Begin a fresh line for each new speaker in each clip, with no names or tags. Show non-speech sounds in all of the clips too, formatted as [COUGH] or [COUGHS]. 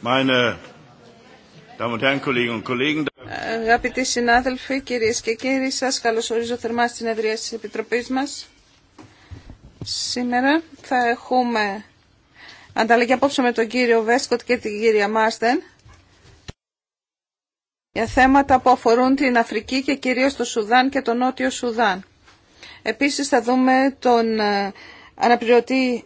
Meine
Αγαπητοί συνάδελφοι, κυρίες και κύριοι, σας καλωσορίζω θερμά στην εδρία της Επιτροπής μας. Σήμερα θα έχουμε ανταλλαγή απόψε με τον κύριο Βέσκοτ και την κυρία Μάστεν για θέματα που αφορούν την Αφρική και κυρίως το Σουδάν και το Νότιο Σουδάν. Επίσης θα δούμε τον ε, αναπληρωτή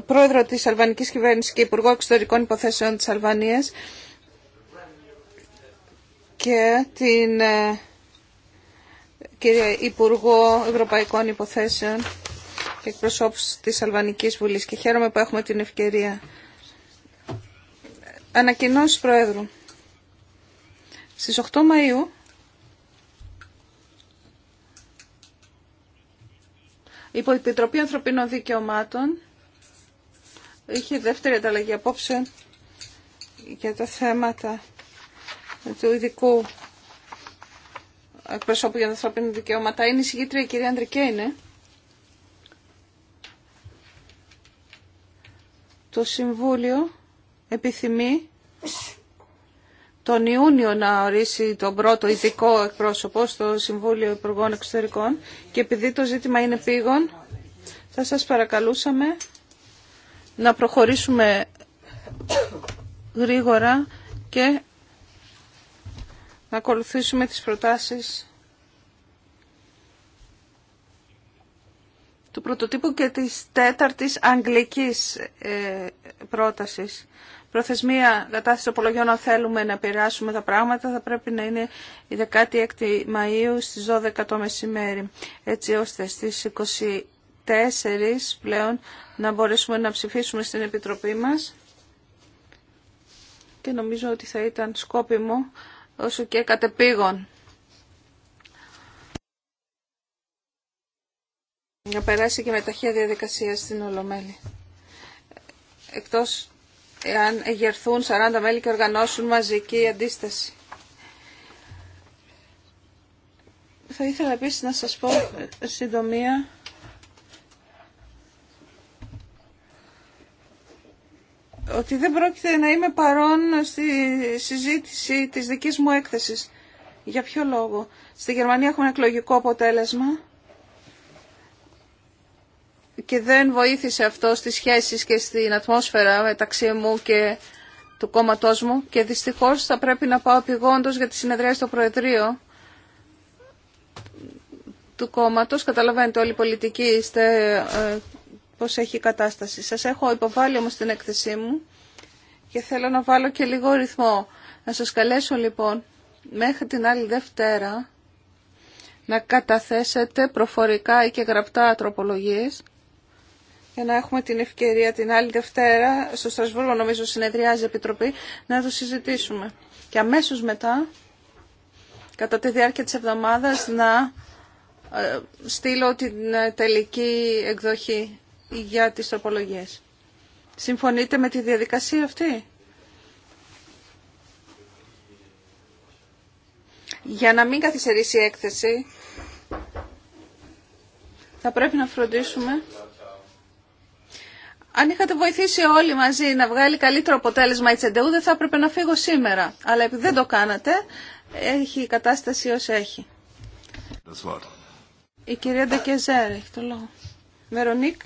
πρόεδρο της Αλβανικής Κυβέρνησης και Υπουργό Εξωτερικών Υποθέσεων της Αλβανίας και την ε, κυρία Υπουργό Ευρωπαϊκών Υποθέσεων και εκπροσώπους της Αλβανικής Βουλής και χαίρομαι που έχουμε την ευκαιρία. Ανακοινώσεις Προέδρου. Στις 8 Μαΐου η Επιτροπή Ανθρωπίνων Δικαιωμάτων είχε δεύτερη ανταλλαγή απόψε για τα θέματα του ειδικού εκπροσώπου για τα ανθρώπινα δικαιώματα. Είναι η συγκήτρια η κυρία είναι; Το Συμβούλιο επιθυμεί τον Ιούνιο να ορίσει τον πρώτο ειδικό εκπρόσωπο στο Συμβούλιο Υπουργών Εξωτερικών και επειδή το ζήτημα είναι πήγον, θα σας παρακαλούσαμε να προχωρήσουμε γρήγορα και να ακολουθήσουμε τις προτάσεις του πρωτοτύπου και της τέταρτης αγγλικής ε, πρότασης. Προθεσμία κατάσταση απολογιών, αν θέλουμε να επηρεάσουμε τα πράγματα, θα πρέπει να είναι η 16η Μαΐου στις 12 το μεσημέρι, έτσι ώστε στις 20 τέσσερις πλέον να μπορέσουμε να ψηφίσουμε στην Επιτροπή μας και νομίζω ότι θα ήταν σκόπιμο όσο και κατεπήγον. Να περάσει και με ταχεία διαδικασία στην Ολομέλη. Εκτός εάν εγερθούν 40 μέλη και οργανώσουν μαζική αντίσταση. Θα ήθελα επίσης να σας πω συντομία ότι δεν πρόκειται να είμαι παρόν στη συζήτηση της δικής μου έκθεσης. Για ποιο λόγο. Στη Γερμανία έχουμε εκλογικό αποτέλεσμα και δεν βοήθησε αυτό στις σχέσεις και στην ατμόσφαιρα μεταξύ μου και του κόμματός μου και δυστυχώς θα πρέπει να πάω πηγόντως για τη συνεδρία στο Προεδρείο του κόμματος. Καταλαβαίνετε όλοι οι πολιτικοί είστε ε, πώς έχει η κατάσταση. Σας έχω υποβάλει όμως την έκθεσή μου και θέλω να βάλω και λίγο ρυθμό. Να σας καλέσω λοιπόν μέχρι την άλλη Δευτέρα να καταθέσετε προφορικά ή και γραπτά τροπολογίες για να έχουμε την ευκαιρία την άλλη Δευτέρα στο Στρασβούργο νομίζω συνεδριάζει η Επιτροπή να το συζητήσουμε. Και αμέσως μετά, κατά τη διάρκεια της εβδομάδας, να ε, στείλω την ε, τελική εκδοχή για τις τροπολογίες. Συμφωνείτε με τη διαδικασία αυτή? Για να μην καθυστερήσει η έκθεση, θα πρέπει να φροντίσουμε. Αν είχατε βοηθήσει όλοι μαζί να βγάλει καλύτερο αποτέλεσμα η Τσεντεού, δεν θα έπρεπε να φύγω σήμερα. Αλλά επειδή δεν το κάνατε, έχει η κατάσταση όσο έχει. Η κυρία Ντεκεζέρ
έχει το λόγο. Βερονίκ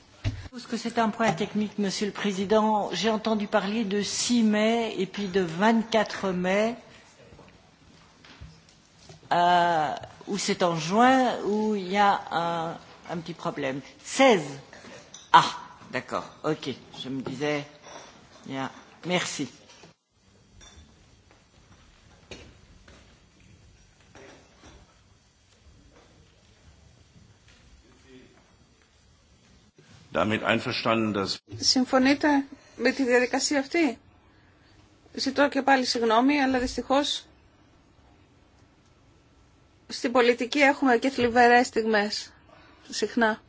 suppose que c'est un point technique, Monsieur le Président. J'ai entendu parler de 6 mai et puis de 24 mai, où c'est en juin, où il y a un, petit problème. 16 Ah, d'accord, ok. Je me disais, merci.
Συμφωνείτε με τη διαδικασία αυτή. Ζητώ και πάλι συγγνώμη, αλλά δυστυχώς στην πολιτική έχουμε και θλιβερές στιγμές, συχνά.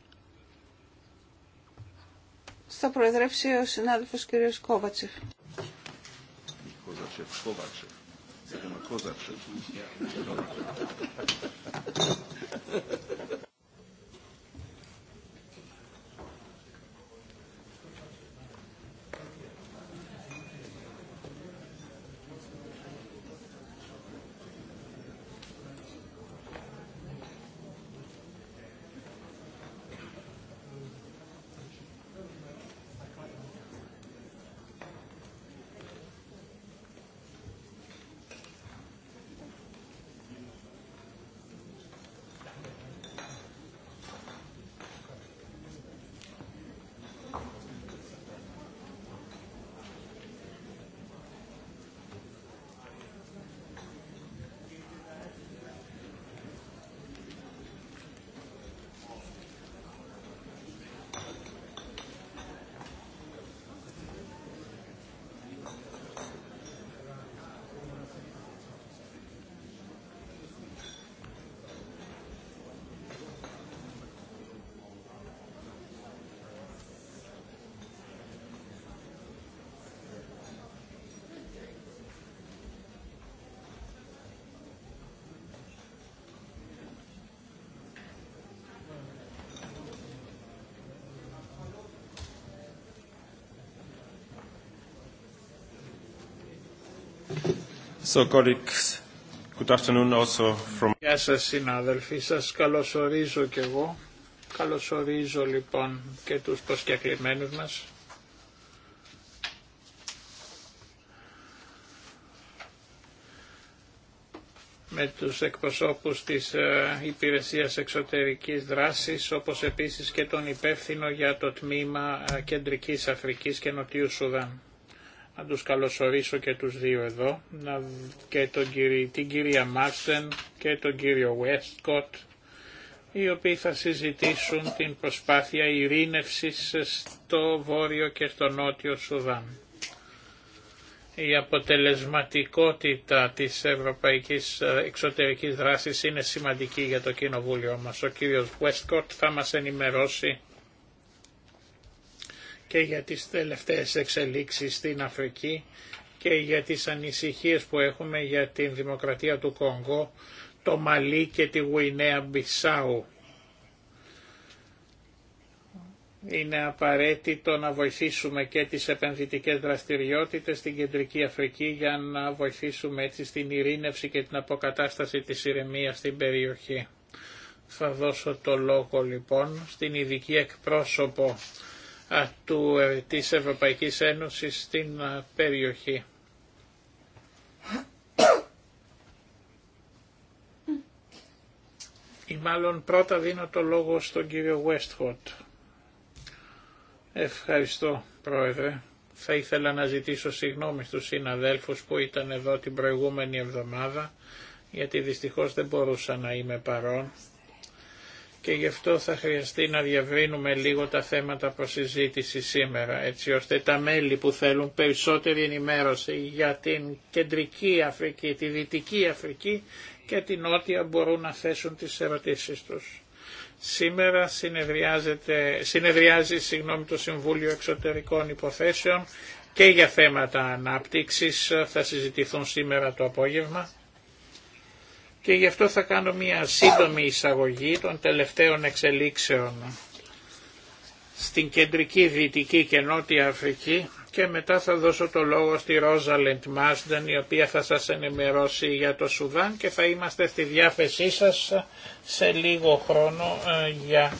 Θα προεδρεύσει ο συνάδελφος κ. Κόβατσεφ.
So,
Γεια σας συνάδελφοι, σας καλωσορίζω και εγώ. Καλωσορίζω λοιπόν και τους προσκεκλημένους μας. με τους εκπροσώπους της ε, Υπηρεσίας Εξωτερικής Δράσης, όπως επίσης και τον υπεύθυνο για το τμήμα ε, Κεντρικής Αφρικής και Νοτιού Σουδάν να τους καλωσορίσω και τους δύο εδώ, και τον την κυρία Μάρσεν και τον κύριο Westcott, οι οποίοι θα συζητήσουν την προσπάθεια ειρήνευσης στο Βόρειο και στο Νότιο Σουδάν. Η αποτελεσματικότητα της ευρωπαϊκής ε, εξωτερικής δράσης είναι σημαντική για το κοινοβούλιο μας. Ο κύριος Βέσκοτ θα μας ενημερώσει και για τις τελευταίες εξελίξεις στην Αφρική και για τις ανησυχίες που έχουμε για την δημοκρατία του Κονγκό, το Μαλί και τη Γουινέα Μπισάου. Είναι απαραίτητο να βοηθήσουμε και τις επενδυτικές δραστηριότητες στην Κεντρική Αφρική για να βοηθήσουμε έτσι στην ειρήνευση και την αποκατάσταση της ηρεμίας στην περιοχή. Θα δώσω το λόγο λοιπόν στην ειδική εκπρόσωπο του, ε, της Ευρωπαϊκής Ένωσης στην περιοχή. Ή μάλλον πρώτα δίνω το λόγο στον κύριο Βέστχοτ. Ευχαριστώ πρόεδρε. Θα ήθελα να ζητήσω συγγνώμη στους συναδέλφους που ήταν εδώ την προηγούμενη εβδομάδα γιατί δυστυχώς δεν μπορούσα να είμαι παρόν και γι' αυτό θα χρειαστεί να διαβρύνουμε λίγο τα θέματα προς συζήτηση σήμερα, έτσι ώστε τα μέλη που θέλουν περισσότερη ενημέρωση για την κεντρική Αφρική, τη δυτική Αφρική και την νότια μπορούν να θέσουν τις ερωτήσεις τους. Σήμερα συνεδριάζει συγγνώμη, το Συμβούλιο Εξωτερικών Υποθέσεων και για θέματα ανάπτυξης θα συζητηθούν σήμερα το απόγευμα και γι' αυτό θα κάνω μια σύντομη εισαγωγή των τελευταίων εξελίξεων στην κεντρική, δυτική και νότια Αφρική και μετά θα δώσω το λόγο στη Ρόζα Μάσντεν η οποία θα σας ενημερώσει για το Σουδάν και θα είμαστε στη διάθεσή σας σε λίγο χρόνο ε, για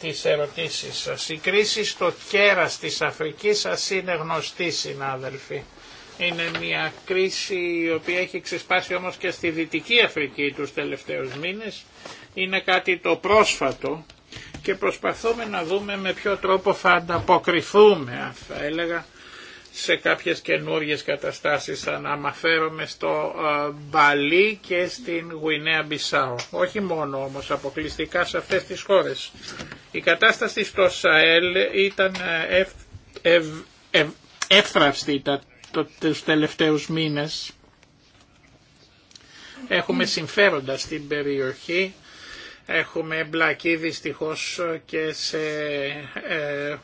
τις ερωτήσεις σας. Η κρίση στο κέρας της Αφρικής σας είναι γνωστή συνάδελφοι. Είναι μια κρίση η οποία έχει ξεσπάσει όμως και στη Δυτική Αφρική τους τελευταίους μήνες. Είναι κάτι το πρόσφατο και προσπαθούμε να δούμε με ποιο τρόπο θα ανταποκριθούμε, θα έλεγα, σε κάποιες καινούργιες καταστάσεις αναμαφέρομαι στο ε, Μπαλί και στην Γουινέα Μπισάο Όχι μόνο όμως αποκλειστικά σε αυτές τις χώρες. Η κατάσταση στο ΣΑΕΛ ήταν ε, εύθραυστη το, τους τελευταίους μήνες. Έχουμε συμφέροντα στην περιοχή, έχουμε εμπλακεί δυστυχώς και σε ε,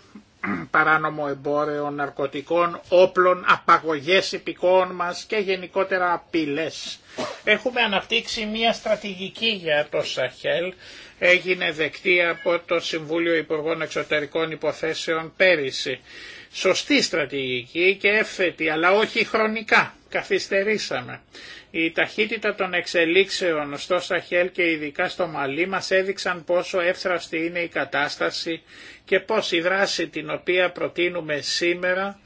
παράνομο εμπόρεο ναρκωτικών, όπλων, απαγωγές υπηκών μας και γενικότερα απειλές. Έχουμε αναπτύξει μια στρατηγική για το Σαχέλ, έγινε δεκτή από το Συμβούλιο Υπουργών Εξωτερικών Υποθέσεων πέρυσι σωστή στρατηγική και εύθετη, αλλά όχι χρονικά. Καθυστερήσαμε. Η ταχύτητα των εξελίξεων στο Σαχέλ και ειδικά στο Μαλί μας έδειξαν πόσο εύθραυστη είναι η κατάσταση και πώς η δράση την οποία προτείνουμε σήμερα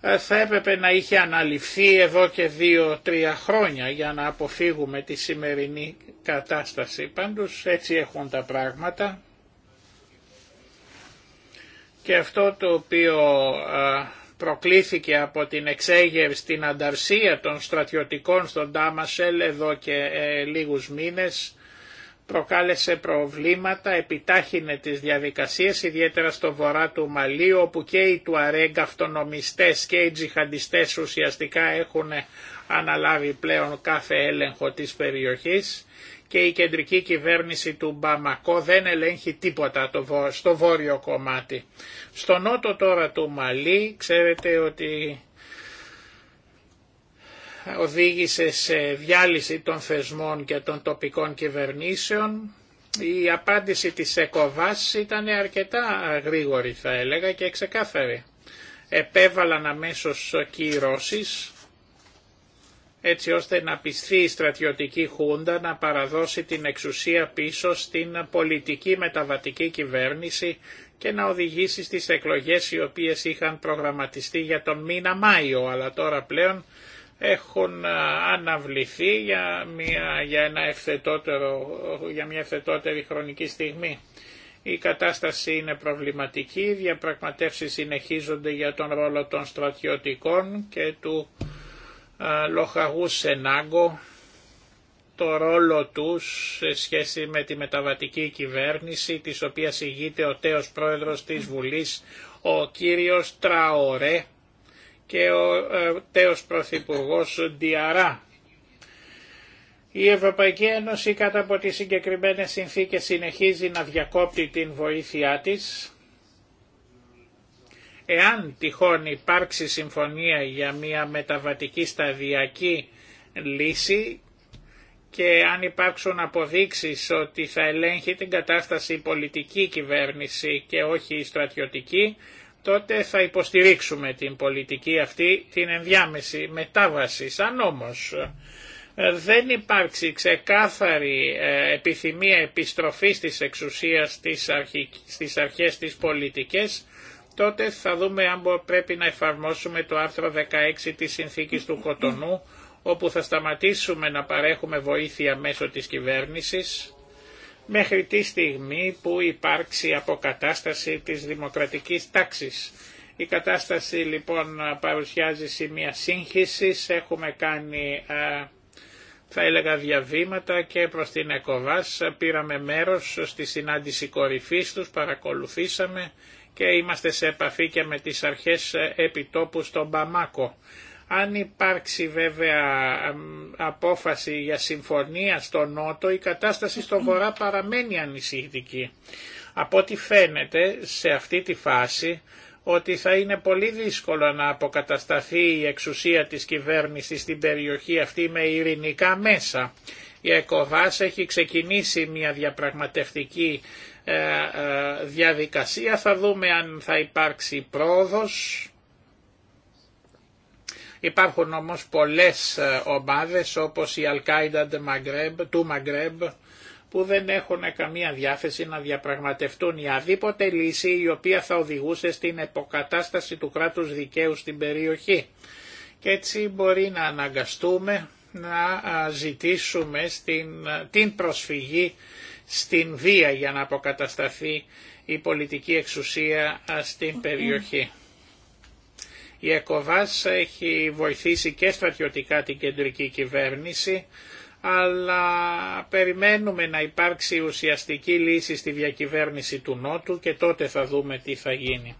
ε, θα έπρεπε να είχε αναλυφθεί εδώ και δύο-τρία χρόνια για να αποφύγουμε τη σημερινή κατάσταση. Πάντως έτσι έχουν τα πράγματα και αυτό το οποίο προκλήθηκε από την εξέγευση, στην ανταρσία των στρατιωτικών στον Τάμασελ εδώ και ε, λίγους μήνες προκάλεσε προβλήματα, επιτάχυνε τις διαδικασίες, ιδιαίτερα στο βορρά του Μαλίου, όπου και οι Τουαρέγκ αυτονομιστές και οι τζιχαντιστές ουσιαστικά έχουν αναλάβει πλέον κάθε έλεγχο της περιοχής και η κεντρική κυβέρνηση του Μπαμακό δεν ελέγχει τίποτα στο βόρειο κομμάτι. Στο νότο τώρα του Μαλή ξέρετε ότι οδήγησε σε διάλυση των θεσμών και των τοπικών κυβερνήσεων. Η απάντηση της ΕΚΟΒΑΣ ήταν αρκετά γρήγορη θα έλεγα και ξεκάθαρη. Επέβαλαν αμέσως κυρώσεις έτσι ώστε να πισθεί η στρατιωτική χούντα να παραδώσει την εξουσία πίσω στην πολιτική μεταβατική κυβέρνηση και να οδηγήσει στις εκλογές οι οποίες είχαν προγραμματιστεί για τον μήνα Μάιο, αλλά τώρα πλέον έχουν αναβληθεί για μια, για ένα ευθετότερο, για μια ευθετότερη χρονική στιγμή. Η κατάσταση είναι προβληματική, οι διαπραγματεύσεις συνεχίζονται για τον ρόλο των στρατιωτικών και του λοχαγούς Σενάγκο, το ρόλο τους σε σχέση με τη μεταβατική κυβέρνηση της οποίας ηγείται ο τέος πρόεδρος της Βουλής, ο κύριος Τραωρέ και ο ε, τέος πρωθυπουργός Διαρά. Η Ευρωπαϊκή Ένωση κατά από τις συγκεκριμένες συνθήκες συνεχίζει να διακόπτει την βοήθειά της Εάν τυχόν υπάρξει συμφωνία για μια μεταβατική σταδιακή λύση και αν υπάρξουν αποδείξεις ότι θα ελέγχει την κατάσταση η πολιτική κυβέρνηση και όχι η στρατιωτική, τότε θα υποστηρίξουμε την πολιτική αυτή, την ενδιάμεση μετάβαση. Αν όμως ε, δεν υπάρξει ξεκάθαρη ε, επιθυμία επιστροφής της εξουσίας στις αρχές της πολιτικές, τότε θα δούμε αν πρέπει να εφαρμόσουμε το άρθρο 16 της Συνθήκης του Κοτονού, όπου θα σταματήσουμε να παρέχουμε βοήθεια μέσω της κυβέρνησης, μέχρι τη στιγμή που υπάρξει αποκατάσταση της δημοκρατικής τάξης. Η κατάσταση λοιπόν παρουσιάζει σημεία σύγχυσης, έχουμε κάνει θα έλεγα διαβήματα και προς την ΕΚΟΒΑΣ πήραμε μέρος στη συνάντηση κορυφής τους, παρακολουθήσαμε και είμαστε σε επαφή και με τις αρχές επιτόπου στον Παμάκο. Αν υπάρξει βέβαια απόφαση για συμφωνία στο Νότο, η κατάσταση στο Βορρά παραμένει ανησυχητική. Από ό,τι φαίνεται σε αυτή τη φάση ότι θα είναι πολύ δύσκολο να αποκατασταθεί η εξουσία της κυβέρνησης στην περιοχή αυτή με ειρηνικά μέσα. Η ΕΚΟΒΑΣ έχει ξεκινήσει μια διαπραγματευτική ε, ε, διαδικασία. Θα δούμε αν θα υπάρξει πρόοδος. Υπάρχουν όμως πολλές ε, ομάδες όπως η Αλκάιντα του Μαγκρέμπ που δεν έχουν καμία διάθεση να διαπραγματευτούν η αδίποτε λύση η οποία θα οδηγούσε στην εποκατάσταση του κράτους δικαίου στην περιοχή. Και έτσι μπορεί να αναγκαστούμε να ζητήσουμε στην, την προσφυγή στην βία για να αποκατασταθεί η πολιτική εξουσία στην περιοχή. Ε. Η ΕΚΟΒΑΣ έχει βοηθήσει και στρατιωτικά την κεντρική κυβέρνηση, αλλά περιμένουμε να υπάρξει ουσιαστική λύση στη διακυβέρνηση του Νότου και τότε θα δούμε τι θα γίνει.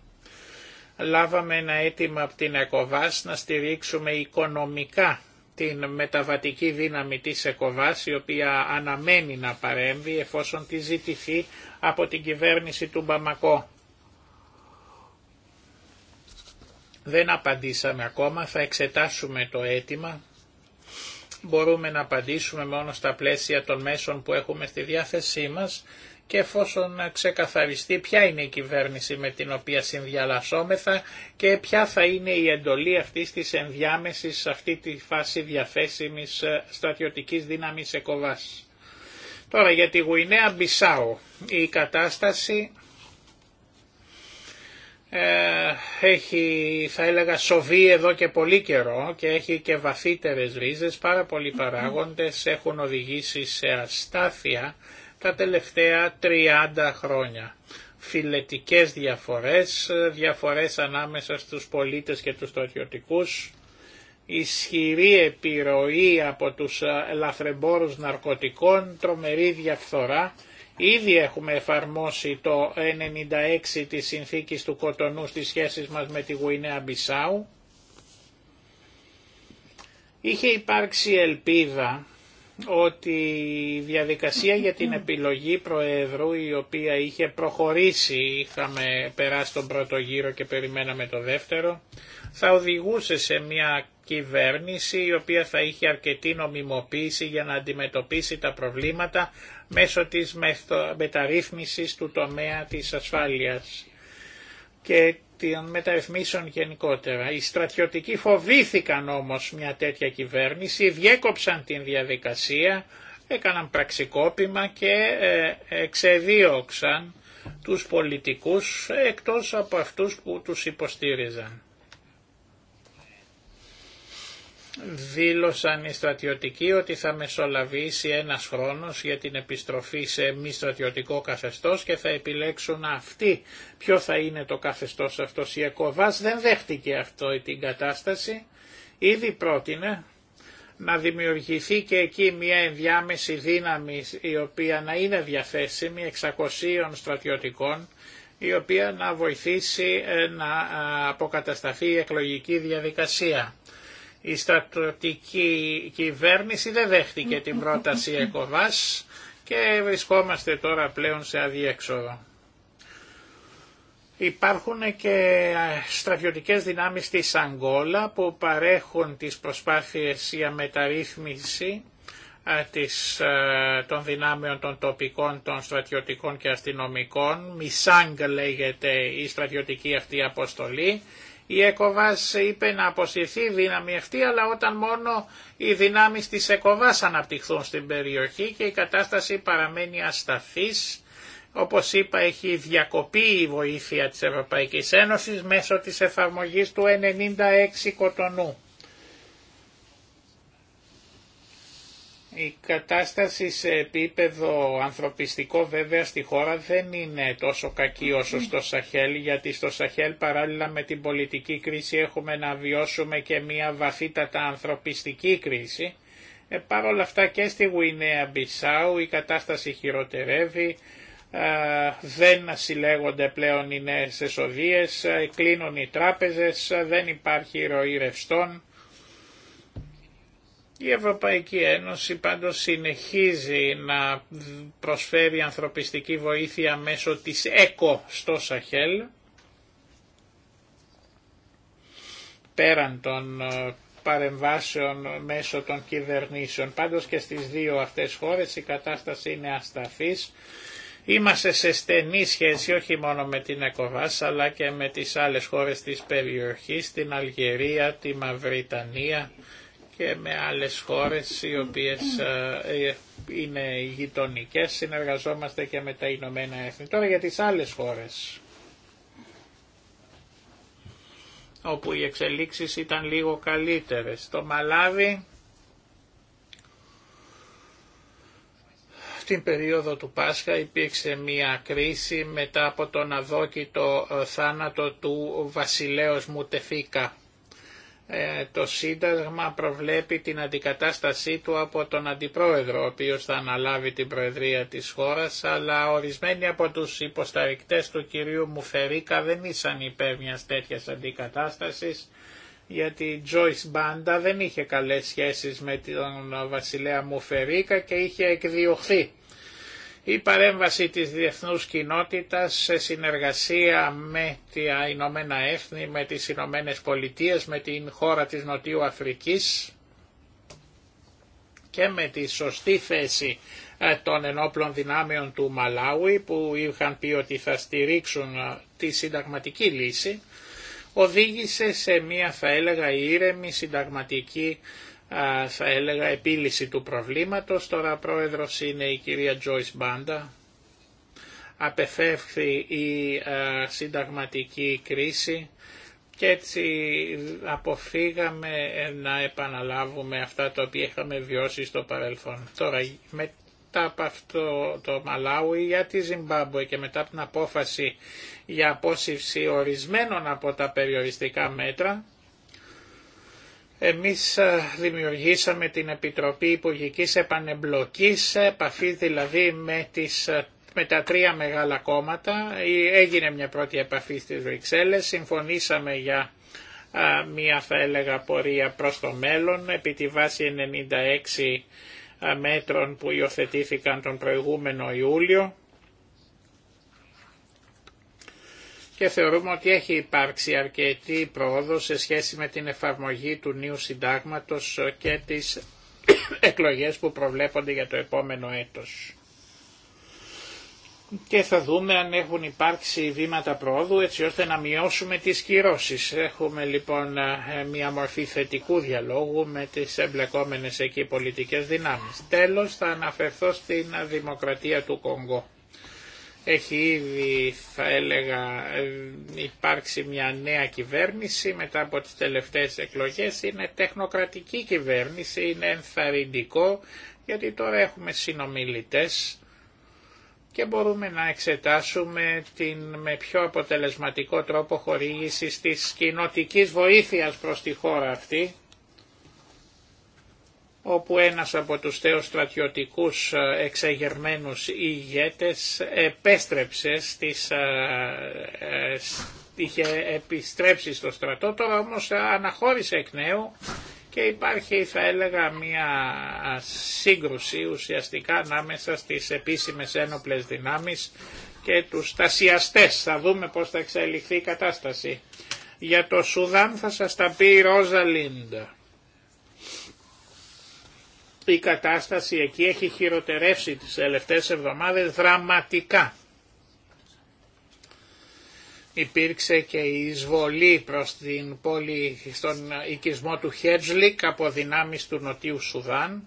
Λάβαμε ένα αίτημα από την ΕΚΟΒΑΣ να στηρίξουμε οικονομικά την μεταβατική δύναμη της ΕΚΟΒΑΣ η οποία αναμένει να παρέμβει εφόσον τη ζητηθεί από την κυβέρνηση του Μπαμακό. Δεν απαντήσαμε ακόμα, θα εξετάσουμε το αίτημα. Μπορούμε να απαντήσουμε μόνο στα πλαίσια των μέσων που έχουμε στη διάθεσή μας και εφόσον ξεκαθαριστεί ποια είναι η κυβέρνηση με την οποία συνδιαλασσόμεθα και ποια θα είναι η εντολή αυτής της ενδιάμεσης σε αυτή τη φάση διαθέσιμη ε, στρατιωτικής δύναμης ΕΚΟΒΑΣ. Τώρα για τη Γουινέα Μπισάου η κατάσταση ε, έχει θα έλεγα σοβεί εδώ και πολύ καιρό και έχει και βαθύτερες ρίζες, πάρα πολλοί παράγοντες έχουν οδηγήσει σε αστάθεια τα τελευταία 30 χρόνια. Φιλετικές διαφορές, διαφορές ανάμεσα στους πολίτες και τους στρατιωτικούς, ισχυρή επιρροή από τους ε, λαθρεμπόρους ναρκωτικών, τρομερή διαφθορά. Ήδη έχουμε εφαρμόσει το 96 της συνθήκης του Κοτονού στις σχέσεις μας με τη Γουινέα Μπισάου. Είχε υπάρξει ελπίδα ότι η διαδικασία για την επιλογή Προέδρου η οποία είχε προχωρήσει, είχαμε περάσει τον πρώτο γύρο και περιμέναμε το δεύτερο, θα οδηγούσε σε μια κυβέρνηση η οποία θα είχε αρκετή νομιμοποίηση για να αντιμετωπίσει τα προβλήματα μέσω της μεταρρύθμισης του τομέα της ασφάλειας και των μεταρρυθμίσεων γενικότερα. Οι στρατιωτικοί φοβήθηκαν όμως μια τέτοια κυβέρνηση, διέκοψαν την διαδικασία, έκαναν πραξικόπημα και ε, εξεδίωξαν τους πολιτικούς εκτός από αυτούς που τους υποστήριζαν. δήλωσαν οι στρατιωτικοί ότι θα μεσολαβήσει ένας χρόνος για την επιστροφή σε μη στρατιωτικό καθεστώς και θα επιλέξουν αυτοί ποιο θα είναι το καθεστώς αυτό. Η ΕΚΟΒΑΣ δεν δέχτηκε αυτό την κατάσταση, ήδη πρότεινε να δημιουργηθεί και εκεί μια ενδιάμεση δύναμη η οποία να είναι διαθέσιμη 600 στρατιωτικών η οποία να βοηθήσει ε, να αποκατασταθεί η εκλογική διαδικασία. Η στρατιωτική κυβέρνηση δεν δέχτηκε την πρόταση ΕΚΟΒΑΣ και βρισκόμαστε τώρα πλέον σε αδιέξοδο. Υπάρχουν και στρατιωτικές δυνάμεις της Αγγόλα που παρέχουν τις προσπάθειες για μεταρρύθμιση της, των δυνάμεων των τοπικών, των στρατιωτικών και αστυνομικών. Μισάγκ λέγεται η στρατιωτική αυτή αποστολή. Η ΕΚΟΒΑΣ είπε να αποσυρθεί η δύναμη αυτή, αλλά όταν μόνο οι δυνάμεις της ΕΚΟΒΑΣ αναπτυχθούν στην περιοχή και η κατάσταση παραμένει ασταθής, όπως είπα έχει διακοπεί η βοήθεια της Ευρωπαϊκής μέσω της εφαρμογής του 96 κοτονού. Η κατάσταση σε επίπεδο ανθρωπιστικό βέβαια στη χώρα δεν είναι τόσο κακή όσο στο Σαχέλ, γιατί στο Σαχέλ παράλληλα με την πολιτική κρίση έχουμε να βιώσουμε και μια βαθύτατα ανθρωπιστική κρίση. Ε, Παρ' όλα αυτά και στη Γουινέα Μπισάου η κατάσταση χειροτερεύει, δεν συλλέγονται πλέον οι νέες εσοδίες, κλείνουν οι τράπεζες, δεν υπάρχει ροή ρευστών. Η Ευρωπαϊκή Ένωση πάντως συνεχίζει να προσφέρει ανθρωπιστική βοήθεια μέσω της ΕΚΟ στο Σαχέλ, πέραν των ε, παρεμβάσεων μέσω των κυβερνήσεων. Πάντως και στις δύο αυτές χώρες η κατάσταση είναι ασταθής. Είμαστε σε στενή σχέση όχι μόνο με την ΕΚΟΒΑΣ αλλά και με τις άλλες χώρες της περιοχής, την Αλγερία, τη Μαυριτανία, και με άλλες χώρες οι οποίες ε, ε, είναι γειτονικέ, συνεργαζόμαστε και με τα Ηνωμένα Έθνη. Τώρα για τις άλλες χώρες όπου οι εξελίξεις ήταν λίγο καλύτερες. Το Μαλάβι την περίοδο του Πάσχα υπήρξε μια κρίση μετά από τον αδόκητο ε, θάνατο του βασιλέως Μουτεφίκα ε, το Σύνταγμα προβλέπει την αντικατάστασή του από τον Αντιπρόεδρο, ο οποίος θα αναλάβει την Προεδρία της χώρας, αλλά ορισμένοι από τους υποσταρικτές του κυρίου Μουφερίκα δεν ήσαν υπέρ μιας τέτοιας αντικατάστασης, γιατί η Τζόις Μπάντα δεν είχε καλές σχέσεις με τον βασιλέα Μουφερίκα και είχε εκδιωχθεί η παρέμβαση της διεθνούς κοινότητας σε συνεργασία με τα Ηνωμένα Έθνη, με τις Ηνωμένε Πολιτείες, με την χώρα της Νοτιού Αφρικής και με τη σωστή θέση ε, των ενόπλων δυνάμεων του Μαλάουι που είχαν πει ότι θα στηρίξουν ε, τη συνταγματική λύση οδήγησε σε μία θα έλεγα ήρεμη συνταγματική θα έλεγα επίλυση του προβλήματος. Τώρα πρόεδρος είναι η κυρία Τζόις Μπάντα. Απεφεύχθη η συνταγματική κρίση και έτσι αποφύγαμε να επαναλάβουμε αυτά τα οποία είχαμε βιώσει στο παρελθόν. Τώρα μετά από αυτό το Μαλάουι για τη Ζιμπάμπουε και μετά από την απόφαση για απόσυρση ορισμένων από τα περιοριστικά μέτρα εμείς ε, δημιουργήσαμε την Επιτροπή Υπουργικής Επανεμπλοκής, επαφή δηλαδή με, τις, ε, με τα τρία μεγάλα κόμματα. Ε, έγινε μια πρώτη επαφή στις Βρυξέλλες, συμφωνήσαμε για μία θα έλεγα πορεία προς το μέλλον επί τη βάση 96 μέτρων που υιοθετήθηκαν τον προηγούμενο Ιούλιο και θεωρούμε ότι έχει υπάρξει αρκετή πρόοδο σε σχέση με την εφαρμογή του νέου συντάγματος και τις [COUGHS] εκλογές που προβλέπονται για το επόμενο έτος. Και θα δούμε αν έχουν υπάρξει βήματα πρόοδου έτσι ώστε να μειώσουμε τις κυρώσεις. Έχουμε λοιπόν ε, μια μορφή θετικού διαλόγου με τις εμπλεκόμενες εκεί πολιτικές δυνάμεις. Τέλος θα αναφερθώ στην δημοκρατία του Κονγκό. Έχει ήδη, θα έλεγα, ε, υπάρξει μια νέα κυβέρνηση μετά από τις τελευταίες εκλογές. Είναι τεχνοκρατική κυβέρνηση, είναι ενθαρρυντικό, γιατί τώρα έχουμε συνομιλητές και μπορούμε να εξετάσουμε την με πιο αποτελεσματικό τρόπο χορήγησης της κοινοτικής βοήθειας προς τη χώρα αυτή όπου ένας από τους θέους στρατιωτικούς ε, εξεγερμένους ηγέτες επέστρεψε στις, ε, ε, είχε επιστρέψει στο στρατό, τώρα όμως αναχώρησε εκ νέου και υπάρχει θα έλεγα μια σύγκρουση ουσιαστικά ανάμεσα στις επίσημες ένοπλες δυνάμεις και τους τασιαστές. Θα δούμε πώς θα εξελιχθεί η κατάσταση. Για το Σουδάν θα σας τα πει η Ρόζα Λίντα η κατάσταση εκεί έχει χειροτερεύσει τις τελευταίες εβδομάδες δραματικά. Υπήρξε και η εισβολή προς την πόλη στον οικισμό του Χέτζλικ από δυνάμεις του Νοτιού Σουδάν.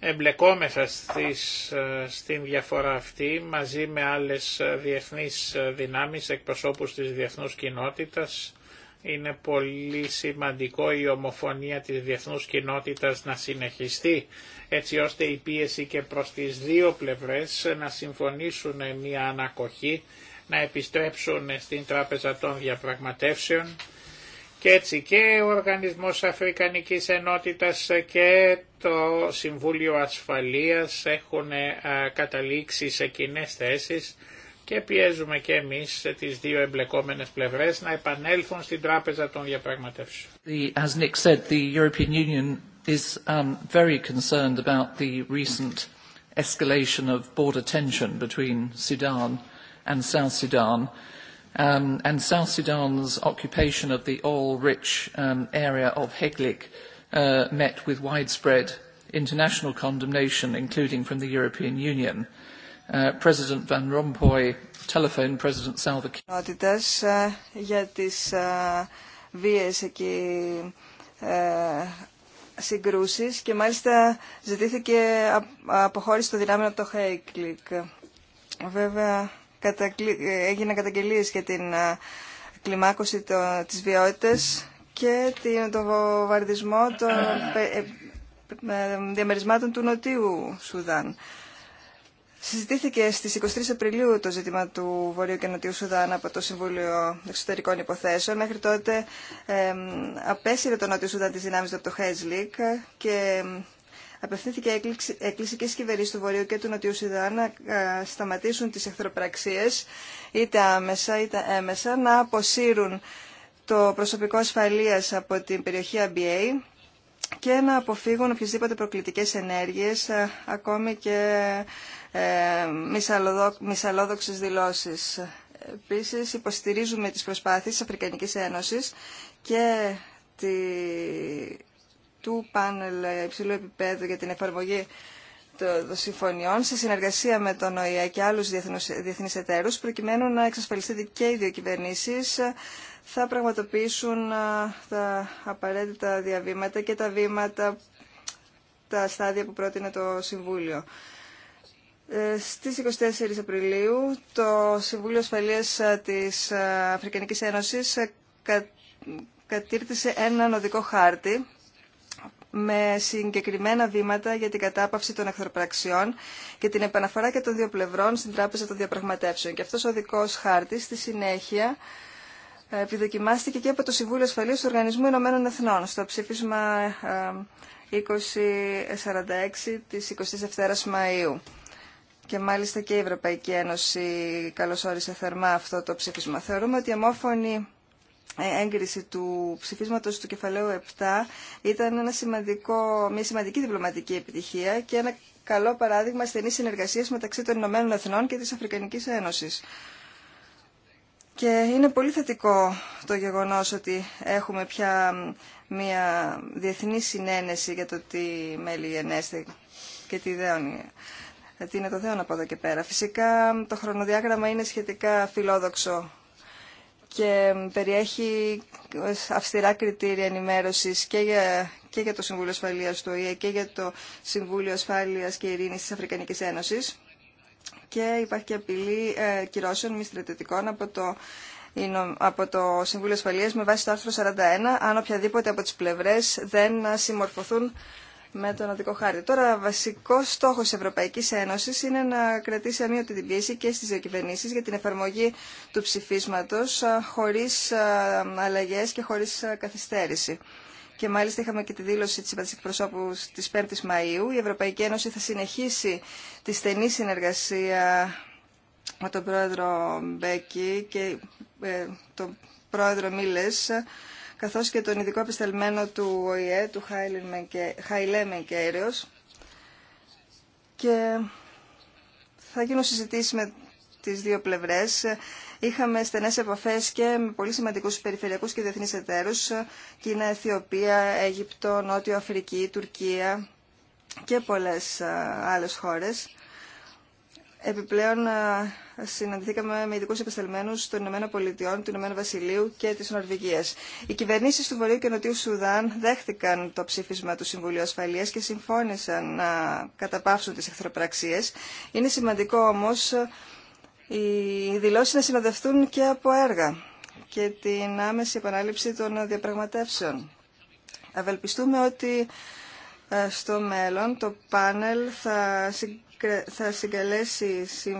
Εμπλεκόμεθα στις, ε, στην διαφορά αυτή μαζί με άλλες ε, διεθνείς ε, δυνάμεις εκπροσώπους της διεθνούς κοινότητας είναι πολύ σημαντικό η ομοφωνία της διεθνούς κοινότητας να συνεχιστεί έτσι ώστε η πίεση και προς τις δύο πλευρές να συμφωνήσουν μια ανακοχή, να επιστρέψουν στην Τράπεζα των Διαπραγματεύσεων και έτσι και ο Οργανισμός Αφρικανικής Ενότητας και το Συμβούλιο Ασφαλείας έχουν ε, καταλήξει σε κοινέ θέσεις και πιέζουμε και εμείς τις δύο εμπλεκόμενες πλευρές να επανέλθουν στην τράπεζα των διαπραγματεύσεων. As Nick said, the European Union is um, very concerned about the recent escalation of border tension between Sudan and South Sudan um, and South Sudan's occupation of the oil-rich um, area of Heglik uh, met with widespread international condemnation, including from the European Union. Ε, President
ε, για τις ε, βίες εκεί συγκρούσεις και μάλιστα ζητήθηκε αποχώρηση των δυνάμεων από το Χέικλικ. Βέβαια έγιναν καταγγελίες για την κλιμάκωση το, της βιότητας και τον βομβαρδισμό των διαμερισμάτων του Νοτίου Σουδάν. Συζητήθηκε στις 23 Απριλίου το ζήτημα του Βορείου και Νοτιού Σουδάν από το Συμβούλιο Εξωτερικών Υποθέσεων. Μέχρι τότε απέσυρε το Νότιο Σουδάν τις δυνάμεις από το Χέζλικ και απευθύνθηκε έκκληση και στις του Βορείου και του Νοτιού Σουδάν να ε, σταματήσουν τις εχθροπραξίες είτε άμεσα είτε έμεσα, να αποσύρουν το προσωπικό ασφαλείας από την περιοχή ABA και να αποφύγουν οποιασδήποτε προκλητικές ενέργειες, ε, ακόμη και ε, μισαλόδοξες δηλώσεις. Επίσης, υποστηρίζουμε τις προσπάθειες της Αφρικανικής Ένωσης και τη, του πάνελ υψηλού επίπεδου για την εφαρμογή των συμφωνιών σε συνεργασία με τον ΟΗΕ και άλλους διεθνεί διεθνείς εταίρους προκειμένου να εξασφαλιστεί και οι δύο κυβερνήσεις θα πραγματοποιήσουν τα απαραίτητα διαβήματα και τα βήματα, τα στάδια που πρότεινε το Συμβούλιο. Ε, στις 24 Απριλίου το Συμβούλιο Ασφαλείας ε, της ε, Αφρικανικής Ένωσης κατήρτισε έναν οδικό χάρτη με συγκεκριμένα βήματα για την κατάπαυση των εχθροπραξιών και την επαναφορά και των δύο πλευρών στην Τράπεζα των Διαπραγματεύσεων. Και αυτός ο οδικός χάρτης στη συνέχεια επιδοκιμάστηκε και από το Συμβούλιο Ασφαλείας του Οργανισμού Ηνωμένων Εθνών στο ψήφισμα 2046 της 27 Μαΐου. Και μάλιστα και η Ευρωπαϊκή Ένωση καλωσόρισε θερμά αυτό το ψήφισμα. Θεωρούμε ότι η αμόφωνη ε, έγκριση του ψηφίσματος του κεφαλαίου 7 ήταν ένα σημαντικό, μια σημαντική διπλωματική επιτυχία και ένα καλό παράδειγμα στενής συνεργασίας μεταξύ των Ηνωμένων Εθνών και της Αφρικανικής Ένωσης. Και είναι πολύ θετικό το γεγονός ότι έχουμε πια μια διεθνή συνένεση για το τι μέλη γενέστε και τι ιδέωνει. Είναι το να από εδώ και πέρα. Φυσικά το χρονοδιάγραμμα είναι σχετικά φιλόδοξο και περιέχει ε, αυστηρά κριτήρια ενημέρωσης και για, και για το Συμβούλιο Ασφαλείας του ΟΗΕ και για το Συμβούλιο Ασφάλειας και Ειρήνης της Αφρικανικής Ένωσης και υπάρχει και απειλή ε, κυρώσεων μη στρατιωτικών από το, από το Συμβούλιο Ασφαλείας με βάση το άρθρο 41 αν οποιαδήποτε από τις πλευρές δεν ε, συμμορφωθούν με τον οδικό χάρτη. Τώρα, βασικό στόχο τη Ευρωπαϊκή Ένωση είναι να κρατήσει αμύωτη την πίεση και στι διακυβερνήσει για την εφαρμογή του ψηφίσματο χωρί αλλαγέ και χωρί καθυστέρηση. Και μάλιστα είχαμε και τη δήλωση της Υπατής προσώπου της 5 η Μαΐου. Η Ευρωπαϊκή Ένωση θα συνεχίσει τη στενή συνεργασία με τον πρόεδρο Μπέκη και ε, τον πρόεδρο Μίλες καθώς και τον ειδικό επιστελμένο του ΟΗΕ, του Χαϊλέ Μενκέριος. Και θα γίνω συζητήσει με τις δύο πλευρές. Είχαμε στενές επαφές και με πολύ σημαντικούς περιφερειακούς και διεθνείς εταίρους, Κίνα, Αιθιοπία, Αίγυπτο, Νότιο Αφρική, Τουρκία και πολλές ε, άλλες χώρες. Επιπλέον συναντηθήκαμε με ειδικού επιστελμένου των Ηνωμένων Πολιτειών, του Ηνωμένου Βασιλείου και τη Νορβηγία. Οι κυβερνήσει του Βορείου και Νοτιού Σουδάν δέχτηκαν το ψήφισμα του Συμβουλίου Ασφαλεία και συμφώνησαν να καταπαύσουν τι εχθροπραξίε. Είναι σημαντικό όμω οι δηλώσει να συνοδευτούν και από έργα και την άμεση επανάληψη των διαπραγματεύσεων. Ευελπιστούμε ότι ε, στο μέλλον το πάνελ θα θα συγκαλέσει ε,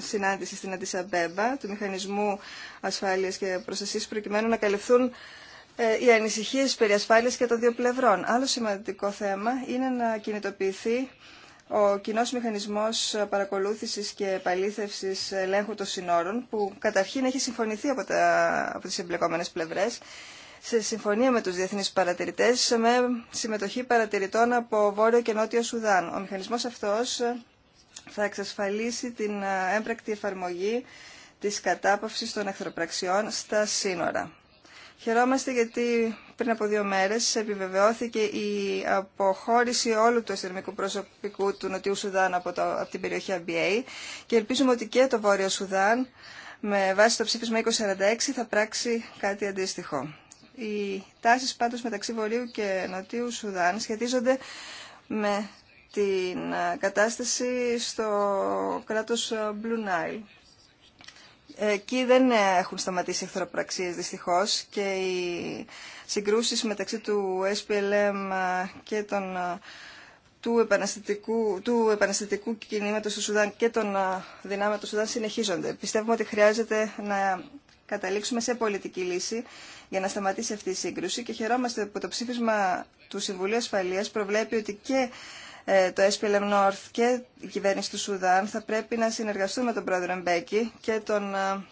συνάντηση στην Αντισαμπέμπα του Μηχανισμού Ασφάλειας και Προστασίας προκειμένου να καλυφθούν ε, οι ανησυχίες περί ασφάλειας και των δύο πλευρών. Άλλο σημαντικό θέμα είναι να κινητοποιηθεί ο κοινό μηχανισμό παρακολούθησης και επαλήθευση ελέγχου των συνόρων που καταρχήν έχει συμφωνηθεί από, από τις εμπλεκόμενες πλευρές σε συμφωνία με τους διεθνείς παρατηρητές με συμμετοχή παρατηρητών από Βόρειο και Νότιο Σουδάν. Ο μηχανισμός αυτός θα εξασφαλίσει την ε, έμπρακτη εφαρμογή της κατάπαυσης των εχθροπραξιών στα σύνορα. Χαιρόμαστε γιατί πριν από δύο μέρες επιβεβαιώθηκε η αποχώρηση όλου του αστυνομικού προσωπικού του Νοτιού Σουδάν από, την περιοχή ABA και ελπίζουμε ότι και το Βόρειο Σουδάν με βάση το ψήφισμα 2046 θα πράξει κάτι αντίστοιχο. Οι τάσεις πάντως μεταξύ Βορείου και Νοτίου Σουδάν σχετίζονται με την ε, κατάσταση στο κράτος ε, Blue Nile. Εκεί δεν έχουν σταματήσει εχθροπραξίες δυστυχώς και οι συγκρούσεις μεταξύ του SPLM ε, και των, του, επαναστατικού, του επαναστατικού κινήματος του Σουδάν και των δυνάμεων του Σουδάν συνεχίζονται. Πιστεύουμε ότι χρειάζεται να καταλήξουμε σε πολιτική λύση για να σταματήσει αυτή η σύγκρουση και χαιρόμαστε που το ψήφισμα του Συμβουλίου Ασφαλείας προβλέπει ότι και ε, το SPLM North και η κυβέρνηση του Σουδάν θα πρέπει να συνεργαστούν με τον πρόεδρο Μπέκη και τον ε,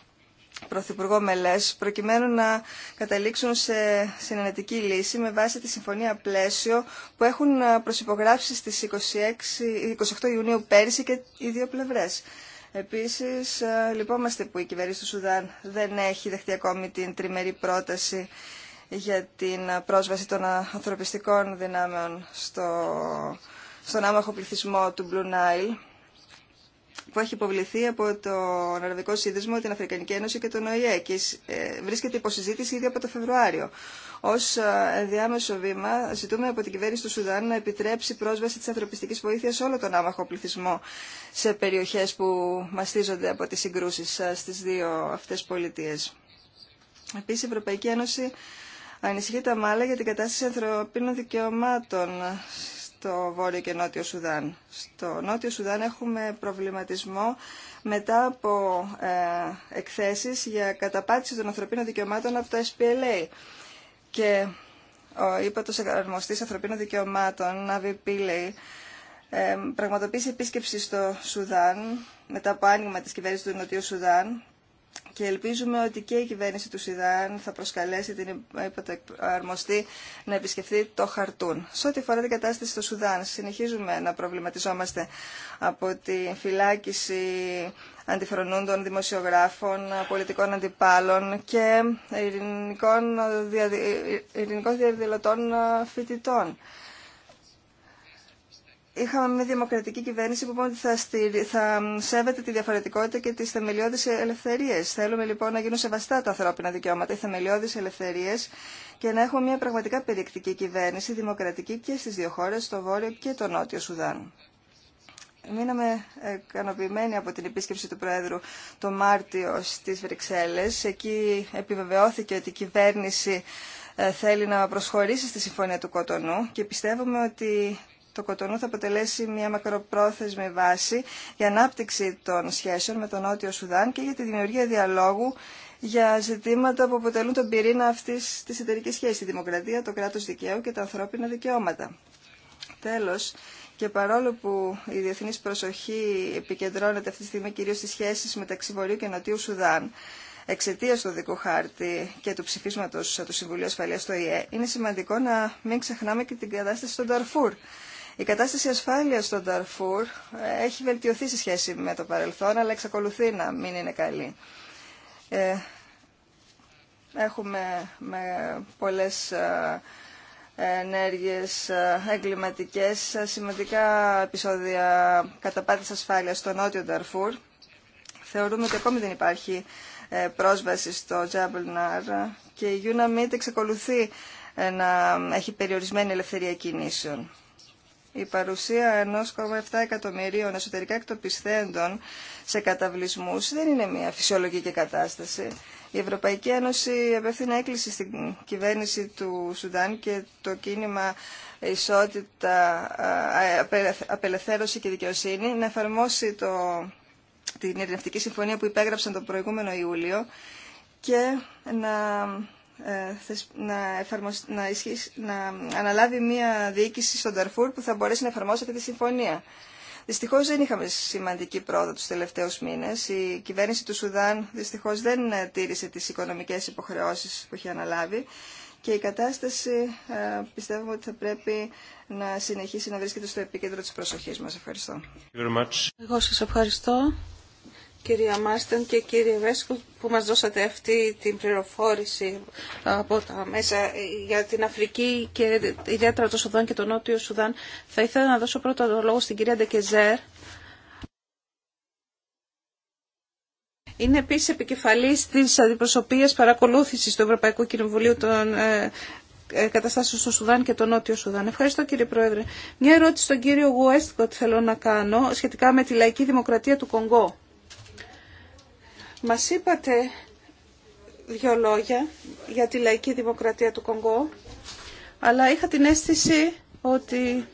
Πρωθυπουργό Μελές προκειμένου να καταλήξουν σε συνενετική λύση με βάση τη συμφωνία πλαίσιο που έχουν ε, προσυπογράψει στις 26, 28 Ιουνίου πέρυσι και οι δύο πλευρές. Επίσης, ε, λυπόμαστε που η κυβέρνηση του Σουδάν δεν έχει δεχτεί ακόμη την τριμερή πρόταση για την ε, πρόσβαση των ε, ανθρωπιστικών δυνάμεων στο, στον άμαχο πληθυσμό του Blue Nile που έχει υποβληθεί από τον Αραβικό Σύνδεσμο, την Αφρικανική Ένωση και τον ΟΗΕ και βρίσκεται υποσυζήτηση ήδη από το Φεβρουάριο. Ω ε, διάμεσο βήμα ζητούμε από την κυβέρνηση του Σουδάν να επιτρέψει πρόσβαση τη ανθρωπιστική βοήθεια σε όλο τον άμαχο πληθυσμό σε περιοχέ που μαστίζονται από τι συγκρούσει ε, στι δύο αυτέ πολιτείε. Επίση, η Ευρωπαϊκή Ένωση ανησυχεί τα μάλλα για την κατάσταση ανθρωπίνων δικαιωμάτων στο Βόρειο και Νότιο Σουδάν. Στο Νότιο Σουδάν έχουμε προβληματισμό μετά από ε, εκθέσεις για καταπάτηση των ανθρωπίνων δικαιωμάτων από το SPLA. Και ο ύπατο αρμοστής ανθρωπίνων δικαιωμάτων, Ναβι Πίλεϊ, πραγματοποίησε επίσκεψη στο Σουδάν μετά από άνοιγμα της κυβέρνηση του Νοτιού Σουδάν και ελπίζουμε ότι και η κυβέρνηση του Σιδάν θα προσκαλέσει την υποταρμοστή να επισκεφθεί το Χαρτούν. Σε ό,τι αφορά την κατάσταση στο Σουδάν, συνεχίζουμε να προβληματιζόμαστε από τη φυλάκιση αντιφρονούντων δημοσιογράφων, πολιτικών αντιπάλων και ειρηνικών, διαδηλωτών φοιτητών είχαμε μια δημοκρατική κυβέρνηση που είπαμε ότι θα, σέβεται τη διαφορετικότητα και τις θεμελιώδεις ελευθερίες. Θέλουμε λοιπόν να γίνουν σεβαστά τα ανθρώπινα δικαιώματα, οι θεμελιώδεις ελευθερίες και να έχουμε μια πραγματικά περιεκτική κυβέρνηση, δημοκρατική και στις δύο χώρες, το Βόρειο και το Νότιο Σουδάν. Μείναμε ικανοποιημένοι από την επίσκεψη του Πρόεδρου το Μάρτιο στις Βρυξέλλες. Εκεί επιβεβαιώθηκε ότι η κυβέρνηση ε, θέλει να προσχωρήσει στη Συμφωνία του Κοτονού και πιστεύουμε ότι το Κοτονού θα αποτελέσει μια μακροπρόθεσμη βάση για ανάπτυξη των σχέσεων με τον Νότιο Σουδάν και για τη δημιουργία διαλόγου για ζητήματα που αποτελούν τον πυρήνα αυτή τη εταιρική σχέση, τη δημοκρατία, το κράτο δικαίου και τα ανθρώπινα δικαιώματα. Τέλο, και παρόλο που η διεθνή προσοχή επικεντρώνεται αυτή τη στιγμή κυρίω στι σχέσει μεταξύ Βορείου και Νοτιού Σουδάν, εξαιτία του δικού χάρτη και του ψηφίσματο του Συμβουλίου Ασφαλεία στο ΙΕ, είναι σημαντικό να μην ξεχνάμε και την κατάσταση στον Ταρφούρ. Η κατάσταση ασφάλειας στον Ταρφούρ ε, έχει βελτιωθεί σε σχέση με το παρελθόν, αλλά εξακολουθεί να μην είναι καλή. Ε, έχουμε με πολλές ε, ενέργειες εγκληματικές, σημαντικά επεισόδια καταπάτης ασφάλειας στο νότιο Νταρφούρ. Θεωρούμε ότι ακόμη δεν υπάρχει πρόσβαση στο Τζάμπλναρ και η UNAMID εξακολουθεί να έχει περιορισμένη ελευθερία κινήσεων η παρουσία 1,7 εκατομμυρίων εσωτερικά εκτοπισθέντων σε καταβλισμούς δεν είναι μια φυσιολογική κατάσταση. Η Ευρωπαϊκή Ένωση απευθύνει έκκληση στην κυβέρνηση του Σουδάν και το κίνημα ισότητα, απελευθέρωση και δικαιοσύνη να εφαρμόσει το, την ειρηνευτική συμφωνία που υπέγραψαν τον προηγούμενο Ιούλιο και να ε, να, εφαρμοσ... να, να αναλάβει μια διοίκηση στον Ταρφούρ που θα μπορέσει να εφαρμόσει αυτή τη συμφωνία. Δυστυχώ δεν είχαμε σημαντική πρόοδο του τελευταίου μήνε. Η κυβέρνηση του Σουδάν δυστυχώ δεν ε, τήρησε τι οικονομικέ υποχρεώσει που είχε αναλάβει και η κατάσταση ε, πιστεύουμε ότι θα πρέπει να συνεχίσει να βρίσκεται στο επίκεντρο τη προσοχή μα. Ευχαριστώ.
Εγώ
σα ευχαριστώ κύριε Μάστον και κύριε Βέσκο που μας δώσατε αυτή την πληροφόρηση ε, από τα μέσα ε, για την Αφρική και ιδιαίτερα το Σουδάν και το Νότιο Σουδάν. Θα ήθελα να δώσω πρώτα το λόγο στην κυρία Ντεκεζέρ. Είναι επίσης επικεφαλής της αντιπροσωπείας παρακολούθησης του Ευρωπαϊκού Κοινοβουλίου των ε, καταστάσεων στο Σουδάν και το Νότιο Σουδάν. Ευχαριστώ κύριε Πρόεδρε. Μια ερώτηση στον κύριο ότι θέλω να κάνω σχετικά με τη λαϊκή δημοκρατία του Κονγκό. Μας είπατε δύο λόγια για τη λαϊκή δημοκρατία του Κονγκό, αλλά είχα την αίσθηση ότι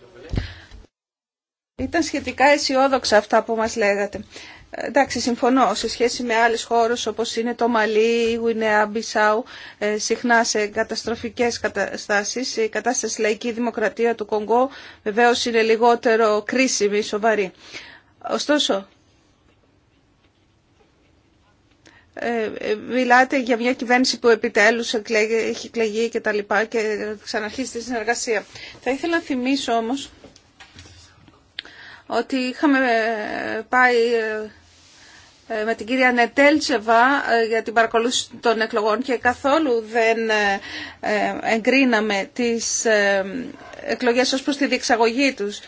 ήταν σχετικά αισιόδοξα αυτά που μας λέγατε. Εντάξει, συμφωνώ. Σε σχέση με άλλες χώρες όπως είναι το Μαλί, η Γουινέα, Μπισάου, ε, συχνά σε καταστροφικές καταστάσεις, η κατάσταση λαϊκή δημοκρατία του Κονγκό βεβαίως είναι λιγότερο κρίσιμη, σοβαρή. Ωστόσο, Ε, ε, μιλάτε για μια κυβέρνηση που επιτέλους έχει εκλεγεί και τα λοιπά και ξαναρχίζει τη συνεργασία. Θα ήθελα να θυμίσω όμως ότι είχαμε πάει ε, με την κυρία Νετέλτσεβα για την παρακολούθηση των εκλογών και καθόλου δεν εγκρίναμε τις εκλογές ως προς τη διεξαγωγή τους.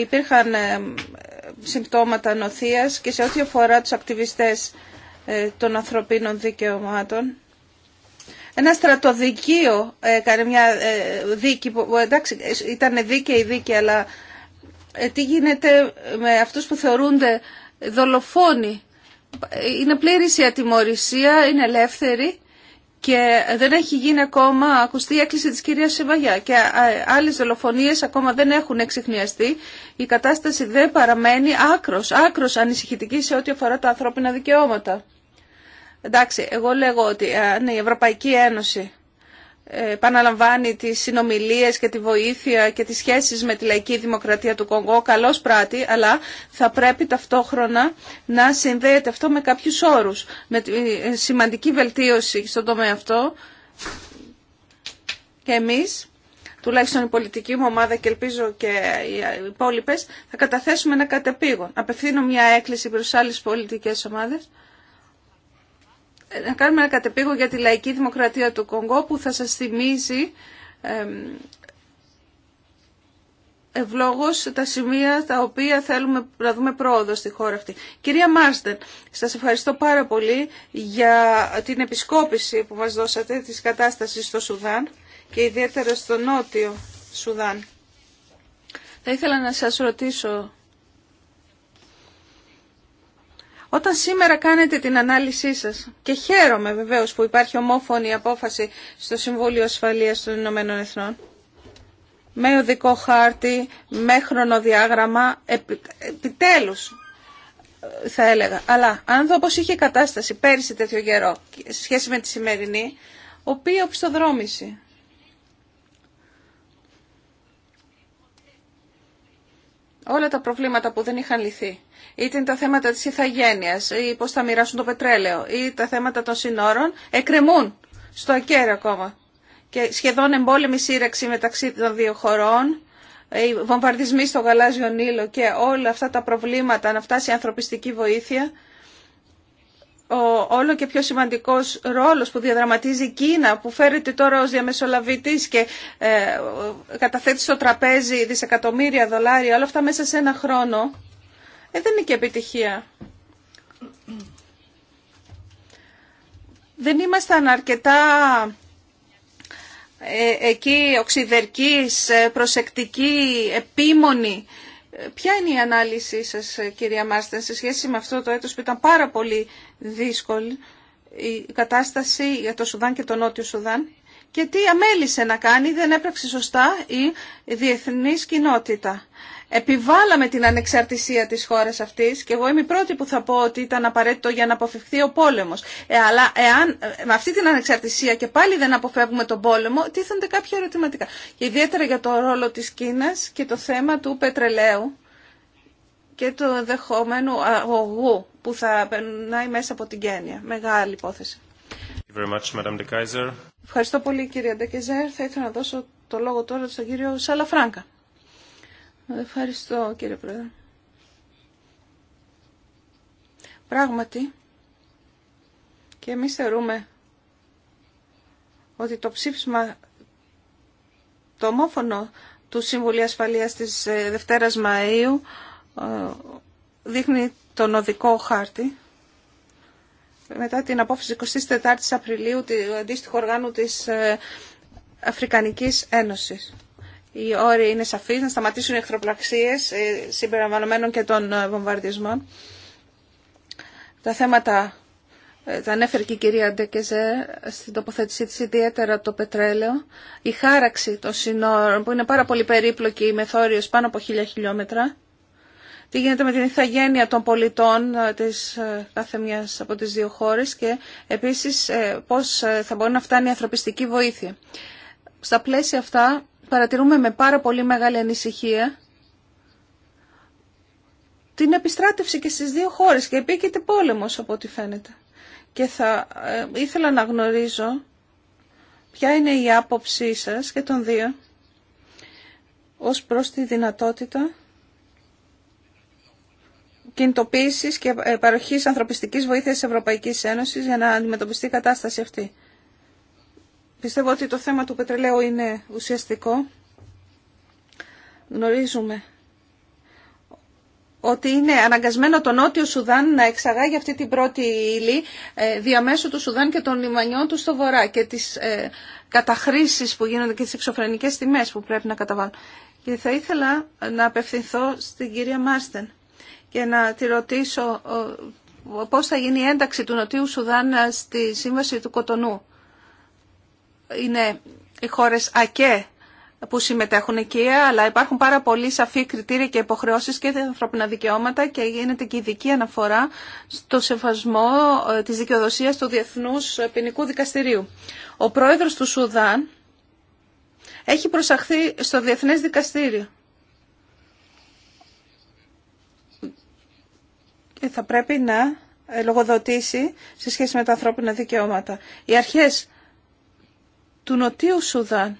Υπήρχαν συμπτώματα νοθείας και σε ό,τι αφορά τους ακτιβιστές ε, των ανθρωπίνων δικαιωμάτων. Ένα στρατοδικείο έκανε μια ε, δίκη, που, ε, εντάξει ήταν δίκαιη δίκη, αλλά τι γίνεται με αυτούς που θεωρούνται δολοφόνοι. Είναι πλήρης η ατιμορρησία, είναι ελεύθερη και δεν έχει γίνει ακόμα ακουστή η έκκληση της κυρίας Σεβαγιά και άλλες δολοφονίες ακόμα δεν έχουν εξηχνιαστεί. Η κατάσταση δεν παραμένει άκρος, άκρος ανησυχητική σε ό,τι αφορά τα ανθρώπινα δικαιώματα. Εντάξει, εγώ λέγω ότι ε, αν ναι, η Ευρωπαϊκή Ένωση ε, επαναλαμβάνει τις συνομιλίες και τη βοήθεια και τις σχέσεις με τη λαϊκή δημοκρατία του Κονγκό, καλώς πράττει, αλλά θα πρέπει ταυτόχρονα να συνδέεται αυτό με κάποιους όρους, με τη ε, σημαντική βελτίωση στον τομέα αυτό. Και εμείς, τουλάχιστον η πολιτική μου ομάδα και ελπίζω και οι υπόλοιπε, θα καταθέσουμε ένα κατεπήγον. Απευθύνω μια έκκληση προς άλλες πολιτικές ομάδες να κάνουμε ένα κατεπήγο για τη λαϊκή δημοκρατία του Κονγκό που θα σας θυμίζει ευλόγως τα σημεία τα οποία θέλουμε να δούμε πρόοδο στη χώρα αυτή. Κυρία Μάρστερ, σας ευχαριστώ πάρα πολύ για την επισκόπηση που μας δώσατε της κατάστασης στο Σουδάν και ιδιαίτερα στο Νότιο Σουδάν. Θα ήθελα να σας ρωτήσω Όταν σήμερα κάνετε την ανάλυση σας, και χαίρομαι βεβαίως που υπάρχει ομόφωνη απόφαση στο Συμβούλιο Ασφαλείας των Ηνωμένων Εθνών, με οδικό χάρτη, με χρονοδιάγραμμα, επι, επιτέλους θα έλεγα. Αλλά αν δω πώς είχε κατάσταση πέρυσι τέτοιο καιρό, σε σχέση με τη σημερινή, ο οποίο όλα τα προβλήματα που δεν είχαν λυθεί, είτε είναι τα θέματα της ηθαγένειας, ή πώς θα μοιράσουν το πετρέλαιο, ή τα θέματα των συνόρων, εκκρεμούν στο ακέραιο ακόμα. Και σχεδόν εμπόλεμη σύρεξη μεταξύ των δύο χωρών, οι βομβαρδισμοί στο γαλάζιο νήλο και όλα αυτά τα προβλήματα να φτάσει η ανθρωπιστική των δυο χωρων οι βομβαρδισμοι στο γαλαζιο νειλο και ολα αυτα τα προβληματα να φτασει η ανθρωπιστικη βοηθεια ο όλο και πιο σημαντικός ρόλος που διαδραματίζει η Κίνα που φέρεται τώρα ως διαμεσολαβητής και ε, καταθέτει στο τραπέζι δισεκατομμύρια δολάρια όλα αυτά μέσα σε ένα χρόνο ε, δεν είναι και επιτυχία. Δεν ήμασταν αρκετά ε, εκεί οξυδερκείς, ε, προσεκτικοί, επίμονοι Ποια είναι η ανάλυση σας, κυρία Μάρστεν, σε σχέση με αυτό το έτος που ήταν πάρα πολύ δύσκολη η κατάσταση για το Σουδάν και το Νότιο Σουδάν και τι αμέλησε να κάνει, δεν έπραξε σωστά η διεθνής κοινότητα επιβάλαμε την ανεξαρτησία της χώρας αυτής και εγώ είμαι η πρώτη που θα πω ότι ήταν απαραίτητο για να αποφευχθεί ο πόλεμος. Ε, αλλά εάν ε, με αυτή την ανεξαρτησία και πάλι δεν αποφεύγουμε τον πόλεμο, τίθενται κάποια ερωτηματικά. Και ιδιαίτερα για το ρόλο της Κίνας και το θέμα του πετρελαίου και του δεχομένου αγωγού που θα περνάει μέσα από την Κένια. Μεγάλη υπόθεση. Ευχαριστώ πολύ κύριε Ντεκεζέρ. Θα ήθελα να δώσω το λόγο τώρα στον κύριο Σαλαφράγκα. Ευχαριστώ κύριε Πρόεδρε. Πράγματι, και εμείς θεωρούμε ότι το ψήφισμα το ομόφωνο του Συμβουλίου Ασφαλείας της ε, Δευτέρας Μαΐου ε, δείχνει τον οδικό χάρτη μετά την απόφαση 24 Απριλίου του αντίστοιχου οργάνου της ε, Αφρικανικής Ένωσης οι όροι είναι σαφείς, να σταματήσουν οι ε, συμπεριλαμβανομένων και των ε, βομβαρδισμών. Τα θέματα ε, τα ανέφερε και η κυρία Ντεκεζέ στην τοποθέτησή της, ιδιαίτερα το πετρέλαιο. Η χάραξη των συνόρων, που είναι πάρα πολύ περίπλοκη, με μεθόριος πάνω από χίλια χιλιόμετρα. Τι γίνεται με την ηθαγένεια των πολιτών ε, της κάθε μιας από τις δύο χώρες και επίσης πώς θα μπορεί να φτάνει η ανθρωπιστική βοήθεια. Στα πλαίσια αυτά παρατηρούμε με πάρα πολύ μεγάλη ανησυχία την επιστράτευση και στις δύο χώρες και επίκειται πόλεμος από ό,τι φαίνεται. Και θα ε, ήθελα να γνωρίζω ποια είναι η άποψή σας και των δύο ως προς τη δυνατότητα κινητοποίησης και ε, παροχής ανθρωπιστικής βοήθειας της Ευρωπαϊκής Ένωσης για να αντιμετωπιστεί η κατάσταση αυτή. Πιστεύω ότι το θέμα του πετρελαίου είναι ουσιαστικό. Γνωρίζουμε ότι είναι αναγκασμένο το Νότιο Σουδάν να εξαγάγει αυτή την πρώτη ύλη ε, διαμέσου του Σουδάν και των λιμανιών του στο βορρά και τις ε, καταχρήσεις που γίνονται και τις εξωφρενικές τιμές που πρέπει να καταβάλουν. Και θα ήθελα να απευθυνθώ στην κυρία Μάρστεν και να τη ρωτήσω ε, πώς θα γίνει η ένταξη του Νοτιού Σουδάν ε, στη Σύμβαση του Κοτονού είναι οι χώρες ΑΚΕ που συμμετέχουν εκεί, αλλά υπάρχουν πάρα πολλοί σαφή κριτήρια και υποχρεώσεις και τα ανθρώπινα δικαιώματα και γίνεται και ειδική αναφορά στο σεβασμό ε, της δικαιοδοσίας του Διεθνούς Ποινικού Δικαστηρίου. Ο πρόεδρος του Σουδάν έχει προσαχθεί στο Διεθνές Δικαστήριο. και Θα πρέπει να ε, λογοδοτήσει σε σχέση με τα ανθρώπινα δικαιώματα. Οι αρχές του Νοτίου Σουδάν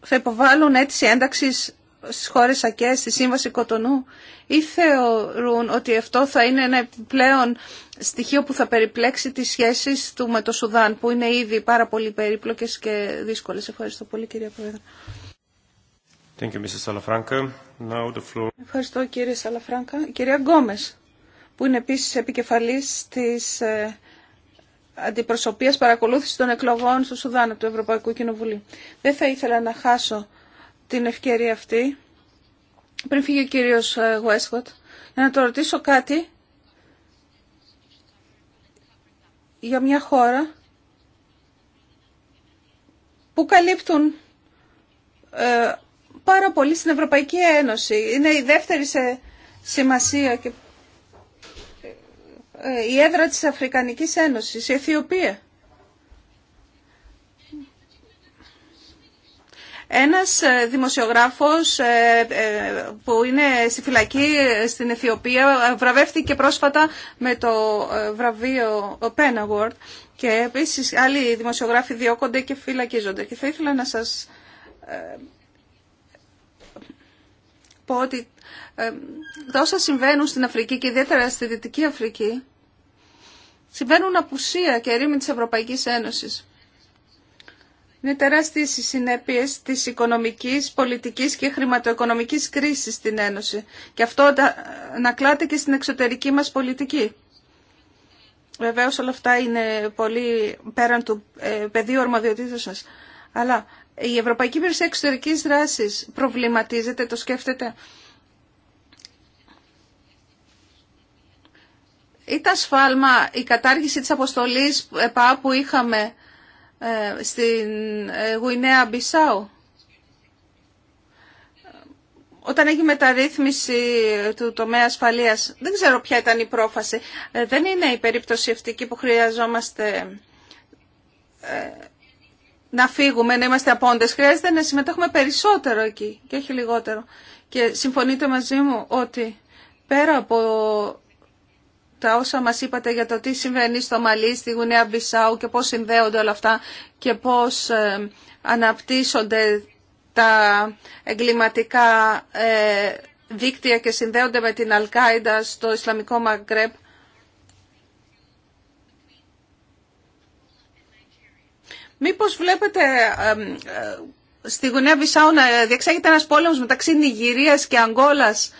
θα υποβάλουν αίτηση ένταξη στις χώρες ΑΚΕ, στη Σύμβαση Κοτονού ή θεωρούν ότι αυτό θα είναι ένα επιπλέον στοιχείο που θα περιπλέξει τις σχέσεις του με το Σουδάν που είναι ήδη πάρα πολύ περίπλοκες και δύσκολες. Ευχαριστώ πολύ κυρία Πρόεδρε.
Thank you, Mrs. Now the floor.
Ευχαριστώ κύριε Σαλαφράγκα. Κυρία Γκόμες που είναι επίσης επικεφαλής της ε, αντιπροσωπείας παρακολούθηση των εκλογών στο Σουδάν του Ευρωπαϊκού Κοινοβουλίου. Δεν θα ήθελα να χάσω την ευκαιρία αυτή, πριν φύγει ο κύριος Γουέσκοτ, ε, για να το ρωτήσω κάτι για μια χώρα που καλύπτουν ε, πάρα πολύ στην Ευρωπαϊκή Ένωση. Είναι η δεύτερη σε σημασία και ε, η έδρα της Αφρικανικής Ένωσης, η Αιθιοπία. Ένας ε, δημοσιογράφος ε, που είναι στη φυλακή στην Αιθιοπία βραβεύτηκε πρόσφατα με το βραβείο Pen Award και επίσης άλλοι δημοσιογράφοι διώκονται και φυλακίζονται. Και θα ήθελα να σας πω ότι τα όσα συμβαίνουν στην Αφρική και ιδιαίτερα στη Δυτική Αφρική συμβαίνουν απουσία και ρήμη της Ευρωπαϊκής Ένωσης. Είναι τεράστιε οι συνέπειες της οικονομικής, πολιτικής και χρηματοοικονομικής κρίση στην Ένωση. Και αυτό ανακλάται και στην εξωτερική μας πολιτική. Βεβαίω όλα αυτά είναι πολύ πέραν του ε, πεδίου αρμοδιοτήτων σα. Αλλά η Ευρωπαϊκή Υπηρεσία Εξωτερική δράση προβληματίζεται, το σκέφτεται Ήταν σφάλμα η κατάργηση της αποστολής ΕΠΑ που είχαμε ε, στην ε, Γουινέα Μπισάου. Όταν έχει μεταρρύθμιση ε, του τομέα ασφαλείας, δεν ξέρω ποια ήταν η πρόφαση. Δεν είναι η περίπτωση αυτή που χρειαζόμαστε να φύγουμε, να είμαστε απόντες. Χρειάζεται να συμμετέχουμε περισσότερο εκεί και όχι λιγότερο. Και συμφωνείτε μαζί μου ότι πέρα από τα όσα μας είπατε για το τι συμβαίνει στο Μαλί, στη Γουνέα Μπισάου και πώς συνδέονται όλα αυτά και πώς ε, αναπτύσσονται τα εγκληματικά ε, δίκτυα και συνδέονται με την Αλκάιντα στο Ισλαμικό Μαγκρέπ. Μήπως βλέπετε ε, στη Γουνέα Βισάου να διεξάγεται ένας πόλεμος μεταξύ Νιγηρίας και Αγγόλας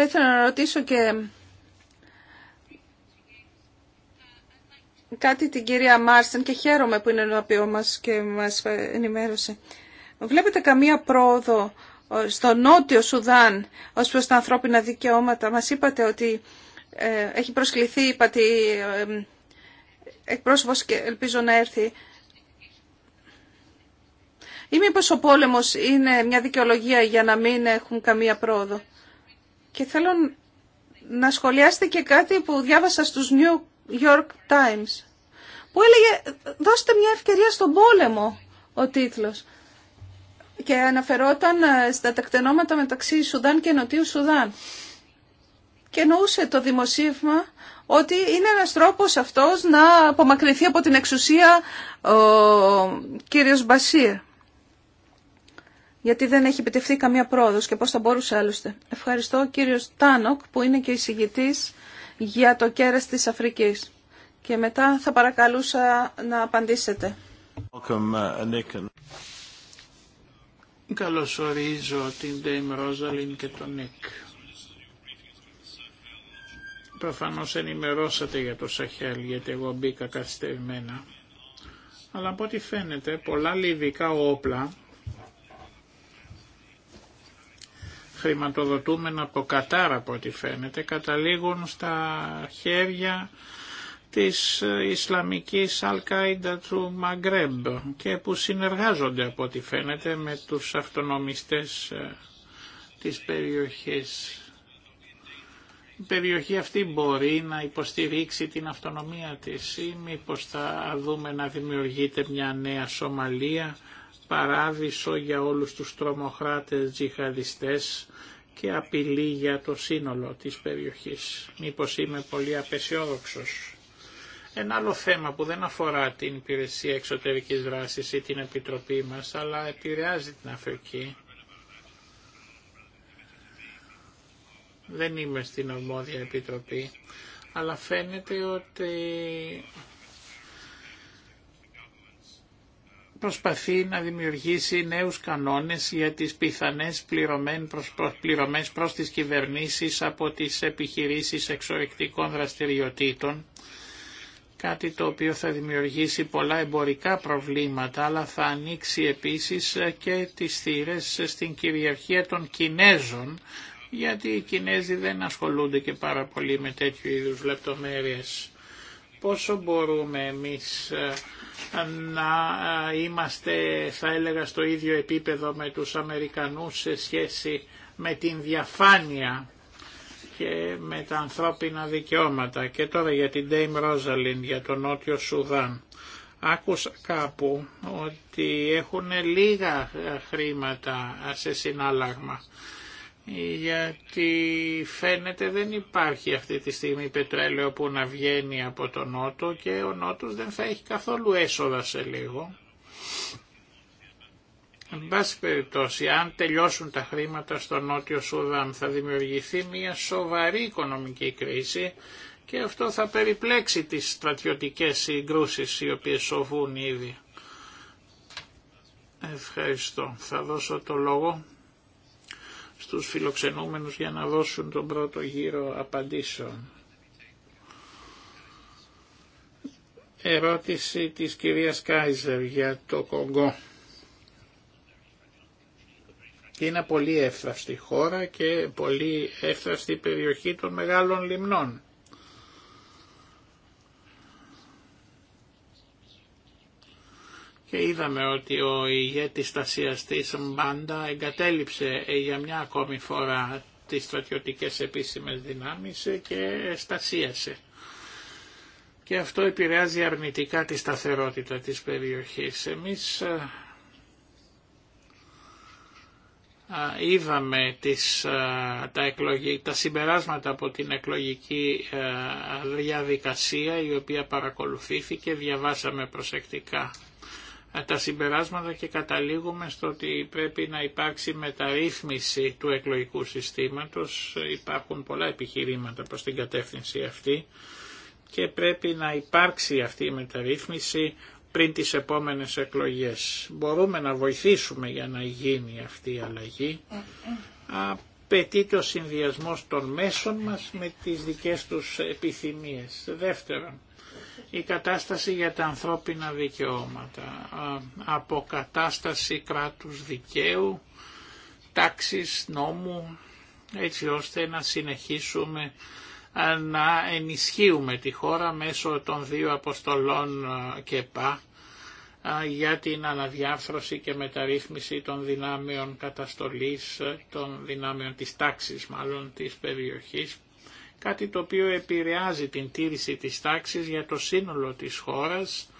Θα ήθελα να ρωτήσω και κάτι την κυρία Μάρσεν και χαίρομαι που είναι οποίο μας και μας ενημέρωσε. Βλέπετε καμία πρόοδο ε, στο νότιο Σουδάν ως προς τα ανθρώπινα δικαιώματα. Μας είπατε ότι ε, έχει προσκληθεί, είπατε, ε, εκπρόσωπος και ελπίζω να έρθει. Ή μήπως ο πόλεμος είναι μια δικαιολογία για να μην έχουν καμία πρόοδο. Και θέλω να σχολιάσετε και κάτι που διάβασα στους New York Times, που έλεγε «Δώστε μια ευκαιρία στον πόλεμο» ο τίτλος. Και αναφερόταν ε, στα τακτενόματα μεταξύ Σουδάν και Νοτίου Σουδάν. Και εννοούσε το δημοσίευμα ότι είναι ένας τρόπος αυτός να απομακρυνθεί από την εξουσία ο κύριος Μπασίρ γιατί δεν έχει επιτευχθεί καμία πρόοδος και πώς θα μπορούσε άλλωστε. Ευχαριστώ κύριος Τάνοκ που είναι και εισηγητής για το κέρας της Αφρικής. Και μετά θα παρακαλούσα να απαντήσετε.
Uh, Καλώς ορίζω την Ντέιμ Ρόζαλιν και τον Νίκ. Προφανώς ενημερώσατε για το Σαχέλ, γιατί εγώ μπήκα καθυστερημένα. Αλλά από ό,τι φαίνεται, πολλά λιβικά όπλα χρηματοδοτούμενα από Κατάρα από ό,τι φαίνεται καταλήγουν στα χέρια της ε, Ισλαμικής Αλκάιντα του Μαγκρέμπ και που συνεργάζονται από ό,τι φαίνεται με τους αυτονομιστές ε, της περιοχής. Η περιοχή αυτή μπορεί να υποστηρίξει την αυτονομία της ή μήπως θα δούμε να δημιουργείται μια νέα Σομαλία παράδεισο για όλους τους τρομοχράτες τζιχαδιστές και απειλή για το σύνολο της περιοχής. Μήπως είμαι πολύ απεσιόδοξος. Ένα άλλο θέμα που δεν αφορά την υπηρεσία εξωτερικής δράσης ή την επιτροπή μας, αλλά επηρεάζει την Αφρική. Δεν είμαι στην αρμόδια επιτροπή, αλλά φαίνεται ότι προσπαθεί να δημιουργήσει νέους κανόνες για τις πιθανές πληρωμές προς τις κυβερνήσεις από τις επιχειρήσεις εξορρυκτικών δραστηριοτήτων, κάτι το οποίο θα δημιουργήσει πολλά εμπορικά προβλήματα, αλλά θα ανοίξει επίσης και τις θύρες στην κυριαρχία των Κινέζων, γιατί οι Κινέζοι δεν ασχολούνται και πάρα πολύ με τέτοιου είδους λεπτομέρειες πόσο μπορούμε εμείς ε, να ε, είμαστε θα έλεγα στο ίδιο επίπεδο με τους Αμερικανούς σε σχέση με την διαφάνεια και με τα ανθρώπινα δικαιώματα. Και τώρα για την Ντέιμ Ρόζαλιν για τον Νότιο Σουδάν. Άκουσα κάπου ότι έχουν λίγα ε, χρήματα σε συνάλλαγμα γιατί φαίνεται δεν υπάρχει αυτή τη στιγμή πετρέλαιο που να βγαίνει από τον Νότο και ο Νότος δεν θα έχει καθόλου έσοδα σε λίγο. Εν πάση περιπτώσει, αν τελειώσουν τα χρήματα στο Νότιο Σουδάν θα δημιουργηθεί μια σοβαρή οικονομική κρίση και αυτό θα περιπλέξει τις στρατιωτικές συγκρούσεις οι οποίες σοβούν ήδη. Ευχαριστώ. Θα δώσω το λόγο στους φιλοξενούμενους για να δώσουν τον πρώτο γύρο απαντήσεων. Ερώτηση της κυρίας Κάιζερ για το Κογκό. Είναι πολύ εύθραυστη χώρα και πολύ εύθραυστη περιοχή των μεγάλων λιμνών. και είδαμε ότι ο ηγέτης στασιαστής Μπάντα εγκατέλειψε για μια ακόμη φορά τις στρατιωτικές επίσημες δυνάμεις και στασίασε. Και αυτό επηρεάζει αρνητικά τη σταθερότητα της περιοχής. Εμείς είδαμε τις, τα, τα συμπεράσματα από την εκλογική διαδικασία η οποία παρακολουθήθηκε, διαβάσαμε προσεκτικά τα συμπεράσματα και καταλήγουμε στο ότι πρέπει να υπάρξει μεταρρύθμιση του εκλογικού συστήματος. Υπάρχουν πολλά επιχειρήματα προς την κατεύθυνση αυτή και πρέπει να υπάρξει αυτή η μεταρρύθμιση πριν τις επόμενες εκλογές. Μπορούμε να βοηθήσουμε για να γίνει αυτή η αλλαγή. Απαιτείται ο συνδυασμός των μέσων μας με τις δικές τους επιθυμίες. Δεύτερον, η κατάσταση για τα ανθρώπινα δικαιώματα, αποκατάσταση κράτους δικαίου, τάξης, νόμου, έτσι ώστε να συνεχίσουμε να ενισχύουμε τη χώρα μέσω των δύο αποστολών ΚΕΠΑ για την αναδιάρθρωση και μεταρρύθμιση των δυνάμεων καταστολής, των δυνάμεων της τάξης μάλλον της περιοχής κάτι το οποίο επηρεάζει την τήρηση της τάξης για το σύνολο της χώρας,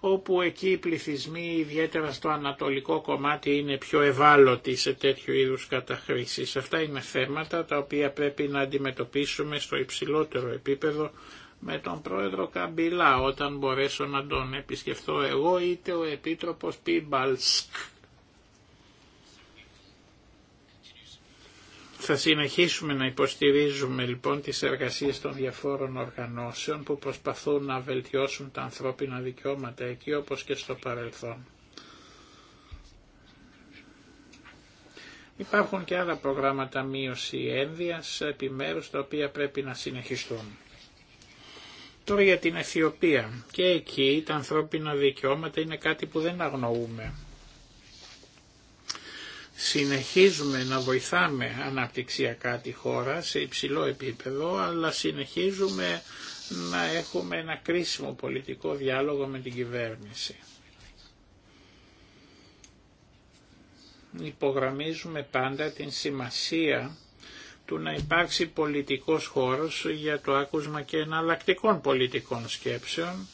όπου εκεί οι πληθυσμοί, ιδιαίτερα στο ανατολικό κομμάτι, είναι πιο ευάλωτοι σε τέτοιου είδους καταχρήσεις. Αυτά είναι θέματα τα οποία πρέπει να αντιμετωπίσουμε στο υψηλότερο επίπεδο με τον πρόεδρο Καμπιλά, όταν μπορέσω να τον επισκεφθώ εγώ, είτε ο Επίτροπος Πιμπαλσκ. Θα συνεχίσουμε να υποστηρίζουμε λοιπόν τις εργασίες των διαφόρων οργανώσεων που προσπαθούν να βελτιώσουν τα ανθρώπινα δικαιώματα εκεί όπως και στο παρελθόν. Υπάρχουν και άλλα προγράμματα μείωση ένδυας επιμέρους τα οποία πρέπει να συνεχιστούν. Τώρα για την Αιθιοπία. Και εκεί τα ανθρώπινα δικαιώματα είναι κάτι που δεν αγνοούμε συνεχίζουμε να βοηθάμε αναπτυξιακά τη χώρα σε υψηλό επίπεδο, αλλά συνεχίζουμε να έχουμε ένα κρίσιμο πολιτικό διάλογο με την κυβέρνηση. Υπογραμμίζουμε πάντα την σημασία του να υπάρξει πολιτικός χώρος για το άκουσμα και εναλλακτικών πολιτικών σκέψεων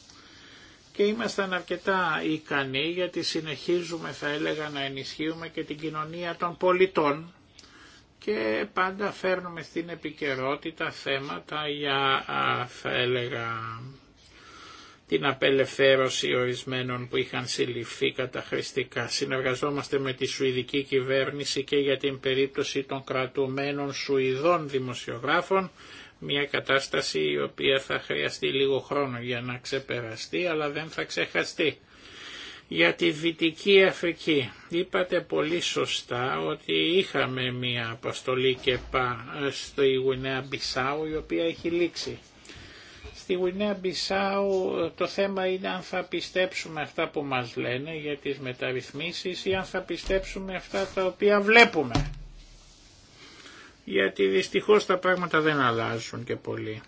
και ήμασταν αρκετά ικανοί γιατί συνεχίζουμε θα έλεγα να ενισχύουμε και την κοινωνία των πολιτών και πάντα φέρνουμε στην επικαιρότητα θέματα για θα έλεγα την απελευθέρωση ορισμένων που είχαν συλληφθεί καταχρηστικά. Συνεργαζόμαστε με τη Σουηδική κυβέρνηση και για την περίπτωση των κρατουμένων Σουηδών δημοσιογράφων μια κατάσταση η οποία θα χρειαστεί λίγο χρόνο για να ξεπεραστεί αλλά δεν θα ξεχαστεί. Για τη Δυτική Αφρική είπατε πολύ σωστά ότι είχαμε μια αποστολή και πά ε, στο Ιγουνέα Μπισάου η οποία έχει λήξει. Στη Γουινέα Μπισάου ε, το θέμα είναι αν θα πιστέψουμε αυτά που μας λένε για τις μεταρρυθμίσεις ή αν θα πιστέψουμε αυτά τα οποία βλέπουμε γιατί δυστυχώς τα πράγματα δεν αλλάζουν και πολύ.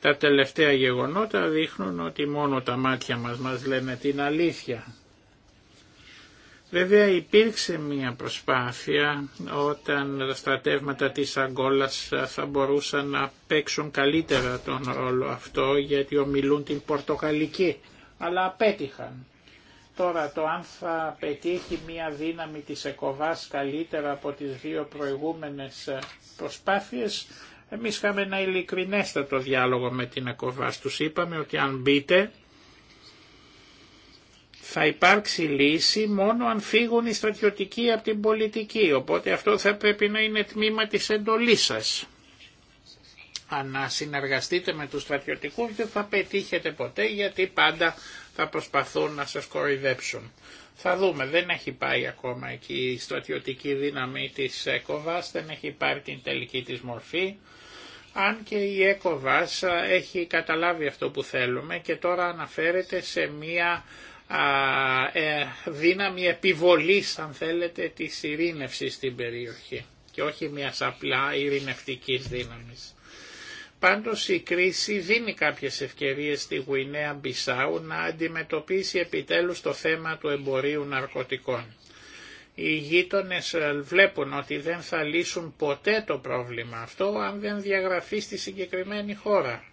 Τα τελευταία γεγονότα δείχνουν ότι μόνο τα μάτια μας μας λένε την αλήθεια. Βέβαια υπήρξε μια προσπάθεια όταν τα στρατεύματα της Αγκόλας θα μπορούσαν να παίξουν καλύτερα τον ρόλο αυτό γιατί ομιλούν την πορτοκαλική, αλλά απέτυχαν. Τώρα το αν θα πετύχει μια δύναμη της ΕΚΟΒΑΣ καλύτερα από τις δύο προηγούμενες προσπάθειες, εμείς είχαμε ένα ειλικρινέστατο διάλογο με την ΕΚΟΒΑΣ. Τους είπαμε ότι αν μπείτε θα υπάρξει λύση μόνο αν φύγουν οι στρατιωτικοί από την πολιτική, οπότε αυτό θα πρέπει να είναι τμήμα της εντολής σας. Αν συνεργαστείτε με τους στρατιωτικούς δεν θα πετύχετε ποτέ γιατί πάντα θα προσπαθούν να σας κοροϊδέψουν. Θα δούμε, δεν έχει πάει ακόμα εκεί η στρατιωτική δύναμη της ΕΚΟΒΑΣ, δεν έχει πάρει την τελική της μορφή. Αν και η ΕΚΟΒΑΣ έχει καταλάβει αυτό που θέλουμε και τώρα αναφέρεται σε μία ε, δύναμη επιβολής, αν θέλετε, της ειρήνευσης στην περιοχή και όχι μια απλά ειρηνευτικής δύναμης. Πάντως η κρίση δίνει κάποιες ευκαιρίες στη Γουινέα Μπισάου να αντιμετωπίσει επιτέλους το θέμα του εμπορίου ναρκωτικών. Οι γείτονες ε, βλέπουν ότι δεν θα λύσουν ποτέ το πρόβλημα αυτό αν δεν διαγραφεί στη συγκεκριμένη χώρα.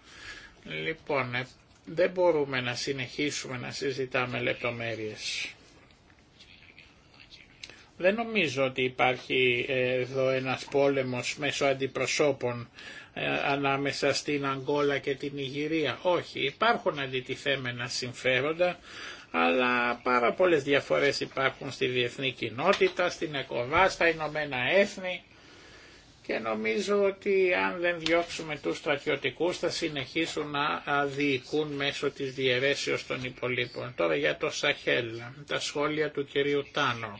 Λοιπόν, ε, δεν μπορούμε να συνεχίσουμε να συζητάμε λεπτομέρειες. Δεν νομίζω ότι υπάρχει ε, εδώ ένας πόλεμος μέσω αντιπροσώπων ε, ανάμεσα στην Αγγόλα και την Ιγυρία. Όχι, υπάρχουν αντιτιθέμενα συμφέροντα, αλλά πάρα πολλές διαφορές υπάρχουν στη διεθνή κοινότητα, στην ΕΚΟΒΑ, στα Ηνωμένα Έθνη και νομίζω ότι αν δεν διώξουμε τους στρατιωτικούς θα συνεχίσουν να διοικούν μέσω της διαιρέσεως των υπολείπων. Τώρα για το Σαχέλ, τα σχόλια του κυρίου Τάνοκ.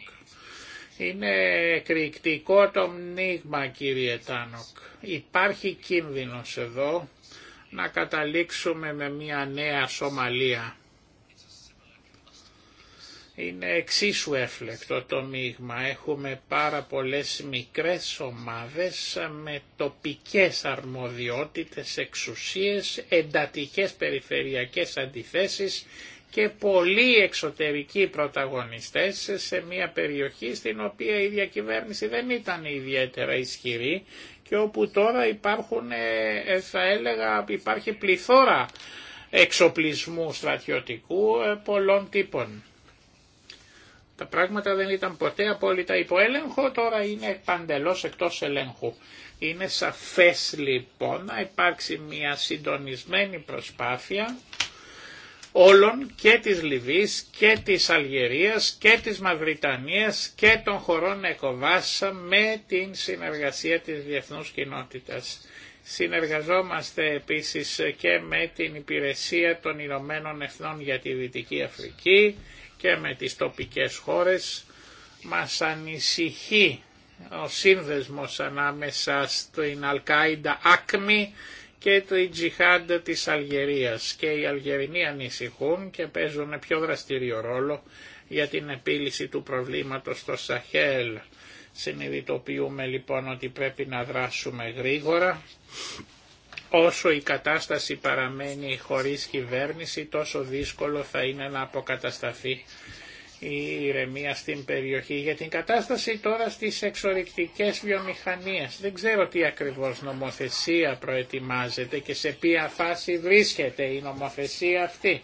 Είναι εκρηκτικό το μνήγμα κύριε Τάνοκ. Υπάρχει κίνδυνος εδώ να καταλήξουμε με μια νέα Σομαλία. Είναι εξίσου έφλεκτο το μείγμα. Έχουμε πάρα πολλές μικρές ομάδες με τοπικές αρμοδιότητες, εξουσίες, εντατικές περιφερειακές αντιθέσεις και πολλοί εξωτερικοί πρωταγωνιστές σε μια περιοχή στην οποία η διακυβέρνηση δεν ήταν ιδιαίτερα ισχυρή και όπου τώρα υπάρχουν, ε, ε, θα έλεγα, υπάρχει πληθώρα εξοπλισμού στρατιωτικού ε, πολλών τύπων. Τα πράγματα δεν ήταν ποτέ απόλυτα υπό υποέλεγχο, τώρα είναι παντελώς εκτός ελέγχου. Είναι σαφές λοιπόν να υπάρξει μια συντονισμένη προσπάθεια όλων και της Λιβύης και της Αλγερίας και της Μαυριτανίας και των χωρών Εκοβάσα με την συνεργασία της διεθνούς κοινότητας. Συνεργαζόμαστε επίσης και με την Υπηρεσία των Ηνωμένων Εθνών για τη Δυτική Αφρική και με τις τοπικές χώρες. Μας ανησυχεί ο σύνδεσμος ανάμεσα στην Αλκάιντα Άκμη και το Ιτζιχάντ της Αλγερίας και οι Αλγερινοί ανησυχούν και παίζουν πιο δραστηριό ρόλο για την επίλυση του προβλήματος στο Σαχέλ. Συνειδητοποιούμε λοιπόν ότι πρέπει να δράσουμε γρήγορα. Όσο η κατάσταση παραμένει χωρίς κυβέρνηση τόσο δύσκολο θα είναι να αποκατασταθεί η ηρεμία στην περιοχή για την κατάσταση τώρα στις εξορυκτικές βιομηχανίες. Δεν ξέρω τι ακριβώς νομοθεσία προετοιμάζεται και σε ποια φάση βρίσκεται η νομοθεσία αυτή.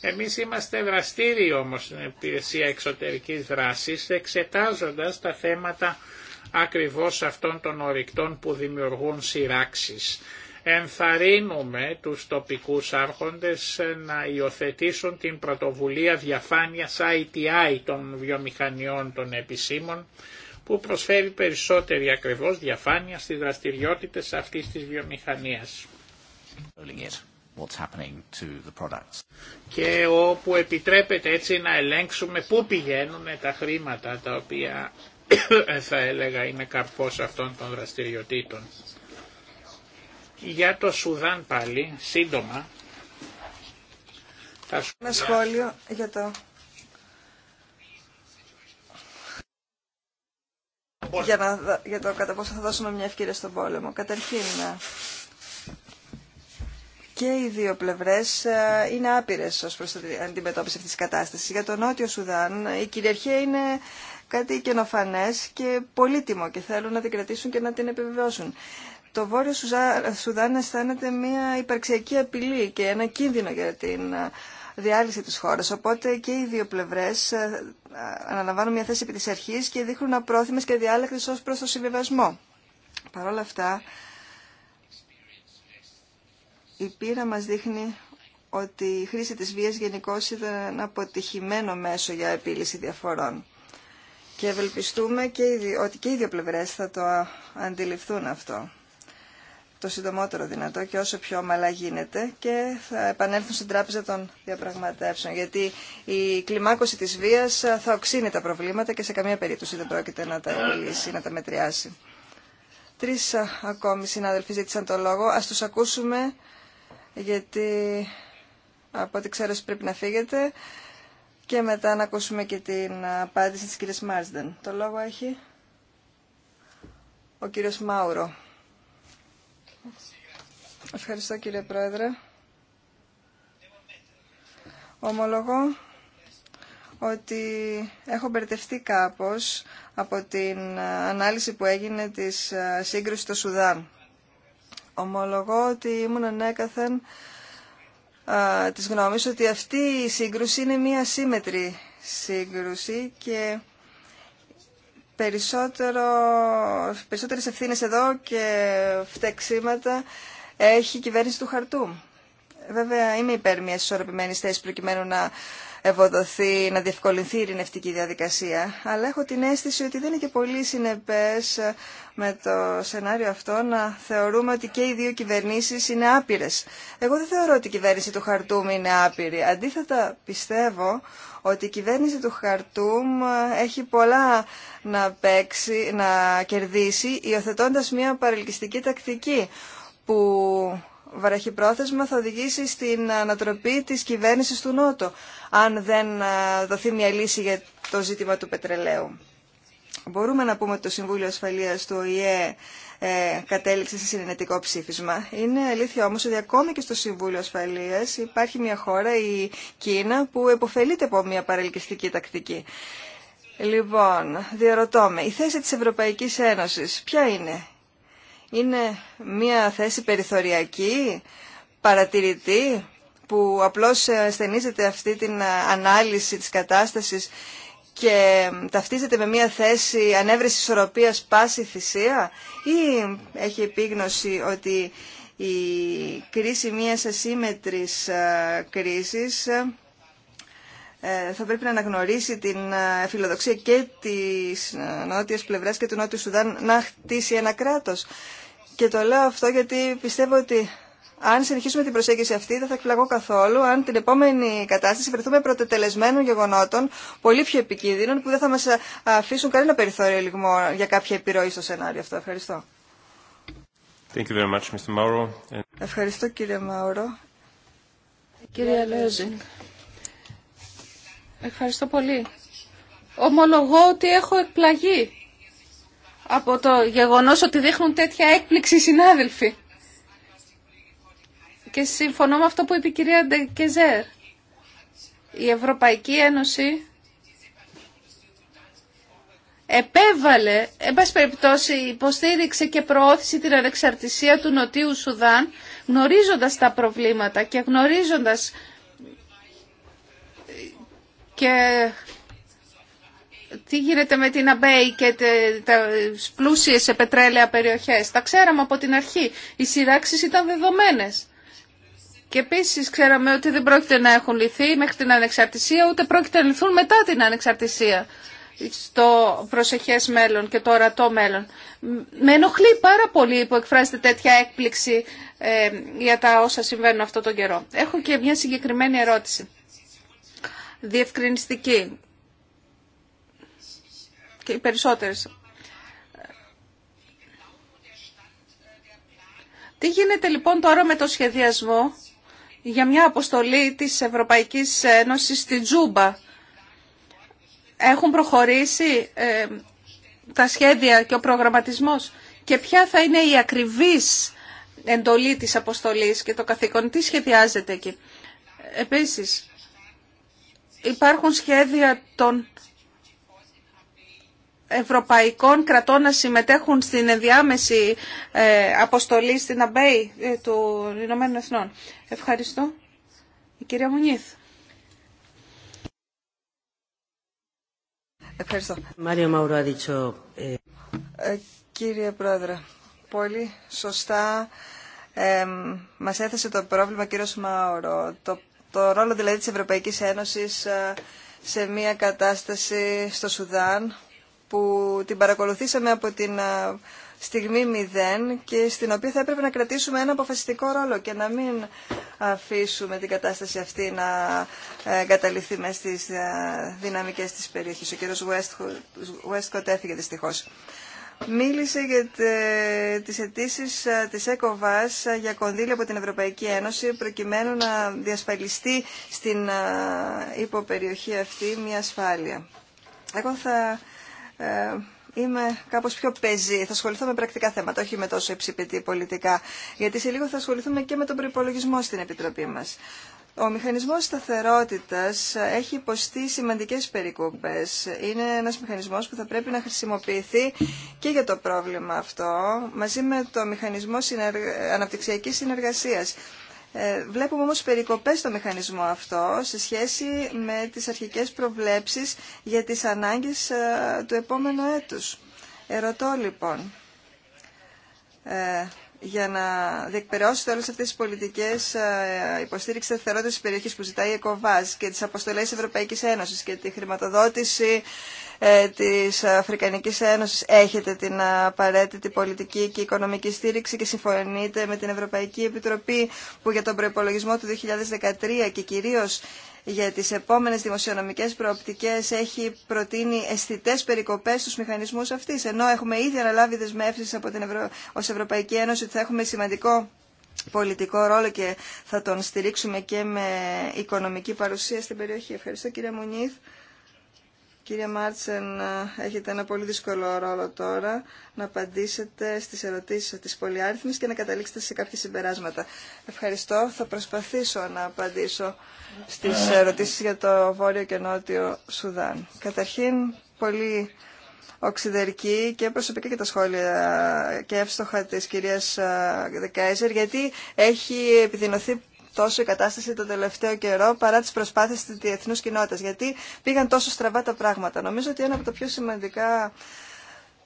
Εμείς είμαστε δραστήριοι όμως στην υπηρεσία εξωτερικής δράσης εξετάζοντας τα θέματα ακριβώς αυτών των ορυκτών που δημιουργούν σειράξεις ενθαρρύνουμε τους τοπικούς άρχοντες να υιοθετήσουν την πρωτοβουλία διαφάνειας ITI των βιομηχανιών των επισήμων που προσφέρει περισσότερη ακριβώς διαφάνεια στις δραστηριότητες αυτής της βιομηχανίας. Και όπου επιτρέπεται έτσι να ελέγξουμε πού πηγαίνουν τα χρήματα τα οποία [COUGHS] θα έλεγα είναι καρπός αυτών των δραστηριοτήτων. Για το Σουδάν πάλι, σύντομα. Ένα σχόλιο για το...
Για, να, για το κατά πόσο θα δώσουμε μια ευκαιρία στον πόλεμο. Καταρχήν, ε, και οι δύο πλευρές ε, είναι άπειρες ως προς την αντιμετώπιση αυτής της κατάστασης. Για τον Νότιο Σουδάν ε, η κυριαρχία είναι κάτι καινοφανές και πολύτιμο και θέλουν να την κρατήσουν και να την επιβεβαιώσουν το Βόρειο Σουδάν αισθάνεται μια υπαρξιακή απειλή και ένα κίνδυνο για την ε, διάλυση της χώρας. Οπότε και οι δύο πλευρές ε, αναλαμβάνουν μια θέση επί της αρχής και δείχνουν απρόθυμες και διάλεκτες ως προς το συμβιβασμό. Παρ' όλα αυτά, η πείρα μας δείχνει ότι η χρήση της βίας γενικώ ήταν ένα αποτυχημένο μέσο για επίλυση διαφορών. Και ευελπιστούμε και ότι και οι δύο πλευρές θα το ε, αντιληφθούν αυτό το συντομότερο δυνατό και όσο πιο ομαλά γίνεται και θα επανέλθουν στην τράπεζα των διαπραγματεύσεων. Γιατί η κλιμάκωση της βίας θα οξύνει τα προβλήματα και σε καμία περίπτωση δεν πρόκειται να τα λύσει, να τα μετριάσει. Τρεις ακόμη συνάδελφοι ζήτησαν το λόγο. Ας τους ακούσουμε γιατί από ό,τι ξέρω πρέπει να φύγετε και μετά να ακούσουμε και την απάντηση της κυρίας Μάρσδεν. Το λόγο έχει ο κύριος Μάουρο. Ευχαριστώ κύριε Πρόεδρε. Ομολογώ ότι έχω μπερδευτεί κάπως από την ανάλυση που έγινε της ε, σύγκρουσης στο Σουδάν. Ομολογώ ότι ήμουν ανέκαθεν ε, της γνώμης ότι αυτή η σύγκρουση είναι μία σύμμετρη σύγκρουση και περισσότερο, περισσότερες ευθύνες εδώ και φτεξίματα έχει η κυβέρνηση του Χαρτούμ. Βέβαια, είμαι υπέρ μια ισορροπημένη θέση προκειμένου να ευοδοθεί, να διευκολυνθεί η ειρηνευτική διαδικασία. Αλλά έχω την αίσθηση ότι δεν είναι και πολύ συνεπέ ε, με το σενάριο αυτό να θεωρούμε ότι και οι δύο κυβερνήσει είναι άπειρε. Εγώ δεν θεωρώ ότι η κυβέρνηση του Χαρτούμ είναι άπειρη. Αντίθετα, πιστεύω ότι η κυβέρνηση του Χαρτούμ ε, έχει πολλά να, παίξει, να κερδίσει υιοθετώντα μια παρελκυστική τακτική που πρόθεσμα θα οδηγήσει στην ανατροπή της κυβέρνησης του Νότου, αν δεν ε, δοθεί μια λύση για το ζήτημα του πετρελαίου. Μπορούμε να πούμε ότι το Συμβούλιο Ασφαλείας του ΟΗΕ ε, κατέληξε σε συνενετικό ψήφισμα. Είναι αλήθεια όμως ότι ακόμη και στο Συμβούλιο Ασφαλείας υπάρχει μια χώρα, η Κίνα, που επωφελείται από μια παρελκυστική τακτική. Λοιπόν, διαρωτώ η θέση της Ευρωπαϊκής Ένωσης ποια είναι είναι μια θέση περιθωριακή, παρατηρητή, που απλώς ασθενίζεται αυτή την ανάλυση της κατάστασης και ταυτίζεται με μια θέση ανέβρεση ισορροπίας πάση θυσία ή έχει επίγνωση ότι η κρίση μιας ασύμετρης ε, κρίσης ε, θα πρέπει να αναγνωρίσει την ε, φιλοδοξία και της νότιας πλευράς και του νότιου Σουδάν να χτίσει ένα κράτος. Και το λέω αυτό γιατί πιστεύω ότι αν συνεχίσουμε την προσέγγιση αυτή δεν θα εκπλαγώ καθόλου αν την επόμενη κατάσταση βρεθούμε πρωτετελεσμένων γεγονότων πολύ πιο επικίνδυνων που δεν θα μας αφήσουν κανένα περιθώριο λιγμό για κάποια επιρροή στο σενάριο αυτό. Ευχαριστώ.
Thank you very much, Mr. Mauro.
Ευχαριστώ κύριε Μαουρο. Κύριε
Λέζινγκ, ευχαριστώ πολύ. Ομολογώ ότι έχω εκπλαγεί από το γεγονός ότι δείχνουν τέτοια έκπληξη συνάδελφοι. Και συμφωνώ με αυτό που είπε η κυρία Ντεκεζέρ. Η Ευρωπαϊκή Ένωση επέβαλε, εν πάση περιπτώσει, υποστήριξε και προώθησε την ανεξαρτησία του Νοτίου Σουδάν, γνωρίζοντας τα προβλήματα και γνωρίζοντας και τι γίνεται με την Αμπέη και τις πλούσιες σε πετρέλαια περιοχές. Τα ξέραμε από την αρχή. Οι σειράξεις ήταν δεδομένες. Και επίση ξέραμε ότι δεν πρόκειται να έχουν λυθεί μέχρι την ανεξαρτησία, ούτε πρόκειται να λυθούν μετά την ανεξαρτησία στο προσεχές μέλλον και το ορατό μέλλον. Με ενοχλεί πάρα πολύ που εκφράζεται τέτοια έκπληξη ε, για τα όσα συμβαίνουν αυτόν τον καιρό. Έχω και μια συγκεκριμένη ερώτηση. Διευκρινιστική και οι περισσότερες. Τι γίνεται λοιπόν τώρα με το σχεδιασμό για μια αποστολή της Ευρωπαϊκής Ένωσης στη Τζούμπα. Έχουν προχωρήσει ε, τα σχέδια και ο προγραμματισμός και ποια θα είναι η ακριβής εντολή της αποστολής και το καθήκον. Τι σχεδιάζεται εκεί. Επίσης, υπάρχουν σχέδια των ευρωπαϊκών κρατών να συμμετέχουν στην ενδιάμεση ε, αποστολή στην ΑΜΠΕΗ ε, του Ηνωμένων Εθνών. Ευχαριστώ. Η κυρία
Μουνίθ. Ευχαριστώ. Μάριο Μαουρό, αδίτσο... Ε, κύριε Πρόεδρε, πολύ σωστά ε, μας έθεσε το πρόβλημα κύριος Μαουρό. Το, το ρόλο δηλαδή της Ευρωπαϊκής Ένωσης σε μια κατάσταση στο Σουδάν που την παρακολουθήσαμε από την στιγμή μηδέν και στην οποία θα έπρεπε να κρατήσουμε ένα αποφασιστικό ρόλο και να μην αφήσουμε την κατάσταση αυτή να ε, εγκαταλειφθεί μέσα στις ε, δυναμικές της περιοχής. Ο κύριος Westcott έφυγε δυστυχώς. Μίλησε για τις αιτήσει ε, της ΕΚΟΒΑΣ για κονδύλια από την Ευρωπαϊκή Ένωση προκειμένου να διασφαλιστεί στην υποπεριοχή αυτή μια ασφάλεια. Εγώ θα ε, είμαι κάπω πιο πεζή. Θα ασχοληθώ με πρακτικά θέματα, όχι με τόσο υψηπητή πολιτικά. Γιατί σε λίγο θα ασχοληθούμε και με τον προπολογισμό στην Επιτροπή μα. Ο μηχανισμός σταθερότητας έχει υποστεί σημαντικές περικοπές. Είναι ένας μηχανισμός που θα πρέπει να χρησιμοποιηθεί και για το πρόβλημα αυτό, μαζί με το μηχανισμό αναπτυξιακής συνεργασίας. Ε, βλέπουμε όμως περικοπές στο μηχανισμό αυτό σε σχέση με τις αρχικές προβλέψεις για τις ανάγκες ε, του επόμενου έτους. Ερωτώ λοιπόν, ε, για να διεκπαιρεώσετε όλες αυτές τις πολιτικές υποστήριξης ευθερότητας της περιοχής που ζητάει η ΕΚΟΒΑΣ και τις αποστολές της Ευρωπαϊκής Ένωσης και τη χρηματοδότηση ε, της Αφρικανικής Ένωσης έχετε την απαραίτητη πολιτική και οικονομική στήριξη και συμφωνείτε με την Ευρωπαϊκή Επιτροπή που για τον προϋπολογισμό του 2013 και κυρίως για τις επόμενες δημοσιονομικές προοπτικές έχει προτείνει αισθητές περικοπές στους μηχανισμούς αυτής, ενώ έχουμε ήδη αναλάβει δεσμεύσεις από την Ευρω... ως Ευρωπαϊκή Ένωση ότι θα έχουμε σημαντικό πολιτικό ρόλο και θα τον στηρίξουμε και με οικονομική παρουσία στην περιοχή. Ευχαριστώ κύριε Μουνίθ. Κύριε Μάρτσεν, έχετε ένα πολύ δύσκολο ρόλο τώρα να απαντήσετε στις ερωτήσεις της πολυάριθμης και να καταλήξετε σε κάποια συμπεράσματα. Ευχαριστώ. Θα προσπαθήσω να απαντήσω στις ερωτήσεις για το Βόρειο και Νότιο Σουδάν. Καταρχήν, πολύ οξυδερκή και προσωπικά και τα σχόλια και εύστοχα της κυρίας Δεκάιζερ, γιατί έχει επιδεινωθεί τόσο η κατάσταση τον τελευταίο καιρό παρά τις προσπάθειες της διεθνού κοινότητα. γιατί πήγαν τόσο στραβά τα πράγματα. Νομίζω ότι ένα από τα πιο σημαντικά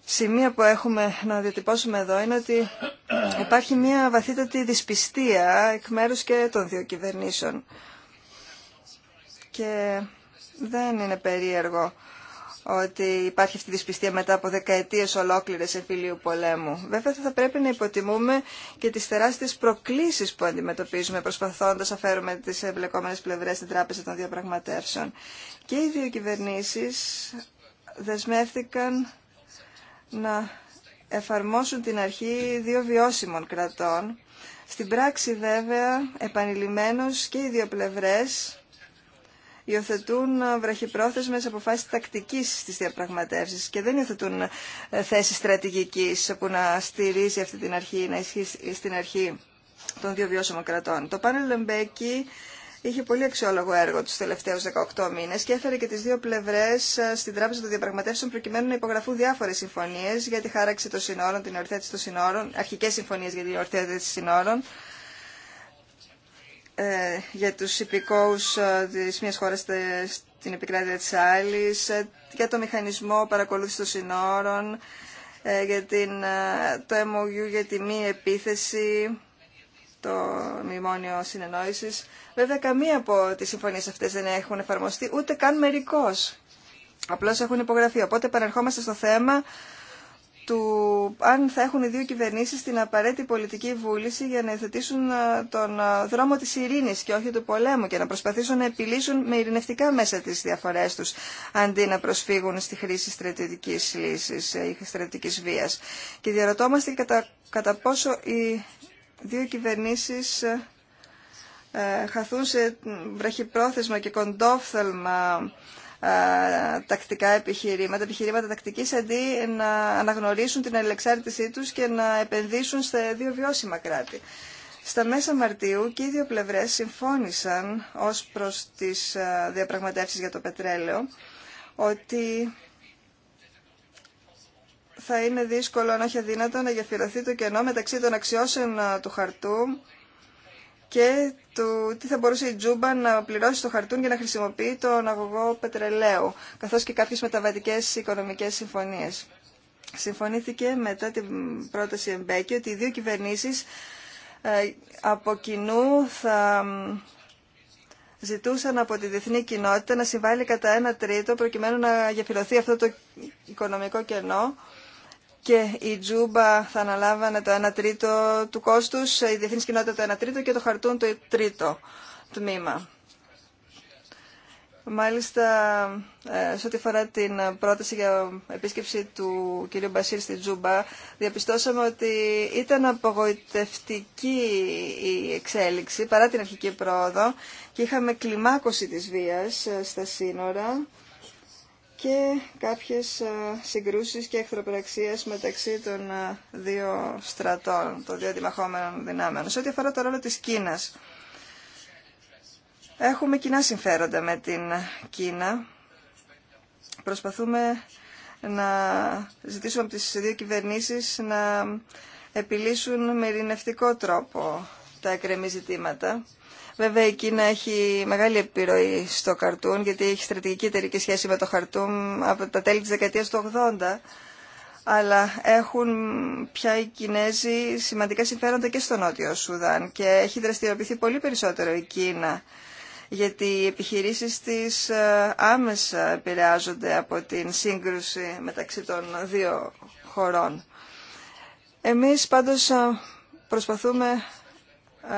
σημεία που έχουμε να διατυπώσουμε εδώ είναι ότι υπάρχει μια βαθύτατη δυσπιστία εκ μέρους και των δύο κυβερνήσεων. Και δεν είναι περίεργο ότι υπάρχει αυτή η δυσπιστία μετά από δεκαετίες ολόκληρες εμφυλίου πολέμου. Βέβαια θα πρέπει να υποτιμούμε και τις τεράστιες προκλήσεις που αντιμετωπίζουμε προσπαθώντας να φέρουμε τις εμπλεκόμενες πλευρές στην Τράπεζα των Διαπραγματεύσεων. Και οι δύο κυβερνήσεις δεσμεύτηκαν να εφαρμόσουν την αρχή δύο βιώσιμων κρατών. Στην πράξη βέβαια επανειλημμένως και οι δύο πλευρές υιοθετούν ε, βραχυπρόθεσμες αποφάσεις τακτικής στις διαπραγματεύσεις και δεν υιοθετούν ε, θέση στρατηγικής που να στηρίζει αυτή την αρχή, να ισχύει στην αρχή των δύο βιώσιμων κρατών. Το πάνελ Λεμπέκη είχε πολύ αξιόλογο έργο τους τελευταίους 18 μήνες και έφερε και τις δύο πλευρές ε, στην Τράπεζα των Διαπραγματεύσεων προκειμένου να υπογραφούν διάφορες συμφωνίες για τη χάραξη των συνόρων, την ορθέτηση των συνόρων, αρχικές συμφωνίες για την ορθέτηση συνόρων, ε, για τους υπηκόους ε, της μιας χώρας στην επικράτεια της άλλης, ε, για το μηχανισμό παρακολούθησης των συνόρων, για την, το MOU για τη μη επίθεση, το μνημόνιο συνεννόησης. Βέβαια, καμία από τις συμφωνίες αυτές δεν έχουν εφαρμοστεί, ούτε καν μερικώς. Απλώς έχουν υπογραφεί. Οπότε, παρερχόμαστε στο θέμα του αν θα έχουν οι δύο κυβερνήσεις την απαραίτητη πολιτική βούληση για να υιοθετήσουν ε, τον ε, δρόμο της ειρήνης και όχι του πολέμου και να προσπαθήσουν να επιλύσουν με ειρηνευτικά μέσα τις διαφορές τους αντί να προσφύγουν στη χρήση στρατιωτικής λύσης ε, ή στρατιωτικής βίας. Και διαρωτόμαστε κατά, πόσο οι δύο κυβερνήσεις χαθούν σε βραχυπρόθεσμα και κοντόφθαλμα τακτικά επιχειρήματα, επιχειρήματα τακτικής, αντί να αναγνωρίσουν την ελεξάρτησή τους και να επενδύσουν στα δύο βιώσιμα κράτη. Στα μέσα Μαρτίου και οι δύο πλευρέ συμφώνησαν ως προς τις διαπραγματεύσεις για το πετρέλαιο ότι θα είναι δύσκολο, αν όχι αδύνατο, να γεφυρωθεί το κενό μεταξύ των αξιώσεων του χαρτού και του τι θα μπορούσε η Τζούμπα να πληρώσει στο χαρτούν για να χρησιμοποιεί τον αγωγό πετρελαίου, καθώς και κάποιες μεταβατικές οικονομικές συμφωνίες. Συμφωνήθηκε μετά την πρόταση Εμπέκη ότι οι δύο κυβερνήσεις ε, από κοινού θα ζητούσαν από τη διεθνή κοινότητα να συμβάλλει κατά ένα τρίτο προκειμένου να γεφυρωθεί αυτό το οικονομικό κενό και η Τζούμπα θα αναλάβανε το 1 τρίτο του κόστους, η διεθνής κοινότητα το 1 τρίτο και το χαρτούν το τρίτο τμήμα. Μάλιστα, ε, σε ό,τι αφορά την πρόταση για επίσκεψη του κ. Μπασίρ στη Τζούμπα, διαπιστώσαμε ότι ήταν απογοητευτική η εξέλιξη παρά την αρχική πρόοδο και είχαμε κλιμάκωση της βίας ε, στα σύνορα και κάποιες συγκρούσεις και εχθροπραξίες μεταξύ των δύο στρατών, των δύο αντιμαχόμενων δυνάμεων. Σε ό,τι αφορά το ρόλο της Κίνας, έχουμε κοινά συμφέροντα με την Κίνα. Προσπαθούμε να ζητήσουμε από τις δύο κυβερνήσεις να επιλύσουν με ειρηνευτικό τρόπο τα εκρεμή ζητήματα Βέβαια η Κίνα έχει μεγάλη επιρροή στο καρτούν, γιατί έχει στρατηγική εταιρική σχέση με το Χαρτούμ από τα τέλη της δεκαετίας του 80 αλλά έχουν πια οι Κινέζοι σημαντικά συμφέροντα και στο Νότιο Σουδάν και έχει δραστηριοποιηθεί πολύ περισσότερο η Κίνα γιατί οι επιχειρήσεις της ε, άμεσα επηρεάζονται από την σύγκρουση μεταξύ των δύο χωρών. Εμείς πάντως ε, προσπαθούμε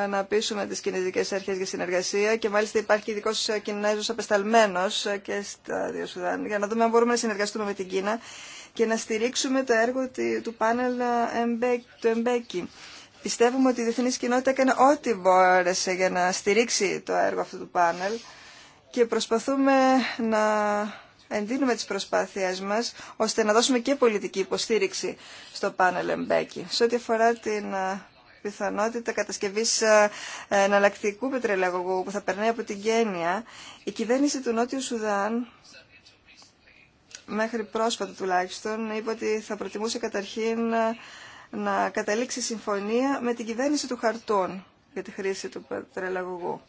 να πείσουμε τις κινέζικες αρχές για συνεργασία και μάλιστα υπάρχει ειδικό Κινέζος απεσταλμένος και στα δύο Σουδάν για να δούμε αν μπορούμε να συνεργαστούμε με την Κίνα και να στηρίξουμε το έργο του πάνελ ε, του Εμπέκη. Πιστεύουμε ότι η Διεθνή κοινότητα έκανε ό,τι μπόρεσε για να στηρίξει το έργο αυτού του πάνελ και προσπαθούμε να εντείνουμε τις προσπάθειές μας ώστε να δώσουμε και πολιτική υποστήριξη στο πάνελ Εμπέκη. Σε ό,τι αφορά την ε, πιθανότητα κατασκευής ε, εναλλακτικού πετρελαγωγού που θα περνάει από την Κένια, η κυβέρνηση του Νότιου Σουδάν μέχρι πρόσφατα τουλάχιστον, είπε ότι θα προτιμούσε καταρχήν ε, να καταλήξει συμφωνία με την κυβέρνηση του Χαρτούν για τη χρήση του πετρελαγωγού.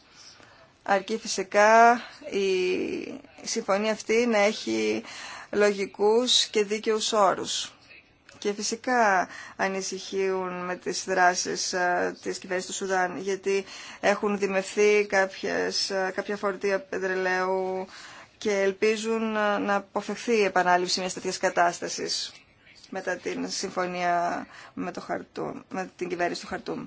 Αρκεί φυσικά η συμφωνία αυτή να έχει λογικούς και δίκαιους όρους και φυσικά ανησυχούν με τις δράσεις ε, της κυβέρνησης του Σουδάν γιατί έχουν δημευθεί κάποιες, ε, κάποια φορτία πετρελαίου και ελπίζουν ε, να αποφευθεί η επανάληψη μιας τέτοιας κατάστασης μετά την συμφωνία με, το Χαρτούμ, με την κυβέρνηση του Χαρτούμ.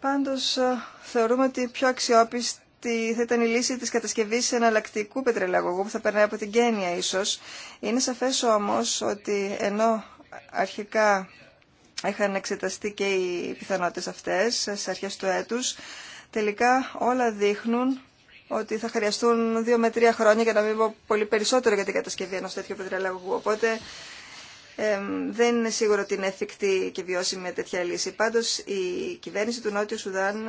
Πάντως θεωρούμε ότι πιο αξιόπιστη θα ήταν η λύση της κατασκευής εναλλακτικού πετρελαγωγού που θα περνάει από την Κένια ίσως. Είναι σαφές όμως ότι ενώ αρχικά είχαν εξεταστεί και οι πιθανότητες αυτές σε αρχές του έτους. Τελικά όλα δείχνουν ότι θα χρειαστούν δύο με τρία χρόνια για να μην πω πολύ περισσότερο για την κατασκευή ενός τέτοιου πετρελαγού. Οπότε δεν είναι σίγουρο ότι είναι εφικτή και βιώσιμη μια τέτοια λύση. Πάντως η κυβέρνηση του Νότιου Σουδάν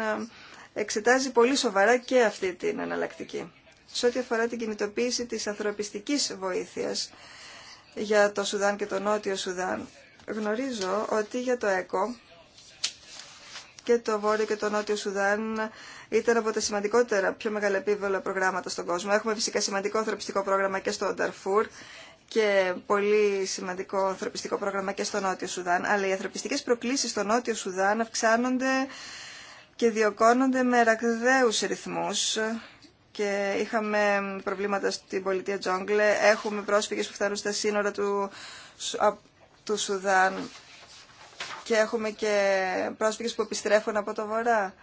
εξετάζει πολύ σοβαρά και αυτή την εναλλακτική. Σε ό,τι αφορά την κινητοποίηση της ανθρωπιστικής βοήθειας, για το Σουδάν και το Νότιο Σουδάν. Γνωρίζω ότι για το ΕΚΟ και το Βόρειο και το Νότιο Σουδάν ήταν από τα σημαντικότερα, πιο μεγάλα επίβολα προγράμματα στον κόσμο. Έχουμε φυσικά σημαντικό ανθρωπιστικό πρόγραμμα και στο Νταρφούρ και πολύ σημαντικό ανθρωπιστικό πρόγραμμα και στο Νότιο Σουδάν. Αλλά οι ανθρωπιστικέ προκλήσεις στο Νότιο Σουδάν αυξάνονται και διοκώνονται με ρακδαίους ρυθμούς και είχαμε προβλήματα στην πολιτεία Τζόγκλε. Έχουμε πρόσφυγες που φτάνουν στα σύνορα του, του Σουδάν και έχουμε και πρόσφυγες που επιστρέφουν από το βορρά.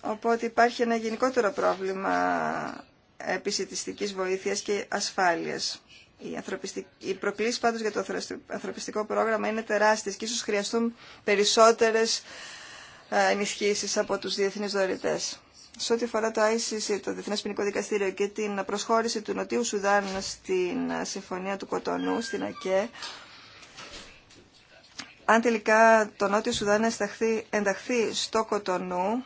Οπότε υπάρχει ένα γενικότερο πρόβλημα επισητιστικής βοήθειας και ασφάλειας. Οι, ανθρωπιστικ... Οι προκλήσεις πάντως για το ανθρωπιστικό πρόγραμμα είναι τεράστιες και ίσως χρειαστούν περισσότερες ε, ενισχύσεις από τους διεθνείς δωρητές σε ό,τι αφορά το ICC, το Διεθνές Ποινικό Δικαστήριο και την προσχώρηση του Νοτιού Σουδάν στην ε, Συμφωνία του Κοτονού, στην ΑΚΕ, αν τελικά το Νότιο Σουδάν ενταχθεί στο Κοτονού,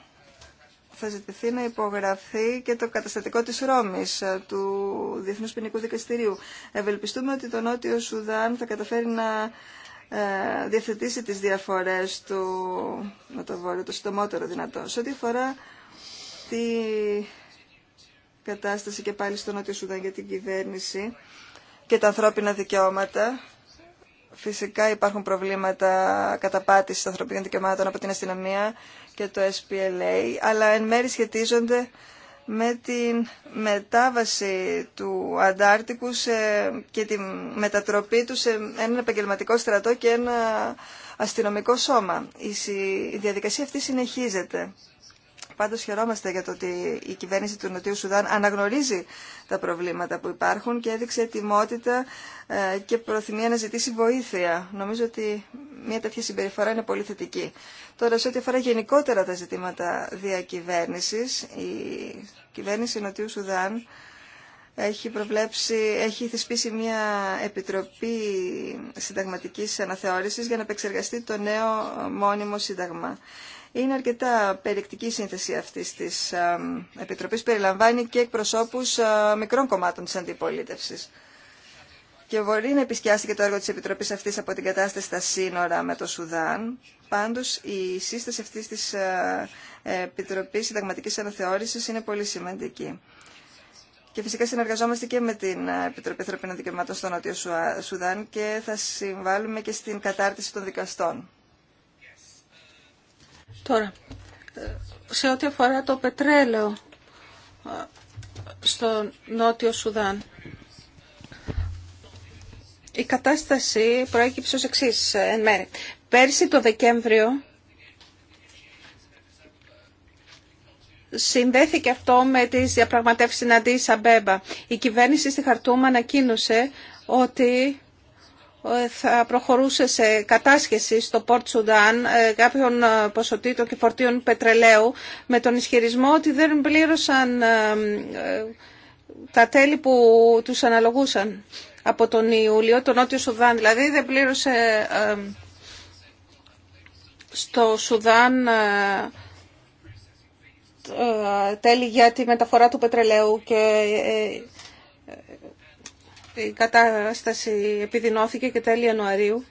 θα ζητηθεί να υπογραφεί και το καταστατικό της Ρώμης ε, του Διεθνούς Ποινικού Δικαστηρίου. Ευελπιστούμε ότι το Νότιο Σουδάν θα καταφέρει να ε, τις διαφορές του με το Βόρειο το συντομότερο δυνατό. Σε αυτή κατάσταση και πάλι στο Νότιο Σουδάν για την κυβέρνηση και τα ανθρώπινα δικαιώματα. Φυσικά υπάρχουν προβλήματα καταπάτησης ανθρωπίνων δικαιωμάτων από την αστυνομία και το SPLA, αλλά εν μέρει σχετίζονται με την μετάβαση του Αντάρτικου και τη μετατροπή του σε έναν επαγγελματικό στρατό και ένα αστυνομικό σώμα. Η διαδικασία αυτή συνεχίζεται. Πάντω χαιρόμαστε για το ότι η κυβέρνηση του Νοτιού Σουδάν αναγνωρίζει τα προβλήματα που υπάρχουν και έδειξε ετοιμότητα ε, και προθυμία να ζητήσει βοήθεια. Νομίζω ότι μια τέτοια συμπεριφορά είναι πολύ θετική. Τώρα, σε ό,τι αφορά γενικότερα τα ζητήματα διακυβέρνηση, η κυβέρνηση Νοτιού Σουδάν έχει προβλέψει, έχει θεσπίσει μια επιτροπή συνταγματικής αναθεώρησης για να επεξεργαστεί το νέο μόνιμο σύνταγμα. Είναι αρκετά περιεκτική η σύνθεση αυτή τη ε, επιτροπή, Περιλαμβάνει και εκπροσώπου ε, μικρών κομμάτων τη αντιπολίτευση. Και μπορεί να επισκιάστηκε το έργο τη επιτροπή αυτή από την κατάσταση στα σύνορα με το Σουδάν. Πάντω η σύσταση αυτή τη ε, επιτροπή Συνταγματική Αναθεώρησης είναι πολύ σημαντική. Και φυσικά συνεργαζόμαστε και με την Επιτροπή Ανθρωπίνων Δικαιωμάτων στο Νότιο Σουδάν και θα συμβάλλουμε και στην κατάρτιση των δικαστών.
Τώρα, σε ό,τι αφορά το πετρέλαιο στο Νότιο Σουδάν, η κατάσταση προέκυψε ως εξής ε, εν μέρη. Πέρσι το Δεκέμβριο συνδέθηκε αυτό με τις διαπραγματεύσεις στην Αντίσα Η κυβέρνηση στη Χαρτούμα ανακοίνωσε ότι ε, θα προχωρούσε σε κατάσχεση στο Πορτ Σουδάν ε, κάποιων ε, ποσοτήτων και φορτίων πετρελαίου με τον ισχυρισμό ότι δεν πλήρωσαν τα τέλη που τους αναλογούσαν από τον Ιούλιο, τον Νότιο Σουδάν. Δηλαδή δεν πλήρωσε στο Σουδάν τέλη για τη μεταφορά του πετρελαίου και η κατάσταση επιδεινώθηκε και τέλη Ιανουαρίου,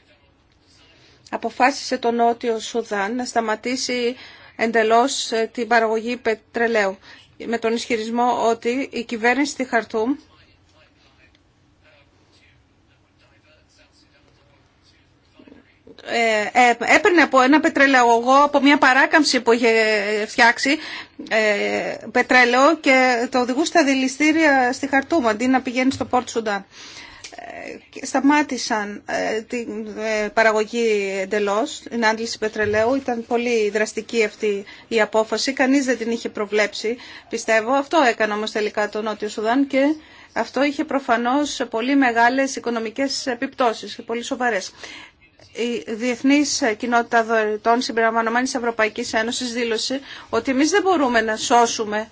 αποφάσισε το Νότιο Σουδάν να σταματήσει εντελώς ε, την παραγωγή πετρελαίου με τον ισχυρισμό ότι η κυβέρνηση στη Χαρτούμ Ε, ε, έπαιρνε από ένα πετρελαγωγό από μια παράκαμψη που είχε φτιάξει ε, πετρέλαιο και το οδηγούσε στα δηληστήρια στη Χαρτούμα αντί να πηγαίνει στο Πόρτ Σουντάν. Σταμάτησαν την παραγωγή εντελώ, την άντληση πετρελαίου. Ήταν πολύ δραστική αυτή η απόφαση. Κανείς δεν την είχε προβλέψει, πιστεύω. Αυτό έκανε όμως τελικά το Νότιο Σουδάν και αυτό είχε προφανώς πολύ μεγάλες οικονομικές επιπτώσεις και πολύ σοβαρές η διεθνή κοινότητα δωρητών Συμπεριλαμβανομένη Ευρωπαϊκή Ένωση δήλωσε ότι εμείς δεν μπορούμε να σώσουμε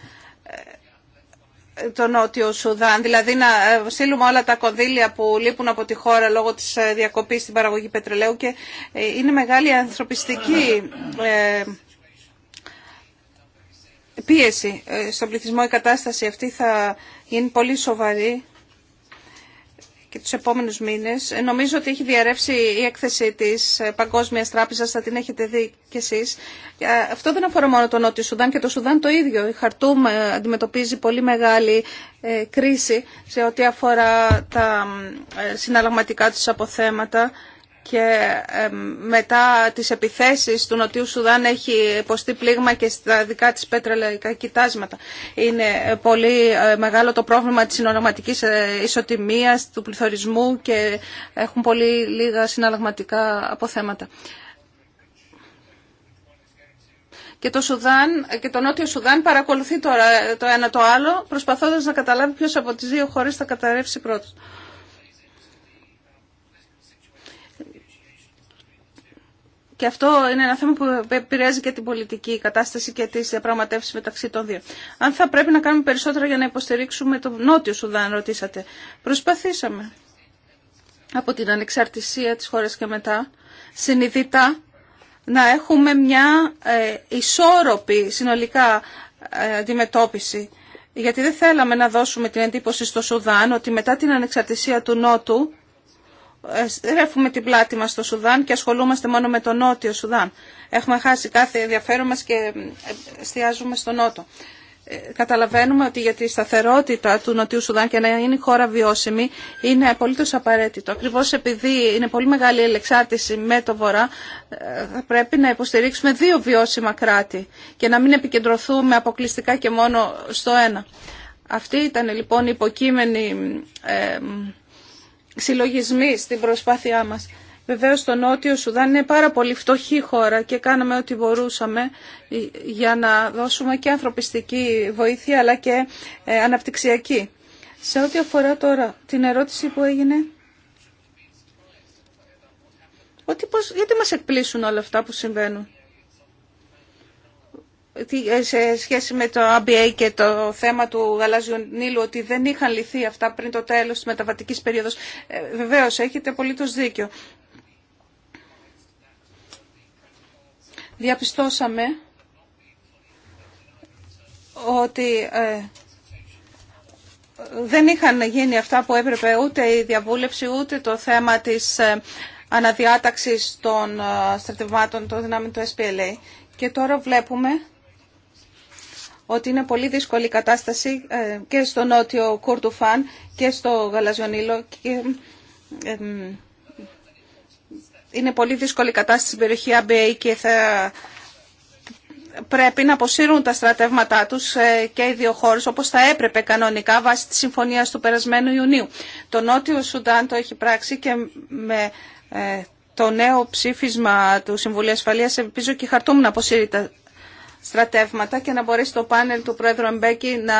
ε, το Νότιο Σουδάν, δηλαδή να ε, στείλουμε όλα τα κονδύλια που λείπουν από τη χώρα λόγω της ε, διακοπής στην παραγωγή πετρελαίου και είναι μεγάλη ανθρωπιστική πίεση στον πληθυσμό. Η κατάσταση αυτή θα είναι πολύ σοβαρή και τους επόμενους μήνες. Ε, νομίζω ότι έχει διαρρεύσει η έκθεση της ε, Παγκόσμιας Τράπεζας, θα την έχετε δει κι εσείς. Ε, αυτό δεν αφορά μόνο τον Νότιο Σουδάν και το Σουδάν το ίδιο. Η Χαρτούμ αντιμετωπίζει πολύ μεγάλη κρίση σε ό,τι αφορά τα συναλλαγματικά τους αποθέματα και μετά τις επιθέσεις του Νοτιού Σουδάν έχει υποστεί πλήγμα και στα δικά της πετρελαϊκά κοιτάσματα. Είναι ε, πολύ ε, μεγάλο το πρόβλημα της συνοραματικής ε, ισοτιμίας, του πληθωρισμού και έχουν πολύ λίγα συναλλαγματικά αποθέματα. Και το, Σουδάν, και το Νότιο Σουδάν παρακολουθεί τώρα το ένα το άλλο, προσπαθώντας να καταλάβει ποιος από τις δύο χώρες θα καταρρεύσει πρώτος. και αυτό είναι ένα θέμα που επηρεάζει και την πολιτική κατάσταση και τις διαπραγματεύσει μεταξύ των δύο. Αν θα πρέπει να κάνουμε περισσότερα για να υποστηρίξουμε τον Νότιο Σουδάν, ρωτήσατε. Προσπαθήσαμε από την ανεξαρτησία της χώρας και μετά, συνειδητά, να έχουμε μια ε, ισόρροπη συνολικά ε, αντιμετώπιση. Γιατί δεν θέλαμε να δώσουμε την εντύπωση στο Σουδάν ότι μετά την ανεξαρτησία του Νότου ρεύουμε την πλάτη μας στο Σουδάν και ασχολούμαστε μόνο με το νότιο Σουδάν. Έχουμε χάσει κάθε ενδιαφέρον μας και εστιάζουμε στο νότο. Ε, καταλαβαίνουμε ότι για τη σταθερότητα του Νοτιού Σουδάν και να είναι η χώρα βιώσιμη είναι απολύτως απαραίτητο. Ακριβώς επειδή είναι πολύ μεγάλη η ελεξάρτηση με το Βορρά ε, θα πρέπει να υποστηρίξουμε δύο βιώσιμα κράτη και να μην επικεντρωθούμε αποκλειστικά και μόνο στο ένα. Αυτή ήταν λοιπόν η υποκείμενη ε, συλλογισμοί στην προσπάθειά μας. Βεβαίως το Νότιο Σουδάν είναι πάρα πολύ φτωχή χώρα και κάναμε ό,τι μπορούσαμε για να δώσουμε και ανθρωπιστική βοήθεια αλλά και ε, αναπτυξιακή. Σε ό,τι αφορά τώρα την ερώτηση που έγινε, ότι πώς, γιατί μας εκπλήσουν όλα αυτά που συμβαίνουν. Ε, σε σχέση με το ABA και το θέμα του γαλάζιου νήλου ότι δεν είχαν λυθεί αυτά πριν το τέλος της μεταβατικής περίοδος. Ε, βεβαίως, έχετε απολύτως δίκιο. Διαπιστώσαμε ότι ε, δεν είχαν γίνει αυτά που έπρεπε ούτε η διαβούλευση ούτε το θέμα της ε, αναδιάταξης των στρατευμάτων των δυνάμεων του SPLA. Και τώρα βλέπουμε ότι είναι πολύ δύσκολη η κατάσταση ε, και στο νότιο Κουρτουφάν και στο Γαλαζιονίλο ε, ε, είναι πολύ δύσκολη η κατάσταση στην περιοχή Αμπέη και θα πρέπει να αποσύρουν τα στρατεύματά τους και οι δύο χώρες όπως θα έπρεπε κανονικά βάσει της συμφωνίας του περασμένου Ιουνίου. Το Νότιο Σουντάν το έχει πράξει και με το νέο ψήφισμα του Συμβουλίου Ασφαλείας ελπίζω και η να αποσύρει τα στρατεύματα και να μπορέσει το πάνελ του Πρόεδρου Εμπέκη να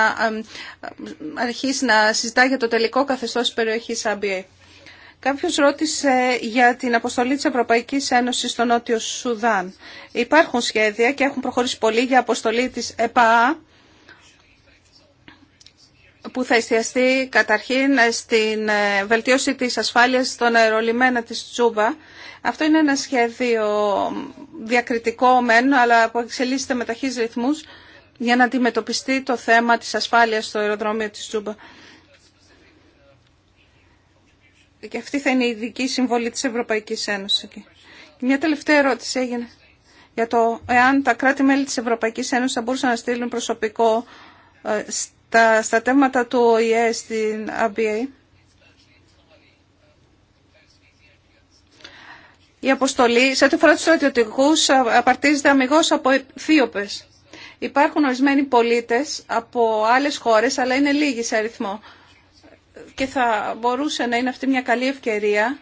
αρχίσει να συζητά για το τελικό καθεστώς περιοχής ABA. Κάποιο ρώτησε για την αποστολή της Ευρωπαϊκής Ένωσης στο Νότιο Σουδάν. Υπάρχουν σχέδια και έχουν προχωρήσει πολύ για αποστολή της ΕΠΑΑ που θα εστιαστεί καταρχήν στην ε, βελτίωση της ασφάλειας των αερολιμένα της Τσούβα. Αυτό είναι ένα σχέδιο διακριτικό μεν, αλλά που εξελίσσεται με ταχύ ρυθμού για να αντιμετωπιστεί το θέμα της ασφάλειας στο αεροδρόμιο της Τζούμπα. Και αυτή θα είναι η ειδική συμβολή της Ευρωπαϊκής Ένωσης. Και μια τελευταία ερώτηση έγινε για το εάν τα κράτη-μέλη της Ευρωπαϊκής Ένωσης θα μπορούσαν να στείλουν προσωπικό ε, στα, θέματα του ΟΗΕ στην ABA. η αποστολή σε ό,τι αφορά του στρατιωτικού απαρτίζεται αμυγό από θείοπε. Υπάρχουν ορισμένοι πολίτε από άλλε χώρε, αλλά είναι λίγοι σε αριθμό. Και θα μπορούσε να είναι αυτή μια καλή ευκαιρία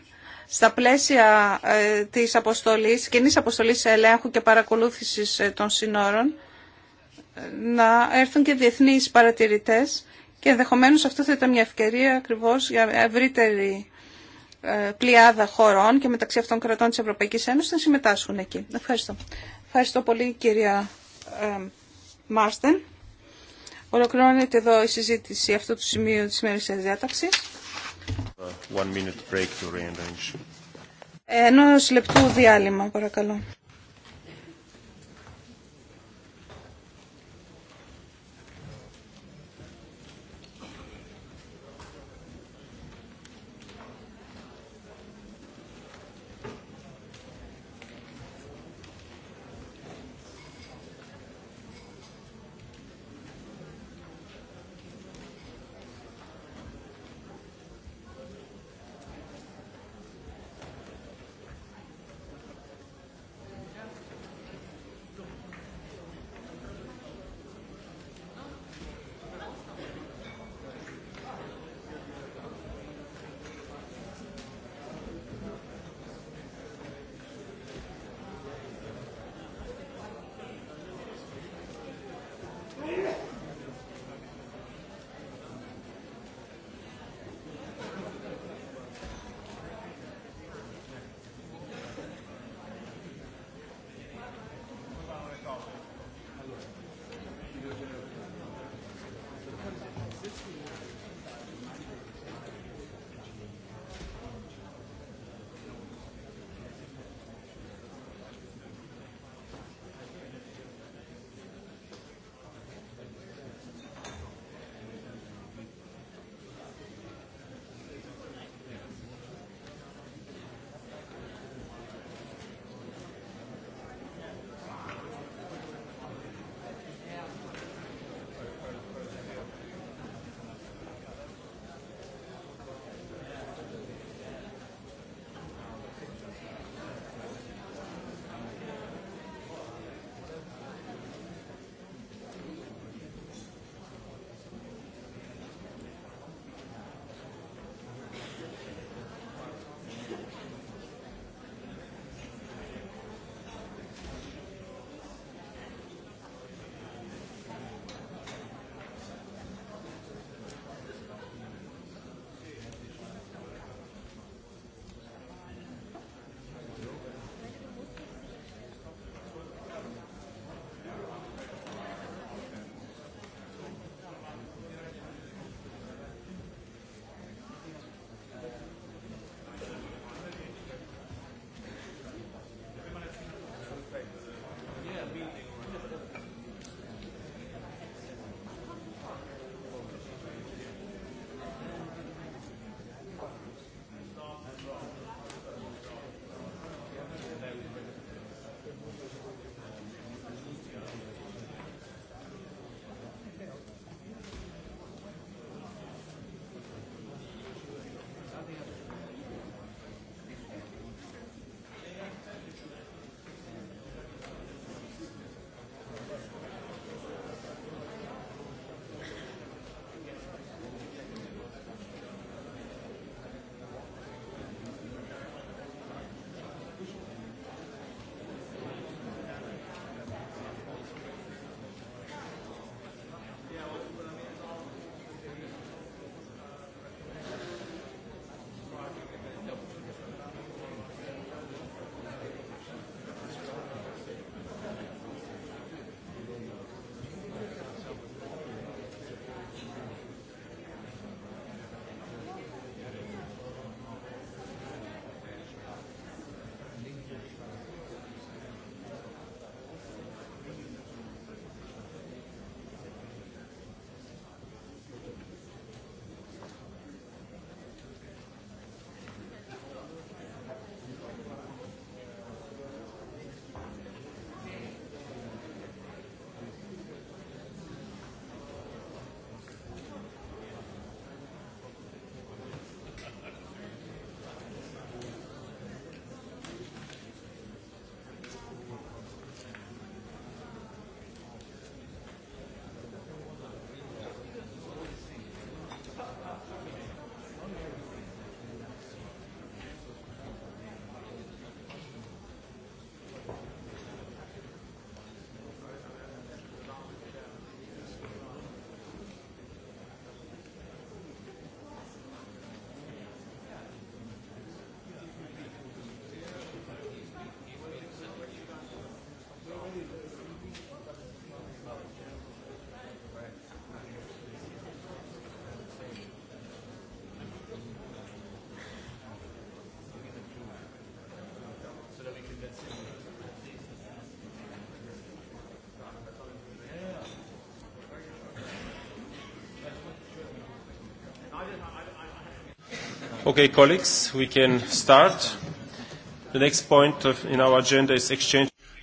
στα πλαίσια ε, της αποστολής, κοινή αποστολής ελέγχου και παρακολούθησης ε, των συνόρων, να έρθουν και διεθνείς παρατηρητές και ενδεχομένως αυτό θα ήταν μια ευκαιρία ακριβώς για ευρύτερη πλειάδα χωρών και μεταξύ αυτών κρατών της Ευρωπαϊκής Ένωσης να συμμετάσχουν εκεί. Ευχαριστώ. Ευχαριστώ πολύ κυρία ε, Μάρστεν. Ολοκληρώνεται εδώ η συζήτηση αυτού του σημείου της σημερινής διάταξης.
One minute break
to λεπτού διάλειμμα, παρακαλώ.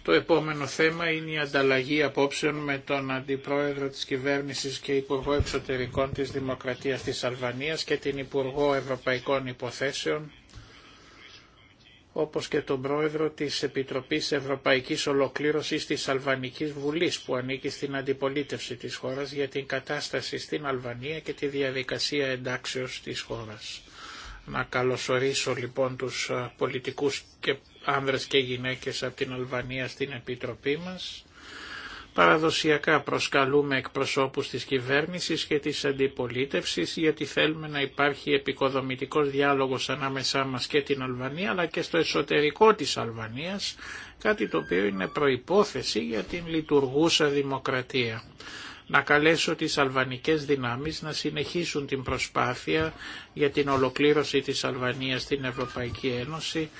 Το επόμενο θέμα είναι η ανταλλαγή απόψεων με τον Αντιπρόεδρο της Κυβέρνησης και Υπουργό Εξωτερικών της Δημοκρατίας της Αλβανίας και την Υπουργό Ευρωπαϊκών Υποθέσεων, όπως και τον Πρόεδρο της Επιτροπής Ευρωπαϊκής Ολοκλήρωσης της Αλβανικής Βουλής που ανήκει στην αντιπολίτευση της χώρας για την κατάσταση στην Αλβανία και τη διαδικασία εντάξεως της χώρας. Να καλωσορίσω λοιπόν τους πολιτικούς και άνδρες και γυναίκες από την Αλβανία στην Επιτροπή μας. Παραδοσιακά προσκαλούμε εκπροσώπους της κυβέρνησης και της αντιπολίτευσης γιατί θέλουμε να υπάρχει επικοδομητικός διάλογος ανάμεσά μας και την Αλβανία αλλά και στο εσωτερικό της Αλβανίας, κάτι το οποίο είναι προϋπόθεση για την λειτουργούσα δημοκρατία να καλέσω τις αλβανικές δυνάμεις να συνεχίσουν την προσπάθεια για την ολοκλήρωση της Αλβανίας στην Ευρωπαϊκή Ένωση,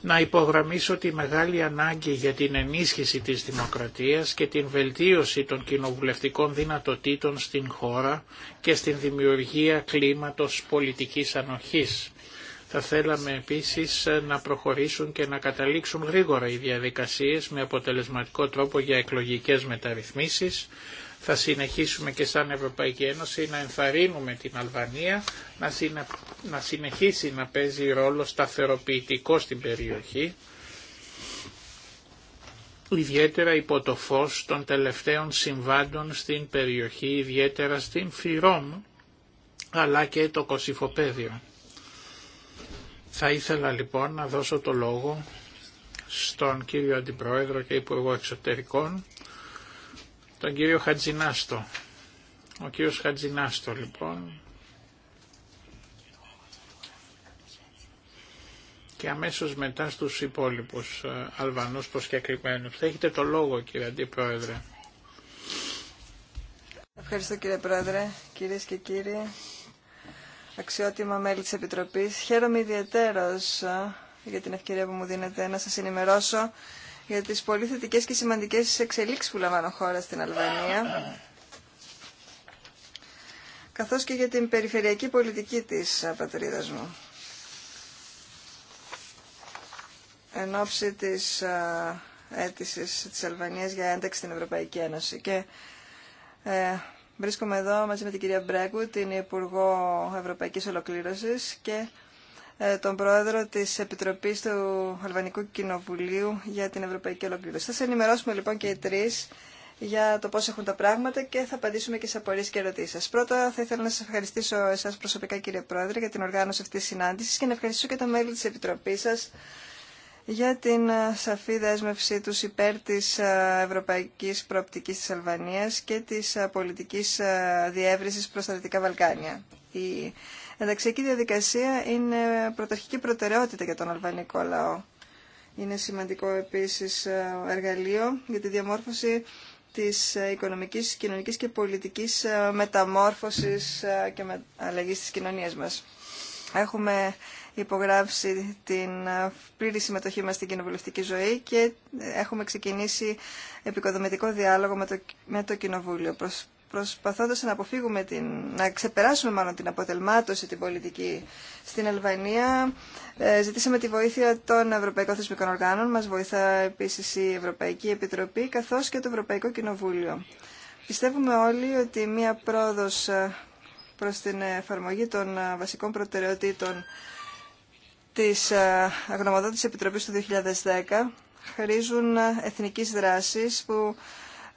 να υπογραμμίσω τη μεγάλη ανάγκη για την ενίσχυση της δημοκρατίας και την βελτίωση των κοινοβουλευτικών δυνατοτήτων στην χώρα και στην δημιουργία κλίματος πολιτικής ανοχής. Θα θέλαμε επίσης να προχωρήσουν και να καταλήξουν γρήγορα οι διαδικασίες με αποτελεσματικό τρόπο για εκλογικές μεταρρυθμίσεις, θα συνεχίσουμε και σαν Ευρωπαϊκή Ένωση να ενθαρρύνουμε την Αλβανία να, να συνεχίσει να παίζει ρόλο σταθεροποιητικό στην περιοχή, ιδιαίτερα υπό το φως των τελευταίων συμβάντων στην περιοχή, ιδιαίτερα στην Φιρόμ, αλλά και το Κωσυφοπέδιο. Θα ήθελα λοιπόν να δώσω το λόγο στον κύριο Αντιπρόεδρο και Υπουργό Εξωτερικών, τον κύριο Χατζινάστο. Ο κύριος Χατζινάστο λοιπόν. Και αμέσως μετά στους υπόλοιπους ε, Αλβανούς προσκεκριμένους. Θα έχετε το λόγο κύριε Αντιπρόεδρε.
Ευχαριστώ κύριε Πρόεδρε, κυρίες και κύριοι, αξιότιμα μέλη της Επιτροπής. Χαίρομαι ιδιαίτερος ε, για την ευκαιρία που μου δίνετε να σας ενημερώσω για τις πολύ θετικές και σημαντικές εξελίξεις που λαμβάνω χώρα στην Αλβανία, καθώς και για την περιφερειακή πολιτική της ε, πατρίδας μου. Εν ώψη της ε, αίτησης της Αλβανίας για ένταξη στην Ευρωπαϊκή Ένωση. Και ε, βρίσκομαι εδώ μαζί με την κυρία Μπρέγκου, την Υπουργό Ευρωπαϊκής Ολοκλήρωσης και ε, τον πρόεδρο τη Επιτροπή του Αλβανικού Κοινοβουλίου για την Ευρωπαϊκή Ολοκλήρωση. Θα σε ενημερώσουμε λοιπόν και οι τρει για το πώ έχουν τα πράγματα και θα απαντήσουμε και σε απορίε και ερωτήσει σα. Πρώτα θα ήθελα να σα ευχαριστήσω εσά προσωπικά κύριε Πρόεδρε για την οργάνωση αυτή τη συνάντηση και να ευχαριστήσω και τα μέλη τη Επιτροπή σα για την ε, σαφή δέσμευσή τους υπέρ της ε, ευρωπαϊκής προοπτικής της Αλβανίας και της πολιτικής διεύρυνσης προς τα Δυτικά Βαλκάνια. Η ενταξιακή διαδικασία είναι πρωταρχική προτεραιότητα για τον αλβανικό λαό. Είναι σημαντικό επίσης ε, εργαλείο για τη διαμόρφωση της ε, οικονομικής, κοινωνικής και πολιτικής ε, μεταμόρφωσης και αλλαγή της κοινωνίας μας. Έχουμε υπογράψει την πλήρη συμμετοχή μας στην κοινοβουλευτική ζωή και έχουμε ξεκινήσει επικοδομητικό διάλογο με το, Κοινοβούλιο. προσ προσπαθώντας να αποφύγουμε την, να ξεπεράσουμε μάλλον την αποτελμάτωση την πολιτική στην Αλβανία. Ε, ζητήσαμε τη βοήθεια των Ευρωπαϊκών Θεσμικών Οργάνων, μας βοηθά επίσης η Ευρωπαϊκή Επιτροπή καθώς και το Ευρωπαϊκό Κοινοβούλιο. Πιστεύουμε όλοι ότι μία πρόοδος ε, προς την εφαρμογή των ε, βασικών προτεραιοτήτων της αγνομοδότησης Επιτροπής του 2010 χρήζουν εθνικής δράσης που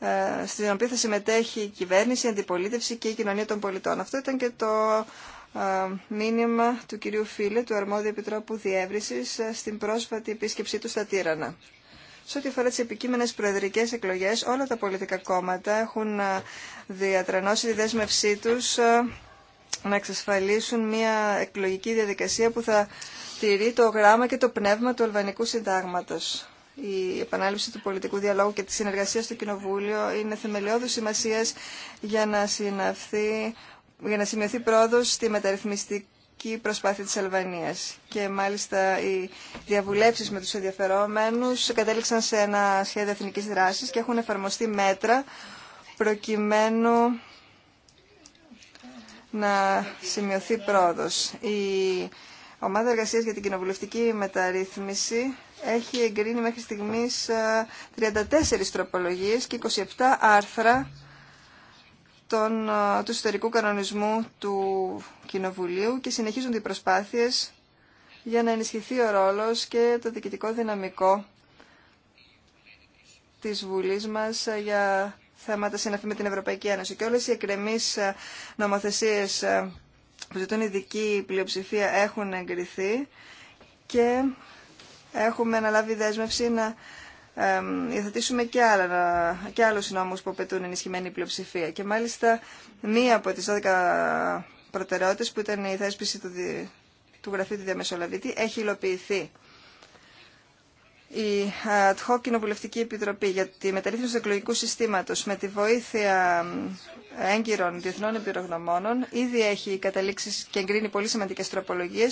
ε, στην οποία θα συμμετέχει η κυβέρνηση, η αντιπολίτευση και η κοινωνία των πολιτών. Αυτό ήταν και το ε, μήνυμα του κυρίου Φίλε, του αρμόδιου επιτρόπου διεύρυνση, ε, στην πρόσφατη επίσκεψή του στα Τύρανα. Σε ό,τι αφορά τι επικείμενε προεδρικέ εκλογέ, όλα τα πολιτικά κόμματα έχουν διατρανώσει τη δέσμευσή του να εξασφαλίσουν μια εκλογική διαδικασία που θα τηρεί το γράμμα και το πνεύμα του Αλβανικού Συντάγματος η επανάληψη του πολιτικού διαλόγου και τη συνεργασία στο Κοινοβούλιο είναι θεμελιώδους σημασία για να, συναυθεί, για να σημειωθεί πρόοδος στη μεταρρυθμιστική προσπάθεια της Αλβανίας. Και μάλιστα οι διαβουλεύσεις με τους ενδιαφερόμενους κατέληξαν σε ένα σχέδιο εθνικής δράσης και έχουν εφαρμοστεί μέτρα προκειμένου να σημειωθεί πρόοδος. Η ομάδα εργασίας για την κοινοβουλευτική μεταρρύθμιση έχει εγκρίνει μέχρι στιγμής 34 ε, τροπολογίες και 27 άρθρα των, ε, του ιστορικού κανονισμού του Κοινοβουλίου και συνεχίζονται οι προσπάθειες για να ενισχυθεί ο ρόλος και το διοικητικό δυναμικό της Βουλής μας ε, για θέματα συναφή με την Ευρωπαϊκή Ένωση. Και όλες οι εκκρεμείς νομοθεσίες που ζητούν ειδική πλειοψηφία έχουν εγκριθεί και έχουμε αναλάβει δέσμευση να υιοθετήσουμε και, άλλα, και άλλους νόμους που απαιτούν ενισχυμένη πλειοψηφία. Και μάλιστα μία από τις 12 προτεραιότητες που ήταν η θέσπιση του, του γραφείου του διαμεσολαβήτη έχει υλοποιηθεί. Η ad hoc Κοινοβουλευτική Επιτροπή για τη μεταρρύθμιση του εκλογικού συστήματος με τη βοήθεια έγκυρων διεθνών εμπειρογνωμόνων ήδη έχει καταλήξει και εγκρίνει πολύ σημαντικέ τροπολογίε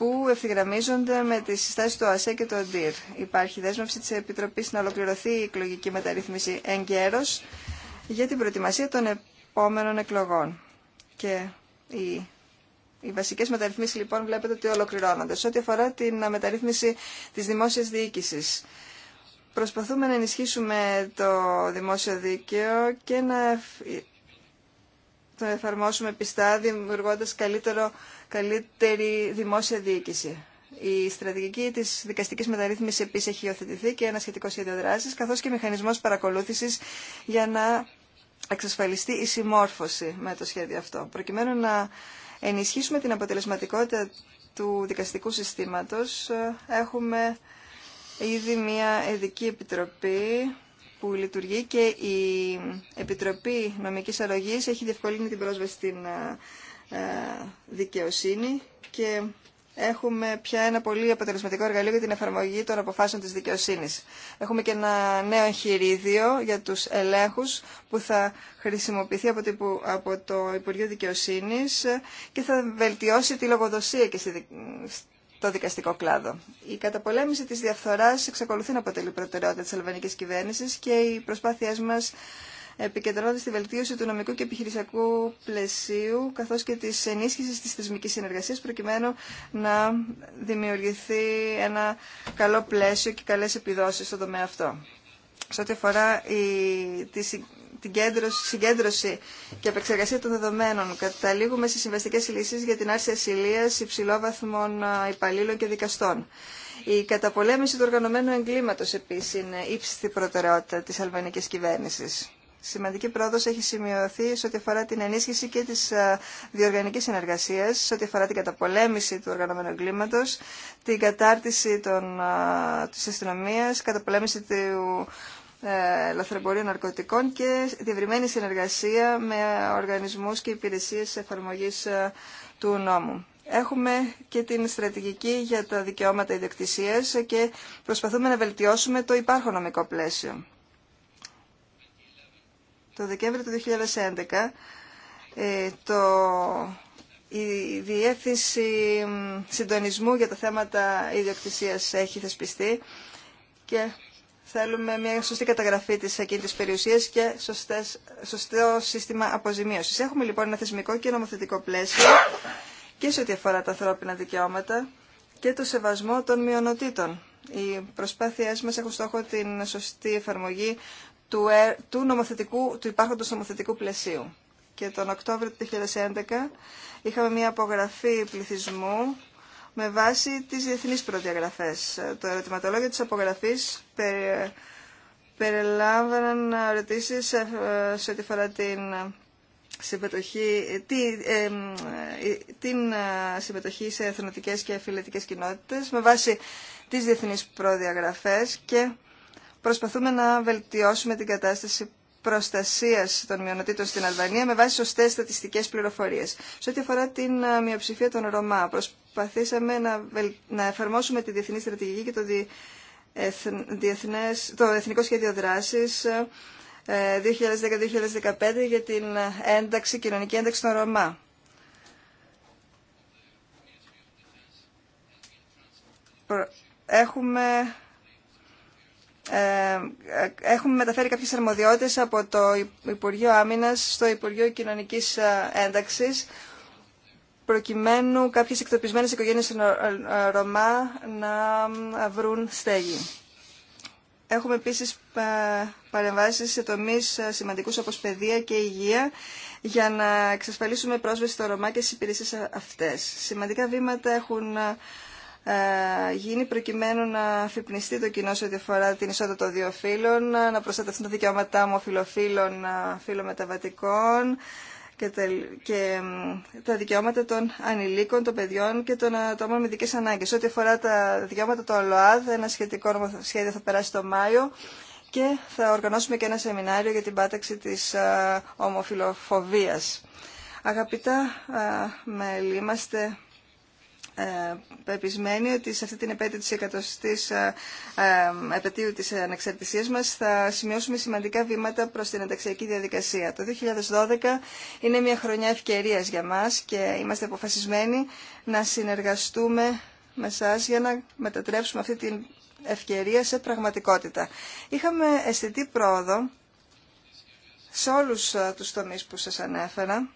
που ευθυγραμμίζονται με τις συστάσεις του ΑΣΕ και του ΟΝΤΙΡ. Υπάρχει δέσμευση τη επιτροπή να ολοκληρωθεί η εκλογική μεταρρύθμιση εγκαίρως για την προετοιμασία των επόμενων εκλογών. Και η οι βασικέ μεταρρυθμίσει λοιπόν βλέπετε ότι ολοκληρώνονται. Σε ό,τι αφορά την μεταρρύθμιση τη δημόσια διοίκηση. Προσπαθούμε να ενισχύσουμε το δημόσιο δίκαιο και να το εφαρμόσουμε πιστά, δημιουργώντα καλύτερη δημόσια διοίκηση. Η στρατηγική τη δικαστική μεταρρύθμιση επίση έχει υιοθετηθεί και ένα σχετικό σχέδιο δράση, καθώ και μηχανισμό παρακολούθηση για να εξασφαλιστεί η συμμόρφωση με το σχέδιο αυτό. Προκειμένου να ενισχύσουμε την αποτελεσματικότητα του δικαστικού συστήματος, έχουμε ήδη μια ειδική επιτροπή που λειτουργεί και η Επιτροπή Νομικής Αρρωγής έχει διευκολύνει την πρόσβαση στην ε, ε, δικαιοσύνη και έχουμε πια ένα πολύ αποτελεσματικό εργαλείο για την εφαρμογή των αποφάσεων της δικαιοσύνης. Έχουμε και ένα νέο εγχειρίδιο για τους ελέγχους που θα χρησιμοποιηθεί από το Υπουργείο Δικαιοσύνης και θα βελτιώσει τη λογοδοσία και το δικαστικό κλάδο. Η καταπολέμηση της διαφθοράς εξακολουθεί να αποτελεί προτεραιότητα της Αλβανική κυβέρνησης και οι προσπάθειές μας επικεντρώνονται στη βελτίωση του νομικού και επιχειρησιακού πλαισίου καθώς και της ενίσχυσης της θεσμικής συνεργασίας προκειμένου να δημιουργηθεί ένα καλό πλαίσιο και καλές επιδόσεις στον τομέα αυτό. Σε ό,τι αφορά η, την κέντρωση, συγκέντρωση και επεξεργασία των δεδομένων. Καταλήγουμε σε συμβαστικέ λύσει για την άρση ασυλίας υψηλόβαθμων υπαλλήλων και δικαστών. Η καταπολέμηση του οργανωμένου εγκλήματο επίση είναι ύψιστη προτεραιότητα τη αλβανική κυβέρνηση. Σημαντική πρόοδο έχει σημειωθεί σε ό,τι αφορά την ενίσχυση και τη διοργανική συνεργασία, σε ό,τι αφορά την καταπολέμηση του οργανωμένου εγκλήματο, την κατάρτιση τη αστυνομία, καταπολέμηση του ε, λαθρεμπορία ναρκωτικών και διευρυμένη συνεργασία με οργανισμούς και υπηρεσίες εφαρμογής ε, του νόμου. Έχουμε και την στρατηγική για τα δικαιώματα ιδιοκτησίας και προσπαθούμε να βελτιώσουμε το υπάρχον νομικό πλαίσιο. Το Δεκέμβριο του 2011 ε, το, η Διεύθυνση Συντονισμού για τα θέματα ιδιοκτησίας έχει θεσπιστεί και θέλουμε μια σωστή καταγραφή της εκείνης της περιουσίας και σωστές, σωστό σύστημα αποζημίωσης. Έχουμε λοιπόν ένα θεσμικό και νομοθετικό πλαίσιο και σε ό,τι αφορά τα ανθρώπινα δικαιώματα και το σεβασμό των μειονοτήτων. Οι προσπάθειές μας έχουν στόχο την σωστή εφαρμογή του, ε, του, νομοθετικού, του υπάρχοντος νομοθετικού πλαισίου. Και τον Οκτώβριο του 2011 είχαμε μια απογραφή πληθυσμού με βάση τις διεθνείς προδιαγραφές. Το ερωτηματολόγιο της απογραφής περι... περιλάμβαναν ερωτήσεις ε, σε ό,τι φορά την συμμετοχή, τι, ε, ε, την συμμετοχή σε εθνοτικές και φιλετικές κοινότητες με βάση τις διεθνείς προδιαγραφές και προσπαθούμε να βελτιώσουμε την κατάσταση προστασία των μειονοτήτων στην Αλβανία με βάση σωστέ στατιστικέ πληροφορίε, Σε ό,τι αφορά την μειοψηφία των Ρωμά, προσπαθήσαμε να, να εφαρμόσουμε τη διεθνή στρατηγική και το, διεθνές, το Εθνικό Σχέδιο Δράσης 2010-2015 ε, για την ένταξη, κοινωνική ένταξη των Ρωμά. Έχουμε, ε, ε, έχουμε μεταφέρει κάποιες αρμοδιότητες από το Υπουργείο Άμυνας στο Υπουργείο Κοινωνικής Ένταξης, προκειμένου κάποιες εκτοπισμένες οικογένειες ε, ε, Ρωμά να ε, βρουν στέγη. Έχουμε επίσης παρεμβάσει σε τομείς σημαντικούς όπως παιδεία και υγεία για να εξασφαλίσουμε πρόσβαση στο Ρωμά και στις υπηρεσίες αυτές. Σημαντικά βήματα έχουν γίνει προκειμένου να αφυπνιστεί το κοινό σε ό,τι αφορά την ισότητα των δύο φύλων, να προστατευτούν τα δικαιώματα μου φύλων φιλομεταβατικών, και τα, δικαιώματα των ανηλίκων, των παιδιών και των ατόμων με ειδικέ ανάγκε. Ό,τι αφορά τα δικαιώματα των ΛΟΑΔ, ένα σχετικό σχέδιο θα περάσει το Μάιο και θα οργανώσουμε και ένα σεμινάριο για την πάταξη τη ομοφιλοφοβία. Αγαπητά μέλη, είμαστε ε, πεπισμένοι ότι σε αυτή την επέτειο της εκατοστής ε, ε, επαιτίου της ανεξαρτησίας μας θα σημειώσουμε σημαντικά βήματα προς την ενταξιακή διαδικασία. Το 2012 είναι μια χρονιά ευκαιρίας για μας και είμαστε αποφασισμένοι να συνεργαστούμε με σας για να μετατρέψουμε αυτή την ευκαιρία σε πραγματικότητα. Είχαμε αισθητή πρόοδο σε όλους τους τομείς που σας ανέφερα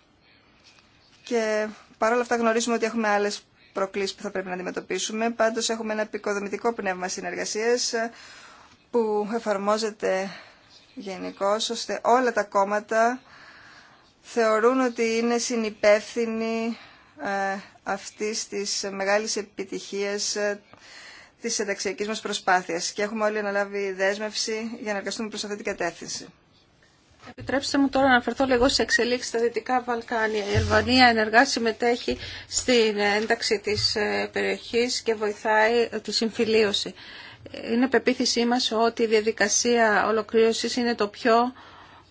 και παρόλα αυτά γνωρίζουμε ότι έχουμε άλλες προκλήσεις που θα πρέπει να αντιμετωπίσουμε. Πάντως έχουμε ένα επικοδομητικό πνεύμα συνεργασία ε, που εφαρμόζεται γενικώ, ώστε όλα τα κόμματα θεωρούν ότι είναι συνυπεύθυνοι ε, αυτή της μεγάλη επιτυχίας ε, της ενταξιακής μας προσπάθειας και έχουμε όλοι αναλάβει δέσμευση για να εργαστούμε προς αυτή την κατεύθυνση. Επιτρέψτε
μου τώρα να αναφερθώ λίγο σε εξελίξει στα Δυτικά Βαλκάνια. Η Ελβανία ενεργά συμμετέχει στην ένταξη της ε, περιοχής και βοηθάει ε, τη συμφιλίωση. Είναι πεποίθησή μας ότι η διαδικασία ολοκλήρωσης είναι το πιο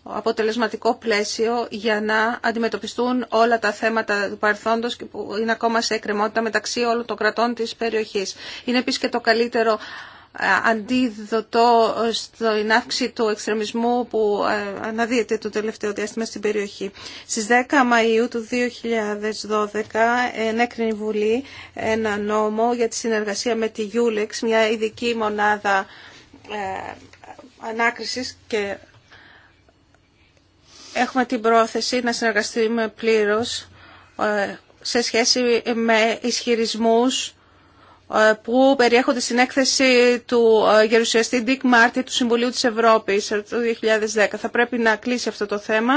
αποτελεσματικό πλαίσιο για να αντιμετωπιστούν όλα τα θέματα του παρελθόντος που είναι ακόμα σε εκκρεμότητα μεταξύ όλων των κρατών της περιοχής. Είναι επίσης και το καλύτερο αντίδοτο στην αύξηση του εξτρεμισμού που ε, αναδύεται το τελευταίο διάστημα στην περιοχή. Στις 10 Μαΐου του 2012 ενέκρινε η Βουλή ένα νόμο για τη συνεργασία με τη Γιούλεξ, μια ειδική μονάδα ε, ανάκρισης και έχουμε την πρόθεση να συνεργαστούμε πλήρως ε, σε σχέση με ισχυρισμούς ε, που περιέχονται στην έκθεση του ε, γερουσιαστή Dick Marty του Συμβουλίου της Ευρώπης ε, το 2010. Θα πρέπει να κλείσει αυτό το θέμα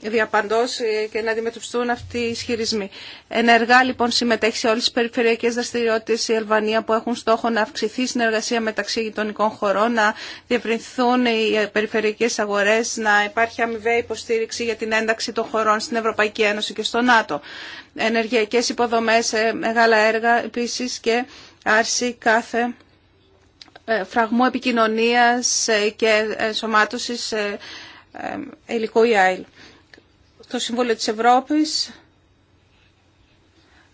διαπαντός και να αντιμετωπιστούν αυτοί οι ισχυρισμοί. Ενεργά λοιπόν συμμετέχει σε όλε τι περιφερειακέ δραστηριότητε, η Αλβανία που έχουν στόχο να αυξηθεί η συνεργασία μεταξύ γειτονικών χωρών, να διευρυνθούν οι περιφερειακές αγορές, να υπάρχει αμοιβαία υποστήριξη για την ένταξη των χωρών στην Ευρωπαϊκή Ένωση και στο ΝΑΤΟ. Ενεργειακές υποδομές, ε, μεγάλα έργα επίση και άρση κάθε ε, φραγμού επικοινωνίας ε, και ενσωμάτωσης υλικού ΙΑΙΛ. Το Συμβούλιο της Ευρώπης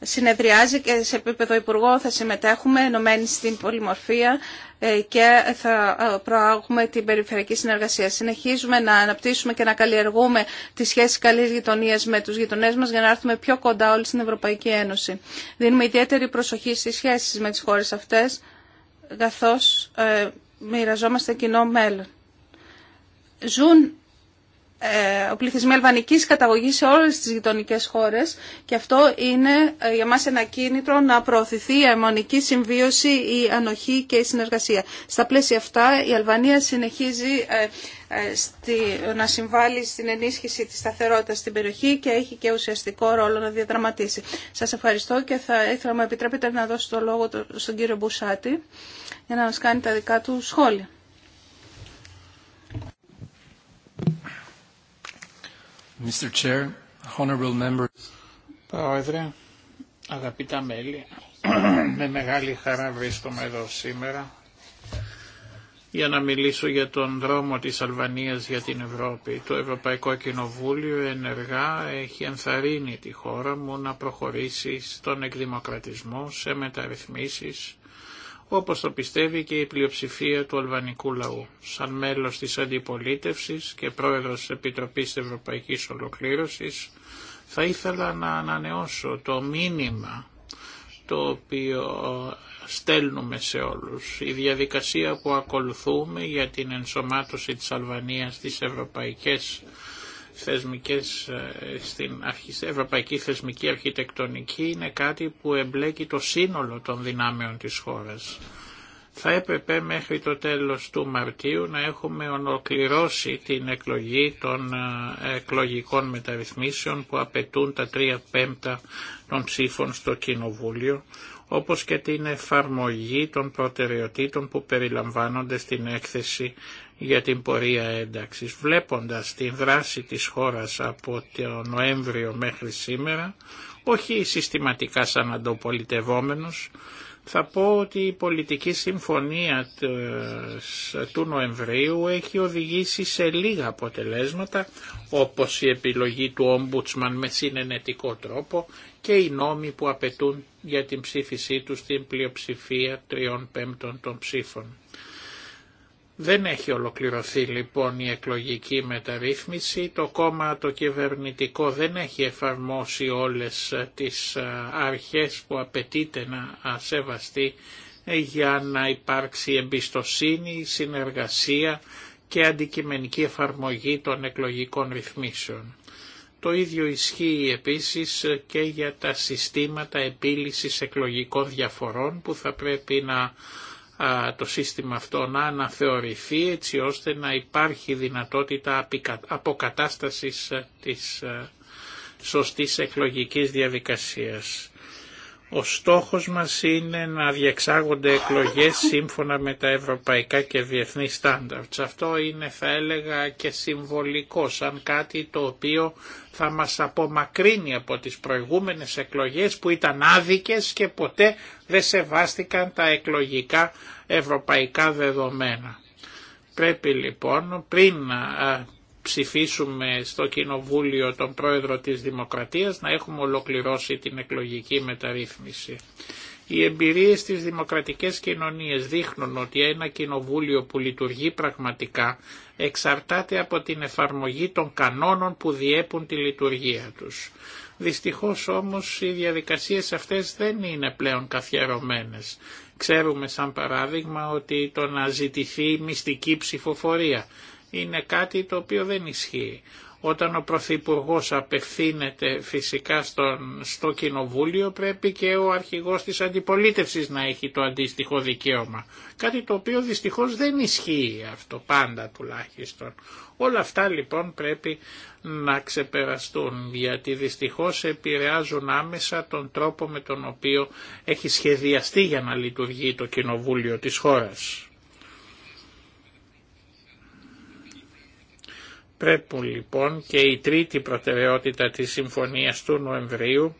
συνεδριάζει και σε επίπεδο Υπουργό θα συμμετέχουμε ενωμένοι στην πολυμορφία ε, και θα ε, προάγουμε την περιφερειακή συνεργασία. Συνεχίζουμε να αναπτύσσουμε και να καλλιεργούμε τις σχέσεις καλής γειτονίας με τους γειτονές μας για να έρθουμε πιο κοντά όλοι στην Ευρωπαϊκή Ένωση. Δίνουμε ιδιαίτερη προσοχή στις σχέσεις με τις χώρες αυτές, καθώς ε, μοιραζόμαστε κοινό μέλλον. Ζουν ε, ο πληθυσμοί αλβανικής καταγωγής σε όλες τις γειτονικέ χώρες και αυτό είναι ε, για μας ένα κίνητρο να προωθηθεί η αιμονική συμβίωση, η ανοχή και η συνεργασία. Στα πλαίσια αυτά η Αλβανία συνεχίζει ε, στη, να συμβάλλει στην ενίσχυση της σταθερότητας στην περιοχή και έχει και ουσιαστικό ρόλο να διαδραματίσει. Σας ευχαριστώ και θα ήθελα να μου επιτρέπετε να δώσω το λόγο στον κύριο Μπουσάτη για να μας κάνει τα δικά του σχόλια.
Πρόεδρε, αγαπητά μέλη, με μεγάλη χαρά βρίσκομαι εδώ σήμερα για να μιλήσω για τον δρόμο της Αλβανίας για την Ευρώπη. Το Ευρωπαϊκό Κοινοβούλιο ενεργά έχει ενθαρρύνει τη χώρα μου να προχωρήσει στον εκδημοκρατισμό, σε μεταρρυθμίσεις όπως το πιστεύει και η πλειοψηφία του αλβανικού λαού. Σαν μέλος της αντιπολίτευσης και πρόεδρος της Επιτροπής Ευρωπαϊκής Ολοκλήρωσης, θα ήθελα να ανανεώσω το μήνυμα το οποίο στέλνουμε σε όλους. Η διαδικασία που ακολουθούμε για την ενσωμάτωση της Αλβανίας στις ευρωπαϊκές θεσμικές, ε, στην ευρωπαϊκή θεσμική αρχιτεκτονική είναι κάτι που εμπλέκει το σύνολο των δυνάμεων της χώρας. Θα έπρεπε μέχρι το τέλος του Μαρτίου να έχουμε ολοκληρώσει την εκλογή των ε, εκλογικών μεταρρυθμίσεων που απαιτούν τα τρία πέμπτα των ψήφων στο Κοινοβούλιο όπως και την εφαρμογή των προτεραιοτήτων που περιλαμβάνονται στην έκθεση για την πορεία ένταξης. Βλέποντας την δράση της χώρας από το Νοέμβριο μέχρι σήμερα, όχι συστηματικά σαν αντοπολιτευόμενος, θα πω ότι η πολιτική συμφωνία του Νοεμβρίου έχει οδηγήσει σε λίγα αποτελέσματα όπως η επιλογή του Ομπούτσμαν με συνενετικό τρόπο και οι νόμοι που απαιτούν για την ψήφισή τους στην πλειοψηφία τριών πέμπτων των ψήφων. Δεν έχει ολοκληρωθεί λοιπόν η εκλογική μεταρρύθμιση, το κόμμα το κυβερνητικό δεν έχει εφαρμόσει όλες ε, τις ε, αρχές που απαιτείται να ασέβαστη ε, για να υπάρξει εμπιστοσύνη, συνεργασία και αντικειμενική εφαρμογή των εκλογικών ρυθμίσεων. Το ίδιο ισχύει επίσης και για τα συστήματα επίλυσης εκλογικών διαφορών που θα πρέπει να το σύστημα αυτό να αναθεωρηθεί έτσι ώστε να υπάρχει δυνατότητα αποκατάστασης ε, της ε, σωστής εκλογικής διαδικασίας. Ο στόχος μας είναι να διεξάγονται εκλογές σύμφωνα με τα ευρωπαϊκά και διεθνή στάνταρτς. Αυτό είναι θα έλεγα και συμβολικό σαν κάτι το οποίο θα μας απομακρύνει από τις προηγούμενες εκλογές που ήταν άδικες και ποτέ δεν σεβάστηκαν τα εκλογικά ευρωπαϊκά δεδομένα. Πρέπει λοιπόν πριν ψηφίσουμε στο Κοινοβούλιο τον Πρόεδρο της Δημοκρατίας να έχουμε ολοκληρώσει την εκλογική μεταρρύθμιση. Οι εμπειρίες στις δημοκρατικές κοινωνίες δείχνουν ότι ένα κοινοβούλιο που λειτουργεί πραγματικά εξαρτάται από την εφαρμογή των κανόνων που διέπουν τη λειτουργία τους. Δυστυχώς όμως οι διαδικασίες αυτές δεν είναι πλέον καθιερωμένες. Ξέρουμε σαν παράδειγμα ότι το να ζητηθεί μυστική ψηφοφορία είναι κάτι το οποίο δεν ισχύει. Όταν ο Πρωθυπουργό απευθύνεται φυσικά στον, στο Κοινοβούλιο πρέπει και ο αρχηγός της αντιπολίτευσης να έχει το αντίστοιχο δικαίωμα. Κάτι το οποίο δυστυχώς δεν ισχύει αυτό πάντα τουλάχιστον. Όλα αυτά λοιπόν πρέπει να ξεπεραστούν γιατί δυστυχώς επηρεάζουν άμεσα τον τρόπο με τον οποίο έχει σχεδιαστεί για να λειτουργεί το Κοινοβούλιο της χώρας. Πρέπει λοιπόν και η τρίτη προτεραιότητα της Συμφωνίας του Νοεμβρίου,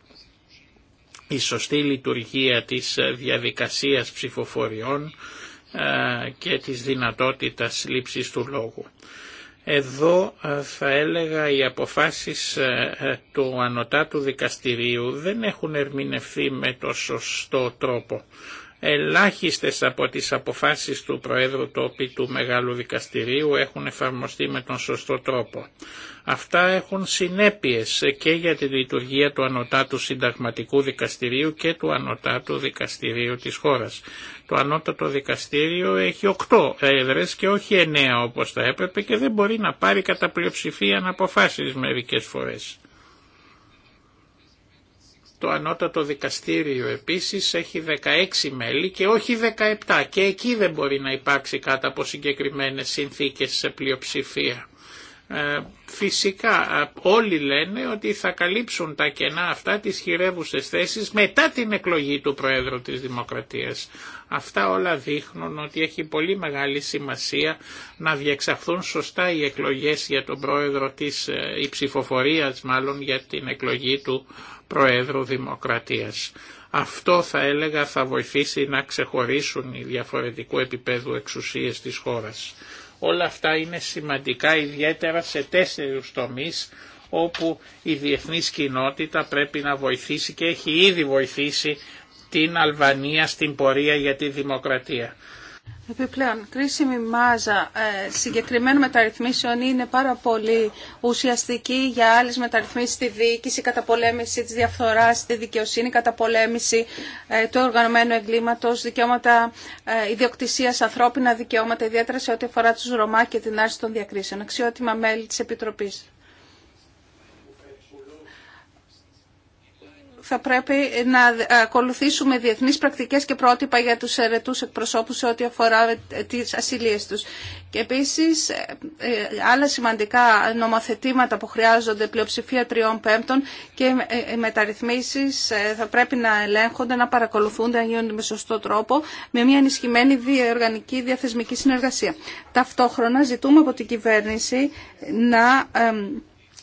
η σωστή λειτουργία της διαδικασίας ψηφοφοριών ε, και της δυνατότητας λήψης του λόγου. Εδώ ε, θα έλεγα οι αποφάσεις ε, του Ανωτάτου Δικαστηρίου δεν έχουν ερμηνευθεί με το σωστό τρόπο. Ελάχιστες από τις αποφάσεις του Προέδρου Τόπη του Μεγάλου Δικαστηρίου έχουν εφαρμοστεί με τον σωστό τρόπο. Αυτά έχουν συνέπειες και για τη λειτουργία του Ανωτάτου Συνταγματικού Δικαστηρίου και του Ανωτάτου Δικαστηρίου της χώρας. Το Ανώτατο Δικαστήριο έχει οκτώ έδρες και όχι 9 όπως θα έπρεπε και δεν μπορεί να πάρει κατά πλειοψηφία αποφάσεις μερικές φορές. Το ανώτατο δικαστήριο επίσης έχει 16 μέλη και όχι 17 και εκεί δεν μπορεί να υπάρξει κάτω από συγκεκριμένες συνθήκες σε πλειοψηφία. Ε, φυσικά ε, όλοι λένε ότι θα καλύψουν τα κενά αυτά τις χειρεύουσες θέσεις μετά την εκλογή του Προέδρου της Δημοκρατίας. Αυτά όλα δείχνουν ότι έχει πολύ μεγάλη σημασία να διεξαχθούν σωστά οι εκλογές για τον Πρόεδρο της, ε, η ψηφοφορία μάλλον για την εκλογή του Προέδρου Δημοκρατίας. Αυτό θα έλεγα θα βοηθήσει να ξεχωρίσουν οι διαφορετικού επίπεδου εξουσίες της χώρας. Όλα αυτά είναι σημαντικά ιδιαίτερα σε τέσσερις τομείς όπου η διεθνής κοινότητα πρέπει να βοηθήσει και έχει ήδη βοηθήσει την Αλβανία στην πορεία για τη δημοκρατία.
Επιπλέον, κρίσιμη μάζα ε, συγκεκριμένων μεταρρυθμίσεων είναι πάρα πολύ ουσιαστική για άλλες μεταρρυθμίσεις στη διοίκηση, καταπολέμηση της διαφθοράς, στη δικαιοσύνη, καταπολέμηση ε, του οργανωμένου εγκλήματος, δικαιώματα ε, ιδιοκτησίας, ανθρώπινα δικαιώματα, ιδιαίτερα σε ό,τι αφορά τους Ρωμά και την άρση των διακρίσεων. Αξιότιμα μέλη της Επιτροπής. θα πρέπει να ακολουθήσουμε διεθνείς πρακτικές και πρότυπα για τους ερετούς εκπροσώπους σε ό,τι αφορά τις ασυλίες τους. Και επίσης ε, ε, άλλα σημαντικά νομοθετήματα που χρειάζονται πλειοψηφία τριών πέμπτων και οι ε, μεταρρυθμίσεις θα πρέπει να ελέγχονται, να παρακολουθούνται, να γίνονται με σωστό τρόπο, με μια ενισχυμένη διοργανική διαθεσμική συνεργασία. Ταυτόχρονα ζητούμε από την κυβέρνηση να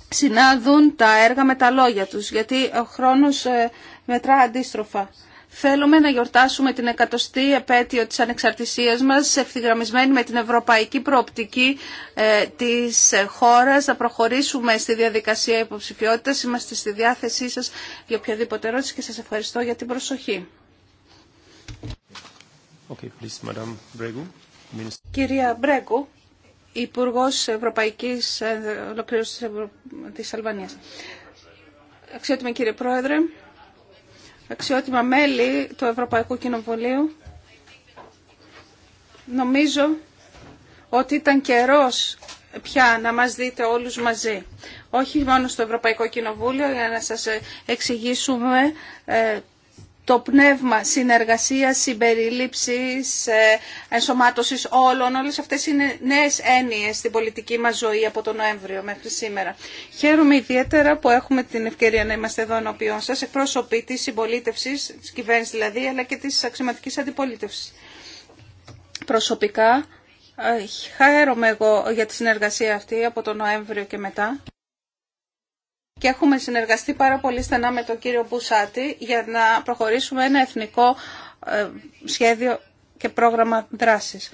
συνάδουν τα έργα με τα λόγια τους, γιατί ο χρόνος ε, μετρά αντίστροφα. Θέλουμε να γιορτάσουμε την εκατοστή επέτειο της ανεξαρτησίας μας, ευθυγραμμισμένη με την ευρωπαϊκή προοπτική ε, της ε, χώρας, να προχωρήσουμε στη διαδικασία υποψηφιότητας. Είμαστε στη διάθεσή σας για οποιαδήποτε ερώτηση και σας ευχαριστώ για την προσοχή. Κυρία Μπρέγκου, Υπουργό Ευρωπαϊκή Ολοκλήρωση τη Αλβανία. Αξιότιμη κύριε Πρόεδρε, αξιότιμα μέλη του Ευρωπαϊκού Κοινοβουλίου, νομίζω ότι ήταν καιρό πια να μας δείτε όλους μαζί. Όχι μόνο στο Ευρωπαϊκό Κοινοβούλιο για να σας εξηγήσουμε ε, το πνεύμα συνεργασίας, συμπεριλήψης, ε, ενσωμάτωσης όλων. Όλες αυτές είναι νέες έννοιες στην πολιτική μας ζωή από τον Νοέμβριο μέχρι σήμερα. Χαίρομαι ιδιαίτερα που έχουμε την ευκαιρία να είμαστε εδώ ενώπιον σας, εκπρόσωποι της συμπολίτευσης, της κυβέρνησης δηλαδή, αλλά και της αξιωματικής αντιπολίτευσης. Προσωπικά, ε, χαίρομαι εγώ για τη συνεργασία αυτή από τον Νοέμβριο και μετά και έχουμε συνεργαστεί πάρα πολύ στενά με τον κύριο Μπουσάτη για να προχωρήσουμε ένα εθνικό ε, σχέδιο και πρόγραμμα δράσης.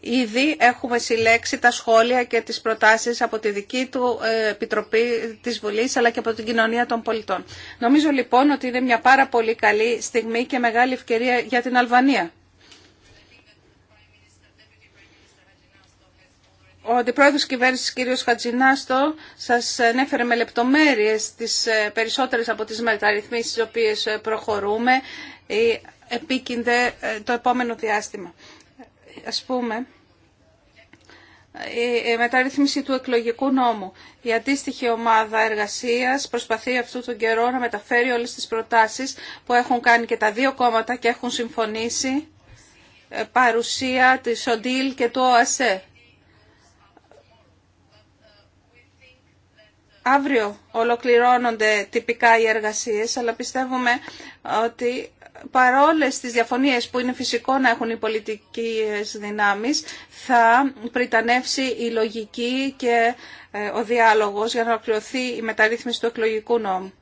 Ήδη έχουμε συλλέξει τα σχόλια και τις προτάσεις από τη δική του ε, Επιτροπή της Βουλής αλλά και από την Κοινωνία των Πολιτών. Νομίζω λοιπόν ότι είναι μια πάρα πολύ καλή στιγμή και μεγάλη ευκαιρία για την Αλβανία. Ο αντιπρόεδρος κυβέρνησης κύριος Χατζινάστο σας ανέφερε με λεπτομέρειες τις ε, περισσότερες από τις μεταρρυθμίσεις τις οποίες ε, προχωρούμε ή ε, επίκυνται το επόμενο διάστημα. Ας πούμε, η μεταρρύθμιση του εκλογικού νόμου. Η αντίστοιχη ομάδα εργασίας προσπαθεί αυτού τον καιρό να μεταφέρει όλες τις προτάσεις που έχουν κάνει και τα δύο κόμματα και έχουν συμφωνήσει παρουσία της ΟΝΤΙΛ και του ΟΑΣΕ Αύριο ολοκληρώνονται τυπικά οι εργασίες, αλλά πιστεύουμε ότι παρόλες τις διαφωνίες που είναι φυσικό να έχουν οι πολιτικές δυνάμεις, θα πριτανεύσει η λογική και ε, ο διάλογος για να ολοκληρωθεί η μεταρρύθμιση του εκλογικού νόμου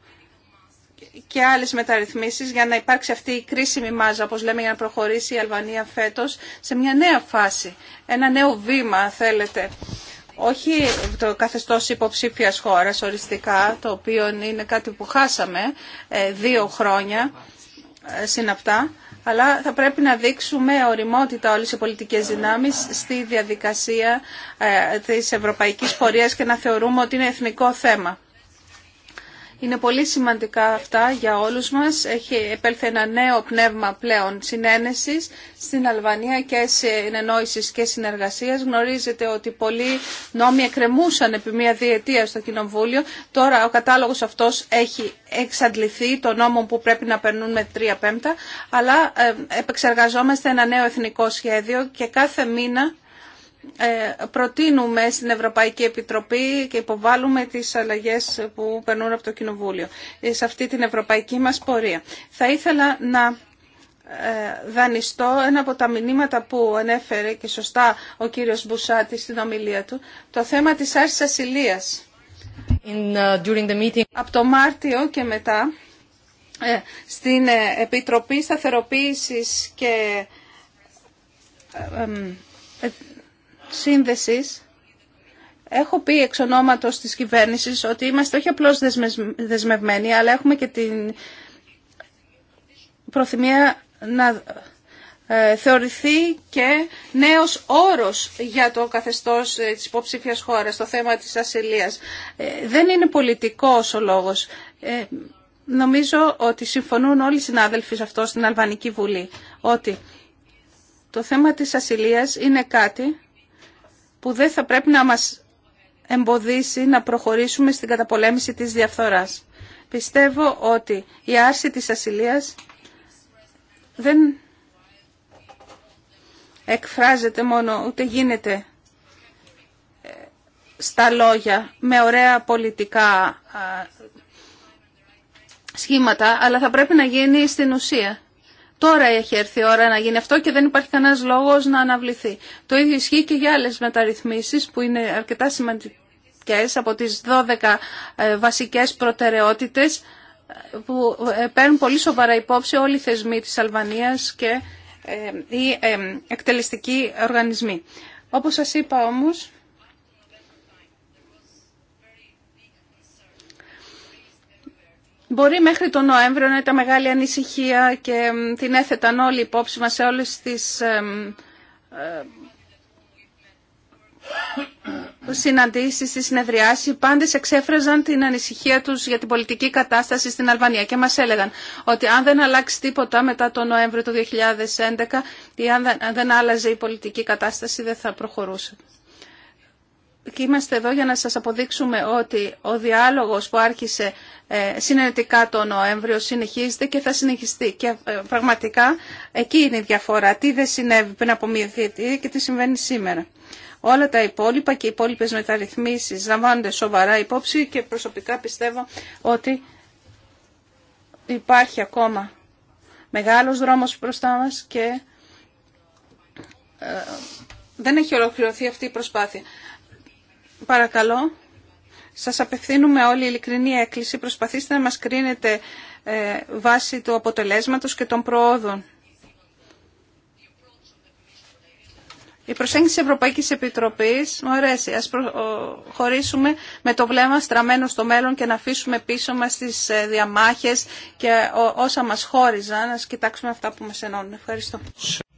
και άλλες μεταρρυθμίσεις για να υπάρξει αυτή η κρίσιμη μάζα, όπως λέμε, για να προχωρήσει η Αλβανία φέτος σε μια νέα φάση, ένα νέο βήμα, θέλετε όχι το καθεστώς υποψήφιας χώρας οριστικά, το οποίο είναι κάτι που χάσαμε ε, δύο χρόνια ε, συναπτά, αλλά θα πρέπει να δείξουμε οριμότητα όλες οι πολιτικές δυνάμεις στη διαδικασία ε, της ευρωπαϊκής πορείας και να θεωρούμε ότι είναι εθνικό θέμα. Είναι πολύ σημαντικά αυτά για όλους μας. Έχει επέλθει ένα νέο πνεύμα πλέον συνένεσης στην Αλβανία και συνεννόησης και συνεργασίας. Γνωρίζετε ότι πολλοί νόμοι εκκρεμούσαν επί μία διετία στο Κοινοβούλιο. Τώρα ο κατάλογος αυτός έχει εξαντληθεί των νόμων που πρέπει να περνούν με τρία πέμπτα, αλλά ε, επεξεργαζόμαστε ένα νέο εθνικό σχέδιο και κάθε μήνα ε, προτείνουμε στην Ευρωπαϊκή Επιτροπή και υποβάλλουμε τις αλλαγές που περνούν από το Κοινοβούλιο ε, σε αυτή την ευρωπαϊκή μας πορεία. Θα ήθελα να ε, δανειστώ ένα από τα μηνύματα που ανέφερε και σωστά ο κύριος Μπουσάτη στην ομιλία του, το θέμα της άρσης ασυλίας. Uh, από το Μάρτιο και μετά στην Επιτροπή Σταθεροποίησης και σύνδεσης έχω πει εξ ονόματος της κυβέρνησης ότι είμαστε όχι απλώς δεσμευμένοι αλλά έχουμε και την προθυμία να ε, θεωρηθεί και νέος όρος για το καθεστώς ε, της υποψήφιας χώρας, το θέμα της ασυλίας. Ε, δεν είναι πολιτικός ο λόγος. Νομίζω ότι συμφωνούν όλοι οι συνάδελφοι σε αυτό στην Αλβανική Βουλή, ότι το θέμα της ασυλίας είναι κάτι που δεν θα πρέπει να μας εμποδίσει να προχωρήσουμε στην καταπολέμηση της διαφθοράς. Πιστεύω ότι η άρση της ασυλίας δεν εκφράζεται μόνο, ούτε γίνεται ε, στα λόγια, με ωραία πολιτικά ε, σχήματα, αλλά θα πρέπει να γίνει στην ουσία. Τώρα έχει έρθει η ώρα να γίνει αυτό και δεν υπάρχει κανένας λόγος να αναβληθεί. Το ίδιο ισχύει και για άλλες μεταρρυθμίσεις που είναι αρκετά σημαντικές από τις 12 ε, βασικές προτεραιότητες ε, που ε, παίρνουν πολύ σοβαρά υπόψη όλοι οι θεσμοί της Αλβανίας και οι εκτελεστικοί οργανισμοί. Όπως σας είπα όμως, Μπορεί μέχρι τον Νοέμβριο να ήταν μεγάλη ανησυχία και την έθεταν όλοι υπόψη μας σε όλες τις ε, συναντήσεις, τις συνεδριάσεις, πάντες εξέφραζαν την ανησυχία τους για την πολιτική κατάσταση στην Αλβανία και μας έλεγαν ότι αν δεν αλλάξει τίποτα μετά τον Νοέμβριο του 2011 ή αν δεν άλλαζε η πολιτική κατάσταση δεν θα προχωρούσε και είμαστε εδώ για να σας αποδείξουμε ότι ο διάλογος που άρχισε ε, συνενετικά τον Νοέμβριο συνεχίζεται και θα συνεχιστεί. Και ε, πραγματικά εκεί είναι η διαφορά. Τι δεν συνέβη πριν από μία και τι συμβαίνει σήμερα. Όλα τα υπόλοιπα και οι υπόλοιπε μεταρρυθμίσεις λαμβάνονται σοβαρά υπόψη και προσωπικά πιστεύω ότι υπάρχει ακόμα μεγάλος δρόμος μπροστά μας και ε, δεν έχει ολοκληρωθεί αυτή η προσπάθεια. Παρακαλώ, σας απευθύνουμε όλη η ειλικρινή έκκληση. Προσπαθήστε να μας κρίνετε ε, βάσει του αποτελέσματος και των προόδων. Η προσέγγιση της Ευρωπαϊκής Επιτροπής μου αρέσει. Ας προχωρήσουμε με το βλέμμα στραμμένο στο μέλλον και να αφήσουμε πίσω μας τις ε, διαμάχες και όσα μας χώριζαν. Ας κοιτάξουμε αυτά που μας ενώνουν. Ευχαριστώ.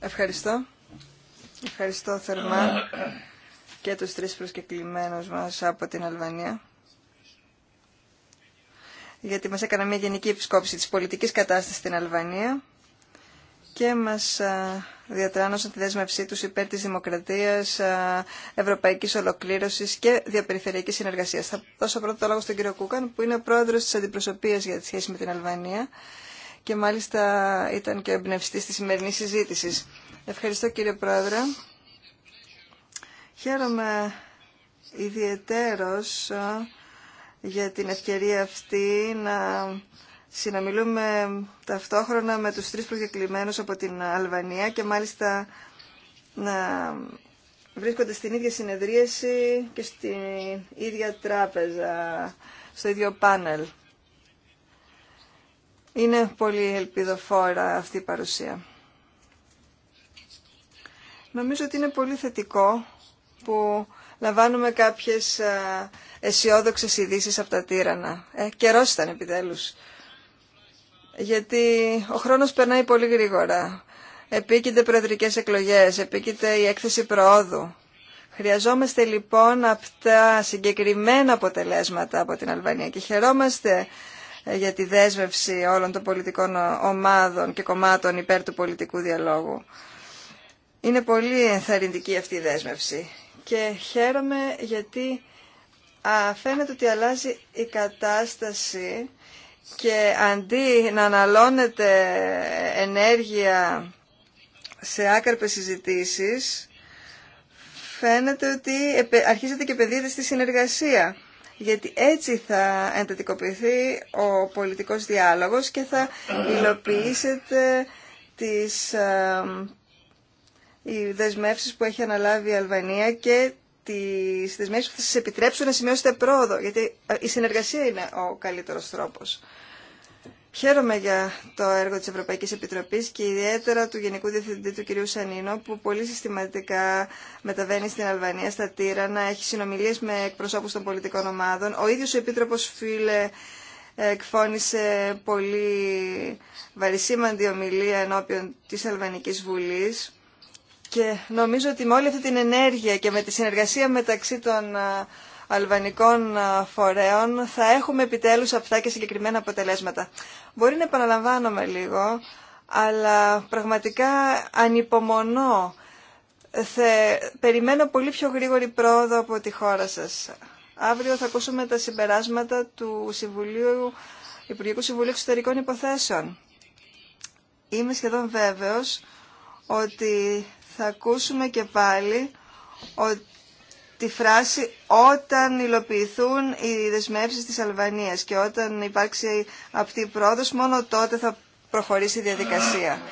Ευχαριστώ. Ευχαριστώ θερμά και τους τρεις προσκεκλημένους μας από την Αλβανία γιατί μας έκανα μια γενική επισκόπηση της πολιτικής κατάστασης στην Αλβανία και μας διατράνωσαν τη δέσμευσή τους υπέρ της δημοκρατίας, ευρωπαϊκής ολοκλήρωσης και διαπεριφερειακής συνεργασίας. Θα δώσω πρώτο το λόγο στον κύριο Κούκαν που είναι πρόεδρος της αντιπροσωπείας για τη σχέση με την Αλβανία και μάλιστα ήταν και ο εμπνευστής της σημερινής συζήτησης. Ευχαριστώ κύριε Πρόεδρε. Χαίρομαι ιδιαιτέρως ε, για την ευκαιρία αυτή να συναμιλούμε ταυτόχρονα με τους τρεις προσκεκλημένους από την Αλβανία και μάλιστα να βρίσκονται στην ίδια συνεδρίαση και στην ίδια τράπεζα, στο ίδιο πάνελ. Είναι πολύ ελπιδοφόρα αυτή η παρουσία. Νομίζω ότι είναι πολύ θετικό που λαμβάνουμε κάποιες αισιόδοξε ειδήσει από τα τύρανα. Ε, καιρός ήταν επιτέλους. Γιατί ο χρόνος περνάει πολύ γρήγορα. Επίκυνται προεδρικές εκλογές, επίκυνται η έκθεση προόδου. Χρειαζόμαστε λοιπόν αυτά συγκεκριμένα αποτελέσματα από την Αλβανία και χαιρόμαστε ε, για τη δέσμευση όλων των πολιτικών ε, ομάδων και κομμάτων υπέρ του πολιτικού διαλόγου. Είναι πολύ ενθαρρυντική αυτή η δέσμευση και χαίρομαι γιατί φαίνεται ότι αλλάζει η κατάσταση και αντί να αναλώνεται ενέργεια σε άκαρπες συζητήσεις, φαίνεται ότι αρχίζεται και παιδίδεται στη συνεργασία. Γιατί έτσι θα εντατικοποιηθεί ο πολιτικός διάλογος και θα υλοποιήσετε τις ε, οι δεσμεύσει που έχει αναλάβει η Αλβανία και τις δεσμεύσεις που θα σας επιτρέψουν να σημειώσετε πρόοδο, γιατί ε, η συνεργασία είναι ο καλύτερος τρόπος. Χαίρομαι για το έργο της Ευρωπαϊκής Επιτροπής και ιδιαίτερα του Γενικού Διευθυντή του κ. Σανίνο που πολύ συστηματικά μεταβαίνει στην Αλβανία, στα Τύρανα, έχει συνομιλίες με εκπροσώπους των πολιτικών ομάδων. Ο ίδιος ο Επίτροπος Φίλε εκφώνησε πολύ βαρισίμαντη ομιλία ενώπιον της Αλβανικής Βουλής και νομίζω ότι με όλη αυτή την ενέργεια και με τη συνεργασία μεταξύ των αλβανικών φορέων θα έχουμε επιτέλους αυτά και συγκεκριμένα αποτελέσματα. Μπορεί να επαναλαμβάνομαι λίγο, αλλά πραγματικά ανυπομονώ. Θε... Περιμένω πολύ πιο γρήγορη πρόοδο από τη χώρα σας. Αύριο θα ακούσουμε τα συμπεράσματα του Συμβουλίου, Υπουργικού Συμβουλίου Εξωτερικών Υποθέσεων. Είμαι σχεδόν βέβαιος ότι θα ακούσουμε και πάλι τη φράση «Όταν υλοποιηθούν οι δεσμεύσεις της Αλβανίας και όταν υπάρξει αυτή η πρόοδος, μόνο τότε θα προχωρήσει η διαδικασία».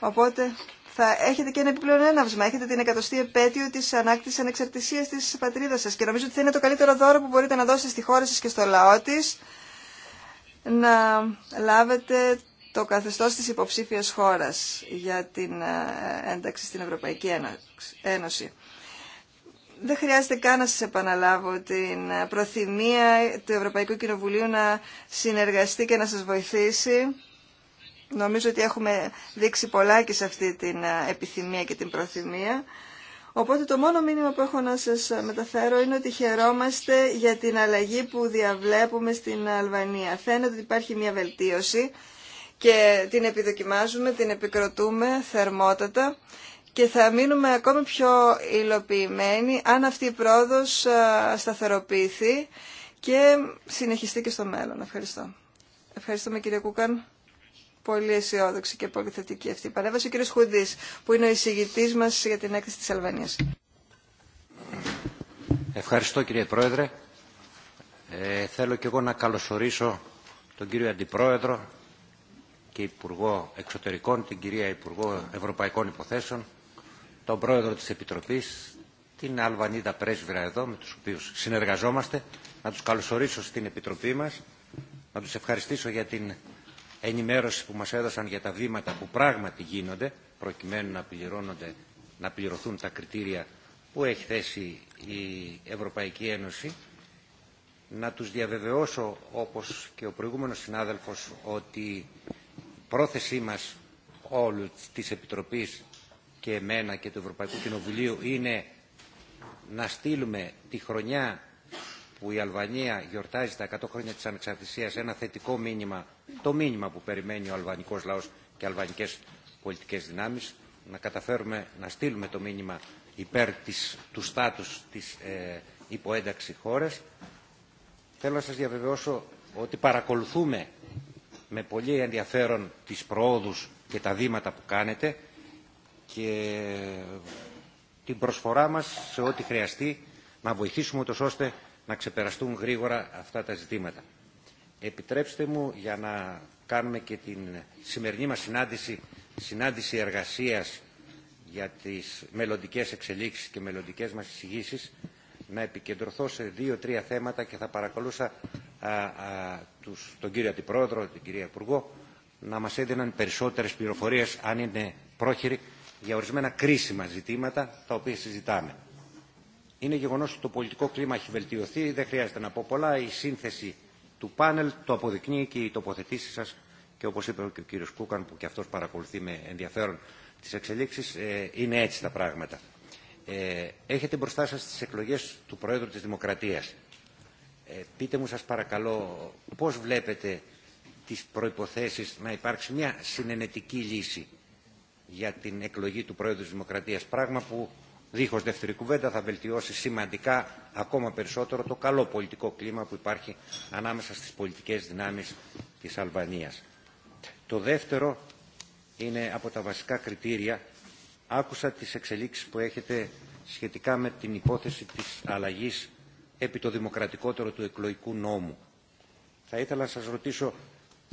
Οπότε θα έχετε και ένα επιπλέον έναυσμα. Έχετε την εκατοστή επέτειο της ανάκτησης ανεξαρτησίας της πατρίδας σας και νομίζω ότι θα είναι το καλύτερο δώρο που μπορείτε να δώσετε στη χώρα σας και στο λαό της να λάβετε το καθεστώς της υποψήφιας χώρας για την ε, ένταξη στην Ευρωπαϊκή Ένωση. Δεν χρειάζεται καν να σας επαναλάβω την ε, προθυμία του Ευρωπαϊκού Κοινοβουλίου να συνεργαστεί και να σας βοηθήσει. Νομίζω ότι έχουμε δείξει πολλά και σε αυτή την ε, επιθυμία και την προθυμία. Οπότε το μόνο μήνυμα που έχω να σας μεταφέρω είναι ότι χαιρόμαστε για την αλλαγή που διαβλέπουμε στην Αλβανία. Φαίνεται ότι υπάρχει μια βελτίωση και την επιδοκιμάζουμε, την επικροτούμε θερμότατα και θα μείνουμε ακόμη πιο υλοποιημένοι αν αυτή η πρόοδος σταθεροποιηθεί και συνεχιστεί και στο μέλλον. Ευχαριστώ. Ευχαριστούμε κύριε Κούκαν. Πολύ αισιόδοξη και πολύ θετική αυτή η παρέμβαση. Ο κύριος Χουδής που είναι ο εισηγητής μας για την έκθεση της Αλβανίας.
Ευχαριστώ κύριε Πρόεδρε. Ε, θέλω και εγώ να καλωσορίσω τον κύριο Αντιπρόεδρο, και Υπουργό Εξωτερικών, την κυρία Υπουργό Ευρωπαϊκών Υποθέσεων, τον Πρόεδρο της Επιτροπής, την Αλβανίδα Πρέσβυρα εδώ, με τους οποίους συνεργαζόμαστε, να τους καλωσορίσω στην Επιτροπή μας, να τους ευχαριστήσω για την ενημέρωση που μας έδωσαν για τα βήματα που πράγματι γίνονται, προκειμένου να, πληρώνονται, να πληρωθούν τα κριτήρια που έχει θέσει η Ευρωπαϊκή Ένωση να τους διαβεβαιώσω όπως και ο προηγούμενος συνάδελφος ότι πρόθεσή μας όλου της Επιτροπής και εμένα και του Ευρωπαϊκού Κοινοβουλίου είναι να στείλουμε τη χρονιά που η Αλβανία γιορτάζει τα 100 χρόνια της ανεξαρτησίας ένα θετικό μήνυμα, το μήνυμα που περιμένει ο αλβανικός λαός και οι αλβανικές πολιτικές δυνάμεις, να καταφέρουμε να στείλουμε το μήνυμα υπέρ της, του στάτους της ε, υποένταξη χώρας. Θέλω να σας διαβεβαιώσω ότι παρακολουθούμε με πολύ ενδιαφέρον τις προόδους και τα βήματα που κάνετε και την προσφορά μας σε ό,τι χρειαστεί να βοηθήσουμε ούτως ώστε να ξεπεραστούν γρήγορα αυτά τα ζητήματα. Επιτρέψτε μου για να κάνουμε και την σημερινή μας συνάντηση, συνάντηση εργασίας για τις μελλοντικές εξελίξεις και μελλοντικές μας εισηγήσεις, να επικεντρωθώ σε δύο-τρία θέματα και θα παρακολούσα Α ε, ε, τον κύριο Αντιπρόεδρο, την κυρία Υπουργό, να μας έδιναν περισσότερες πληροφορίες, αν είναι πρόχειροι, για ορισμένα κρίσιμα ζητήματα τα οποία συζητάμε. Είναι γεγονός ότι το πολιτικό κλίμα έχει βελτιωθεί, δεν χρειάζεται να πω πολλά. Η σύνθεση του πάνελ το αποδεικνύει και οι τοποθετήσει σας και όπως είπε και ο κύριος Κούκαν που και αυτός παρακολουθεί με ενδιαφέρον τις εξελίξεις, ε, είναι έτσι τα πράγματα. έχετε μπροστά σας τις εκλογές του Προέδρου της Δημοκρατίας. Ε, πείτε μου σας παρακαλώ πώς βλέπετε τις προϋποθέσεις να υπάρξει μια συνενετική λύση για την εκλογή του Πρόεδρου της Δημοκρατίας, πράγμα που δίχως δεύτερη κουβέντα θα βελτιώσει σημαντικά ακόμα περισσότερο το καλό πολιτικό κλίμα που υπάρχει ανάμεσα στις πολιτικές δυνάμεις της Αλβανίας. Το δεύτερο είναι από τα βασικά κριτήρια. Άκουσα τις εξελίξεις που έχετε σχετικά με την υπόθεση της αλλαγής επί το δημοκρατικότερο του εκλογικού νόμου. Θα ήθελα να σας ρωτήσω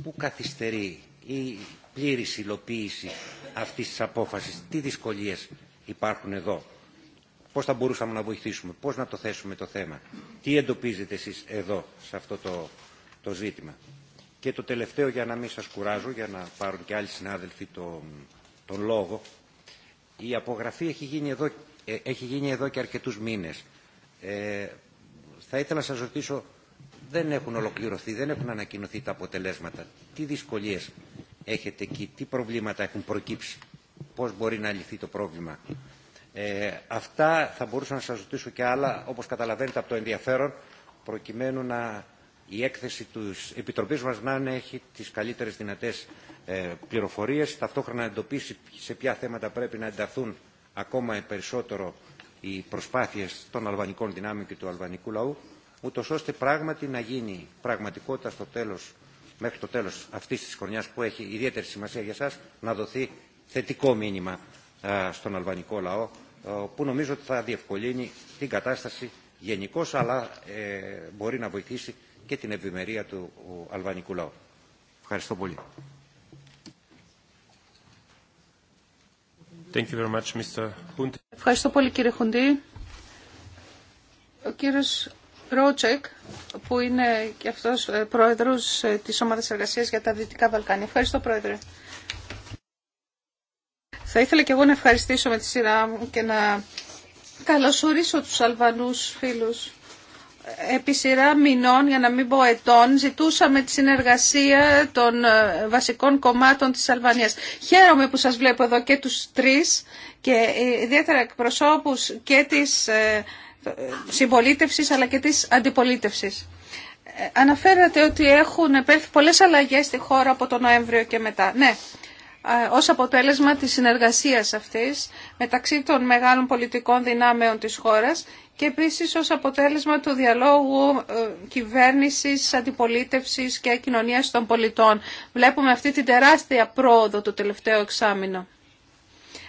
πού καθυστερεί η πλήρη υλοποίηση αυτής της απόφασης, τι δυσκολίες υπάρχουν εδώ, πώς θα μπορούσαμε να βοηθήσουμε, πώς να το θέσουμε το θέμα, τι εντοπίζετε εσείς εδώ σε αυτό το, το ζήτημα. Και το τελευταίο, για να μην σας κουράζω, για να πάρουν και άλλοι συνάδελφοι τον, λόγο, η απογραφή έχει γίνει εδώ, ε, έχει γίνει εδώ και αρκετούς μήνες. Ε, θα ήθελα να σας ρωτήσω, δεν έχουν ολοκληρωθεί, δεν έχουν ανακοινωθεί τα αποτελέσματα. Τι δυσκολίες έχετε εκεί, τι προβλήματα έχουν προκύψει, πώς μπορεί να λυθεί το πρόβλημα. Ε, αυτά θα μπορούσα να σας ρωτήσω και άλλα, όπως καταλαβαίνετε από το ενδιαφέρον, προκειμένου να η έκθεση της Επιτροπής μας να έχει τις καλύτερες δυνατές ε, πληροφορίες, ταυτόχρονα να εντοπίσει σε ποια θέματα πρέπει να ενταθούν ακόμα περισσότερο οι προσπάθειες των αλβανικών δυνάμεων και του αλβανικού λαού, ούτω ώστε πράγματι να γίνει πραγματικότητα στο τέλος, μέχρι το τέλος αυτής της χρονιάς που έχει ιδιαίτερη σημασία για σας, να δοθεί θετικό μήνυμα στον αλβανικό λαό, που νομίζω ότι θα διευκολύνει την κατάσταση γενικώ, αλλά ε, μπορεί να βοηθήσει και την ευημερία του αλβανικού λαού. Ευχαριστώ πολύ.
Ευχαριστώ πολύ κύριε Χουντή. Ο κύριος Ρότσεκ, που είναι και αυτός ε, πρόεδρος ε, της Ομάδας Εργασίας για τα Δυτικά Βαλκάνια. Ευχαριστώ πρόεδρε. Θα ήθελα και εγώ να ευχαριστήσω με τη σειρά μου και να καλωσορίσω τους Αλβανούς φίλους επί σειρά μηνών, για να μην πω ετών, ζητούσαμε τη συνεργασία των ε, βασικών κομμάτων της Αλβανίας. Χαίρομαι που σας βλέπω εδώ και τους τρεις και ε, ιδιαίτερα εκπροσώπους και της ε, συμπολίτευσης αλλά και της αντιπολίτευσης. Αναφέρατε ότι έχουν επέλθει πολλές αλλαγές στη χώρα από τον Νοέμβριο και μετά. Ναι, ως αποτέλεσμα της συνεργασίας αυτής μεταξύ των μεγάλων πολιτικών δυνάμεων της χώρας και επίσης ως αποτέλεσμα του διαλόγου ε, κυβέρνησης, αντιπολίτευσης και κοινωνίας των πολιτών. Βλέπουμε αυτή την τεράστια πρόοδο το τελευταίο εξάμεινο.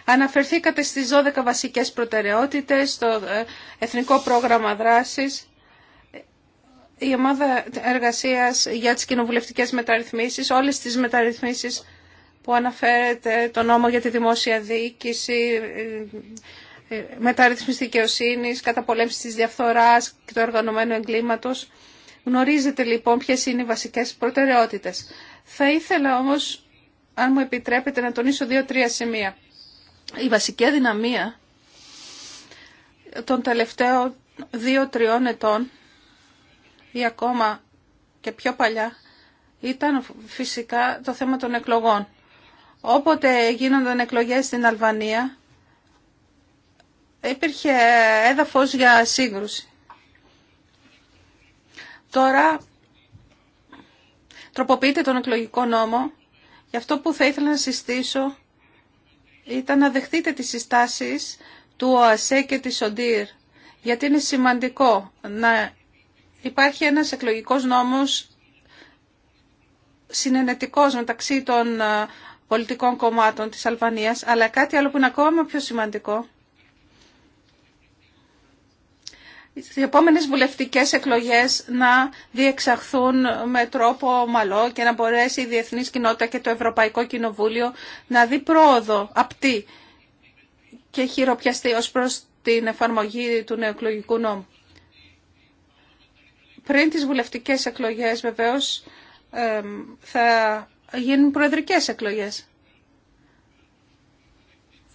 Αναφερθήκατε στις 12 βασικές προτεραιότητες, στο ε, Εθνικό Πρόγραμμα Δράσης, η ομάδα εργασίας για τις κοινοβουλευτικές μεταρρυθμίσεις, όλες τις μεταρρυθμίσεις που αναφέρεται, το νόμο για τη δημόσια διοίκηση, ε, ε, μεταρρύθμιση δικαιοσύνη, καταπολέμηση της διαφθοράς και του οργανωμένου εγκλήματος. Γνωρίζετε λοιπόν ποιε είναι οι βασικές προτεραιότητες. Θα ήθελα όμως, αν μου επιτρέπετε, να τονίσω δύο-τρία σημεία. Η βασική αδυναμία των τελευταίων δύο-τριών ετών ή ακόμα και πιο παλιά ήταν φυσικά το θέμα των εκλογών. Όποτε γίνονταν εκλογές στην Αλβανία, υπήρχε έδαφος για σύγκρουση. Τώρα τροποποιείται τον εκλογικό νόμο. Γι' αυτό που θα ήθελα να συστήσω ήταν να δεχτείτε τις συστάσεις του ΟΑΣΕ και της ΟΝΤΙΡ. Γιατί είναι σημαντικό να υπάρχει ένας εκλογικός νόμος συνενετικός μεταξύ των ε, πολιτικών κομμάτων της Αλβανίας, αλλά κάτι άλλο που είναι ακόμα πιο σημαντικό οι επόμενες βουλευτικές εκλογές να διεξαχθούν με τρόπο ομαλό και να μπορέσει η διεθνής κοινότητα και το Ευρωπαϊκό Κοινοβούλιο να δει πρόοδο απτή και χειροπιαστεί ως προς την εφαρμογή του νεοεκλογικού νόμου. Πριν τις βουλευτικές εκλογές βεβαίως θα γίνουν προεδρικές εκλογές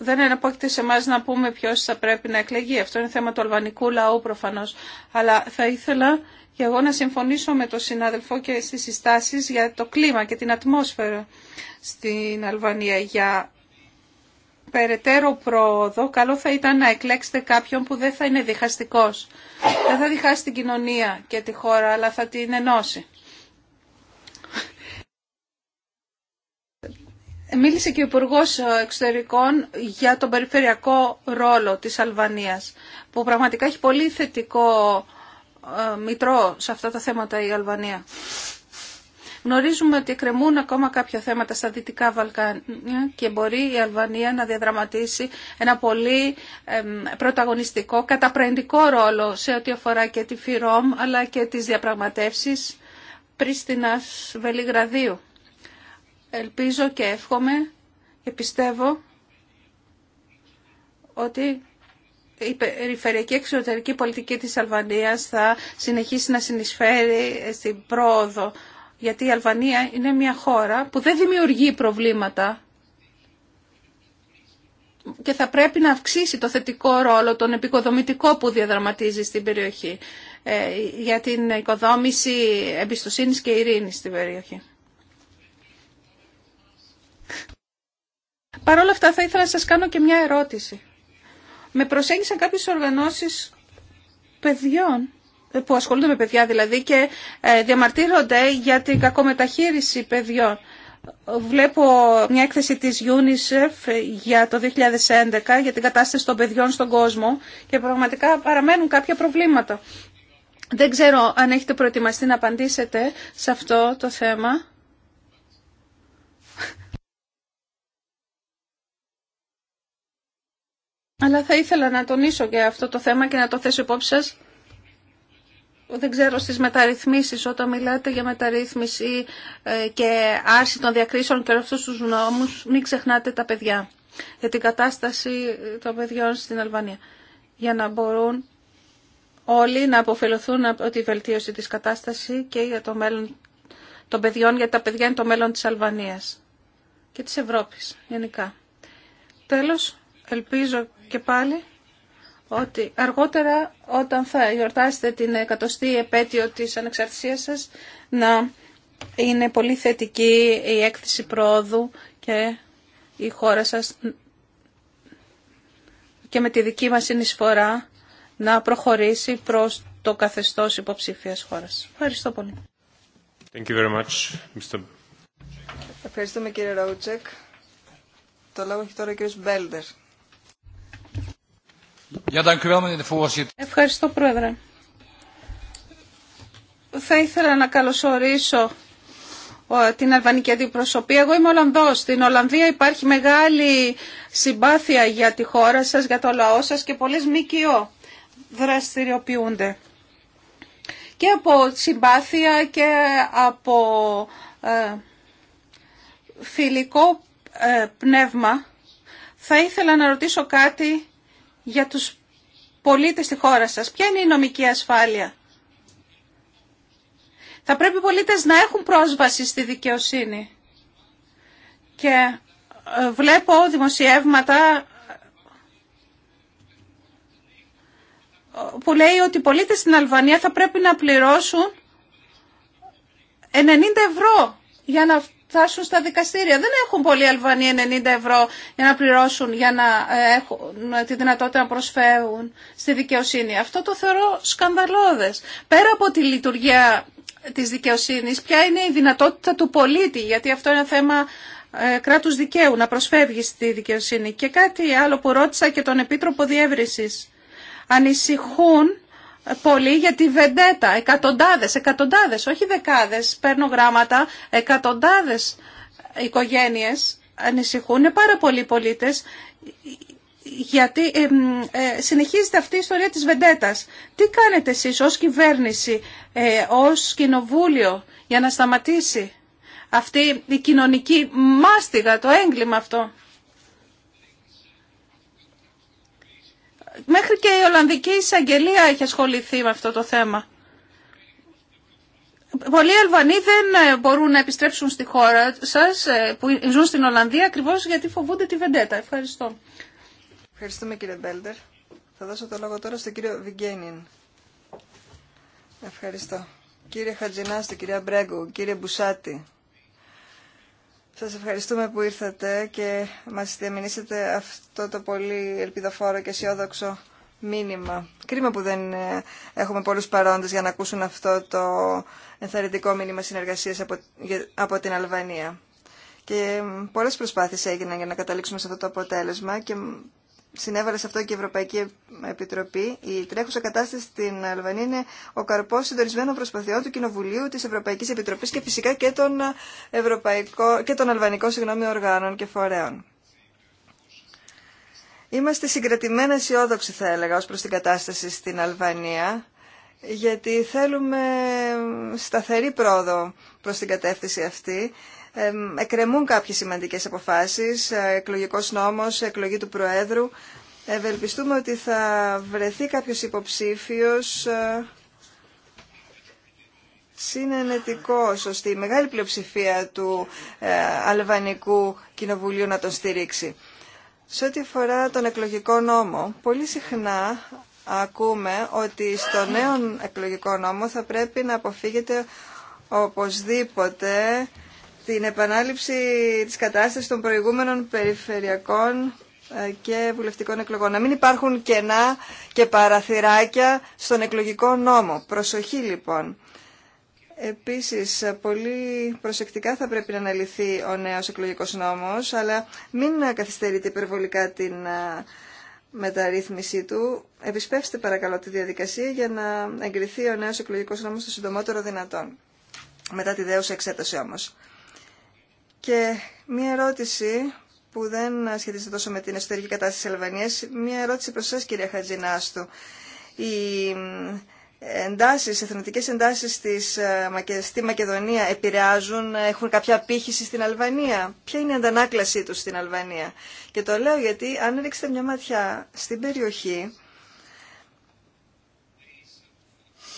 δεν εναπόκειται σε εμά να πούμε ποιο θα πρέπει να εκλεγεί. Αυτό είναι θέμα του αλβανικού λαού προφανώ. Αλλά θα ήθελα και εγώ να συμφωνήσω με τον συνάδελφο και στι συστάσει για το κλίμα και την ατμόσφαιρα στην Αλβανία. Για περαιτέρω πρόοδο, καλό θα ήταν να εκλέξετε κάποιον που δεν θα είναι διχαστικό. Δεν θα διχάσει την κοινωνία και τη χώρα, αλλά θα την ενώσει. Μίλησε και ο Υπουργό Εξωτερικών για τον περιφερειακό ρόλο της Αλβανίας, που πραγματικά έχει πολύ θετικό ε, μητρό σε αυτά τα θέματα η Αλβανία. Γνωρίζουμε ότι κρεμούν ακόμα κάποια θέματα στα Δυτικά Βαλκάνια και μπορεί η Αλβανία να διαδραματίσει ένα πολύ πρωταγωνιστικό, καταπραγματικό ρόλο σε ό,τι αφορά και τη ΦΥΡΟΜ αλλά και τις διαπραγματεύσεις Πρίστινας Βελιγραδίου ελπίζω και εύχομαι και πιστεύω ότι η περιφερειακή εξωτερική πολιτική της Αλβανίας θα συνεχίσει να συνεισφέρει στην πρόοδο. Γιατί η Αλβανία είναι μια χώρα που δεν δημιουργεί προβλήματα και θα πρέπει να αυξήσει το θετικό ρόλο, τον επικοδομητικό που διαδραματίζει στην περιοχή ε, για την οικοδόμηση εμπιστοσύνης και ειρήνης στην περιοχή. Παρ' όλα αυτά θα ήθελα να σας κάνω και μια ερώτηση. Με προσέγγισαν κάποιες οργανώσεις παιδιών, που ασχολούνται με παιδιά δηλαδή και ε, διαμαρτύρονται για την κακομεταχείριση παιδιών. Βλέπω μια έκθεση της UNICEF για το 2011 για την κατάσταση των παιδιών στον κόσμο και πραγματικά παραμένουν κάποια προβλήματα. Δεν ξέρω αν έχετε προετοιμαστεί να απαντήσετε σε αυτό το θέμα Αλλά θα ήθελα να τονίσω και αυτό το θέμα και να το θέσω υπόψη σας. Δεν ξέρω στις μεταρρυθμίσεις, όταν μιλάτε για μεταρρύθμιση ε, και άρση των διακρίσεων και αυτούς τους νόμους, μην ξεχνάτε τα παιδιά για την κατάσταση ε, των παιδιών στην Αλβανία. Για να μπορούν όλοι να αποφελωθούν από τη βελτίωση της κατάστασης και για το μέλλον των παιδιών, γιατί τα παιδιά είναι το μέλλον της Αλβανίας και της Ευρώπης γενικά. Τέλος, ελπίζω και πάλι ότι αργότερα όταν θα γιορτάσετε την εκατοστή επέτειο της ανεξαρτησίας σας να είναι πολύ θετική η έκθεση πρόοδου και η χώρα σας και με τη δική μας συνεισφορά να προχωρήσει προς το καθεστώς
υποψήφιας χώρας. Ευχαριστώ πολύ.
Thank you very much, Mr.
Ευχαριστούμε κύριε Ρότσεκ. Το λόγο έχει τώρα ο κύριος Μπέλντερ.
Ευχαριστώ, Πρόεδρε. Θα ήθελα να καλωσορίσω την αλβανική αντιπροσωπή. Εγώ είμαι Ολλανδός. Στην Ολλανδία υπάρχει μεγάλη συμπάθεια για τη χώρα σας, για το λαό σας και πολλές ΜΚΟ δραστηριοποιούνται. Και από συμπάθεια και από ε, φιλικό ε, πνεύμα θα ήθελα να ρωτήσω κάτι για τους πολίτες στη χώρα σας. Ποια είναι η νομική ασφάλεια. Θα πρέπει οι πολίτες να έχουν πρόσβαση στη δικαιοσύνη. Και ε, βλέπω δημοσιεύματα ε, που λέει ότι οι πολίτες στην Αλβανία θα πρέπει να πληρώσουν 90 ευρώ για να φτάσουν στα δικαστήρια. Δεν έχουν πολλοί Αλβανοί 90 ευρώ για να πληρώσουν, για να ε, έχουν τη δυνατότητα να προσφέρουν στη δικαιοσύνη. Αυτό το θεωρώ σκανδαλώδες. Πέρα από τη λειτουργία της δικαιοσύνης, ποια είναι η δυνατότητα του πολίτη, γιατί αυτό είναι θέμα ε, κράτους δικαίου, να προσφεύγει στη δικαιοσύνη. Και κάτι άλλο που ρώτησα και τον Επίτροπο Διεύρυνσης. Ανησυχούν πολύ για τη Βεντέτα. Εκατοντάδες, εκατοντάδες, όχι δεκάδες. Παίρνω γράμματα, εκατοντάδες οικογένειες ανησυχούν. Είναι πάρα πολλοί πολίτες γιατί ε, συνεχίζεται αυτή η ιστορία της Βεντέτας. Τι κάνετε εσείς ως κυβέρνηση, ε, ως κοινοβούλιο για να σταματήσει αυτή η κοινωνική μάστιγα, το έγκλημα αυτό. Μέχρι και η Ολλανδική Εισαγγελία έχει ασχοληθεί με αυτό το θέμα. Πολλοί Αλβανοί δεν ε, μπορούν να επιστρέψουν στη χώρα σας ε, που ζουν στην Ολλανδία ακριβώς γιατί φοβούνται τη Βεντέτα. Ευχαριστώ.
Ευχαριστούμε κύριε Μπέλτερ. Θα δώσω το λόγο τώρα στον κύριο Βιγγένιν. Ευχαριστώ. Κύριε Χατζινάστη, κυρία Μπρέγκου, κύριε Μπουσάτη, σας ευχαριστούμε που ήρθατε και μας διαμηνήσατε αυτό το πολύ ελπιδοφόρο και αισιόδοξο μήνυμα. Κρίμα που δεν ε, έχουμε πολλούς παρόντες για να ακούσουν αυτό το ενθαρρυντικό μήνυμα συνεργασίας από, από την Αλβανία. Και πολλές προσπάθειες έγιναν για να καταλήξουμε σε αυτό το αποτέλεσμα και συνέβαλε σε αυτό και η Ευρωπαϊκή Επιτροπή. Η τρέχουσα κατάσταση στην Αλβανία είναι ο καρπό συντορισμένων προσπαθειών του Κοινοβουλίου, τη Ευρωπαϊκή Επιτροπή και φυσικά και των, Ευρωπαϊκό, και των Αλβανικών συγγνώμη, οργάνων και φορέων. Είμαστε συγκρατημένα αισιόδοξοι, θα έλεγα, ω προ την κατάσταση στην Αλβανία, γιατί θέλουμε σταθερή πρόοδο προς την κατεύθυνση αυτή εκκρεμούν κάποιες σημαντικές αποφάσεις, ε, εκλογικός νόμος, εκλογή του Προέδρου. Ευελπιστούμε ότι θα βρεθεί κάποιος υποψήφιος ε, συνενετικός, ώστε η μεγάλη πλειοψηφία του ε, Αλβανικού Κοινοβουλίου να τον στηρίξει. Σε ό,τι αφορά τον εκλογικό νόμο, πολύ συχνά ακούμε ότι στο νέο εκλογικό νόμο θα πρέπει να αποφύγεται οπωσδήποτε την επανάληψη της κατάστασης των προηγούμενων περιφερειακών ε, και βουλευτικών εκλογών. Να μην υπάρχουν κενά και παραθυράκια στον εκλογικό νόμο. Προσοχή λοιπόν. Επίσης, πολύ προσεκτικά θα πρέπει να αναλυθεί ο νέος εκλογικός νόμος, αλλά μην καθυστερείτε υπερβολικά την ε, μεταρρύθμιση του. Επισπεύστε παρακαλώ τη διαδικασία για να εγκριθεί ο νέος εκλογικός νόμος το συντομότερο δυνατόν. Μετά τη δέουσα εξέταση όμως. Και μία ερώτηση που δεν σχετίζεται τόσο με την εσωτερική κατάσταση της Αλβανίας, μία ερώτηση προς εσάς κυρία Χατζινάστου. Οι εντάσεις, εθνοτικές εντάσεις της ε, στη Μακεδονία επηρεάζουν, έχουν κάποια απήχηση στην Αλβανία. Ποια είναι η αντανάκλασή τους στην Αλβανία. Και το λέω γιατί αν ρίξετε μια ματιά στην περιοχή,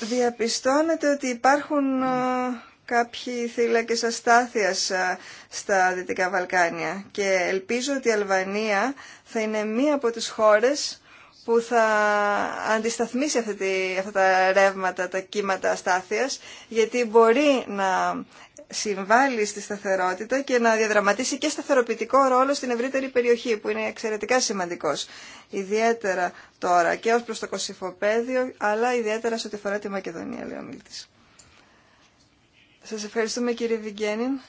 διαπιστώνετε ότι υπάρχουν ε, κάποιοι θύλακε αστάθεια στα Δυτικά Βαλκάνια και ελπίζω ότι η Αλβανία θα είναι μία από τις χώρες που θα αντισταθμίσει αυτή τη, αυτά τα ρεύματα, τα κύματα αστάθεια, γιατί μπορεί να συμβάλλει στη σταθερότητα και να διαδραματίσει και σταθεροποιητικό ρόλο στην ευρύτερη περιοχή, που είναι εξαιρετικά σημαντικός. Ιδιαίτερα τώρα και ως προς το Κωσυφοπαίδιο, αλλά ιδιαίτερα σε ό,τι αφορά τη Μακεδονία, λέει ο μιλτής. Σας ευχαριστούμε κύριε Βιγγένιν.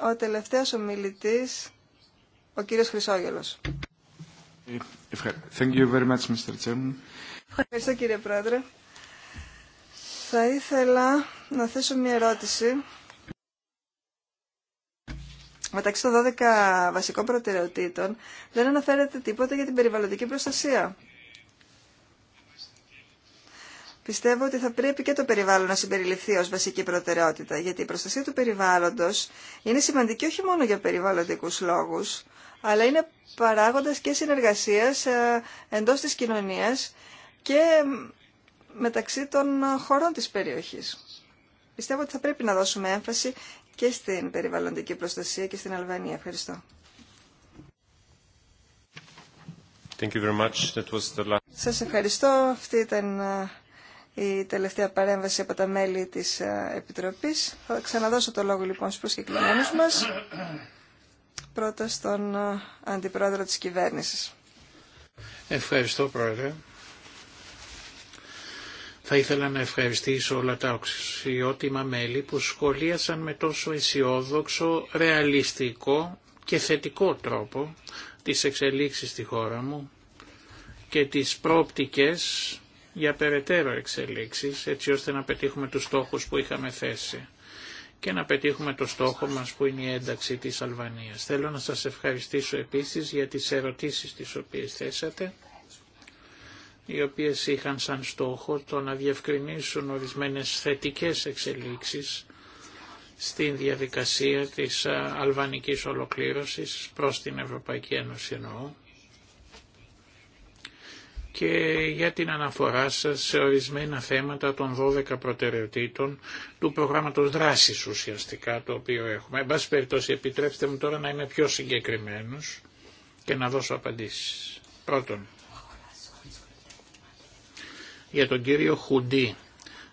Ο τελευταίος ομιλητής, ο κύριος Χρυσόγελος. Ε, Thank you very much, Mr. Ευχαριστώ κύριε Πρόεδρε. Θα ήθελα να θέσω μια ερώτηση. Μεταξύ των 12 βασικών προτεραιοτήτων δεν αναφέρεται τίποτα για την περιβαλλοντική προστασία πιστεύω ότι θα πρέπει και το περιβάλλον να συμπεριληφθεί ως βασική προτεραιότητα, γιατί η προστασία του περιβάλλοντος είναι σημαντική όχι μόνο για περιβαλλοντικούς λόγους, αλλά είναι παράγοντας και συνεργασίας ε, εντός της κοινωνίας και μεταξύ των χωρών της περιοχής. Πιστεύω ότι θα πρέπει να δώσουμε έμφαση και στην περιβαλλοντική προστασία και στην Αλβανία. Ευχαριστώ. Thank ευχαριστώ. Αυτή ήταν ε, η τελευταία παρέμβαση από τα μέλη της ε, Επιτροπής. Θα ξαναδώσω το λόγο λοιπόν στους προσκεκλημένους μας. Πρώτα στον ε, Αντιπρόεδρο της Κυβέρνησης.
Ευχαριστώ Πρόεδρε. Θα ήθελα να ευχαριστήσω όλα τα οξιότιμα μέλη που σχολίασαν με τόσο αισιόδοξο, ρεαλιστικό και θετικό τρόπο τις εξελίξεις στη χώρα μου και τις πρόπτικες για περαιτέρω εξελίξεις έτσι ώστε να πετύχουμε τους στόχους που είχαμε θέσει και να πετύχουμε το στόχο μας που είναι η ένταξη της Αλβανίας. Θέλω να σας ευχαριστήσω επίσης για τις ερωτήσεις τις οποίες θέσατε οι οποίες είχαν σαν στόχο το να διευκρινίσουν ορισμένες θετικές εξελίξεις στην διαδικασία της αλβανικής ολοκλήρωσης προς την Ευρωπαϊκή Ένωση εννοώ και για την αναφορά σας σε ορισμένα θέματα των 12 προτεραιοτήτων του προγράμματος δράσης ουσιαστικά το οποίο έχουμε. Εν πάση περιπτώσει επιτρέψτε μου τώρα να είμαι πιο συγκεκριμένος και να δώσω απαντήσεις. Πρώτον, για τον κύριο Χουντή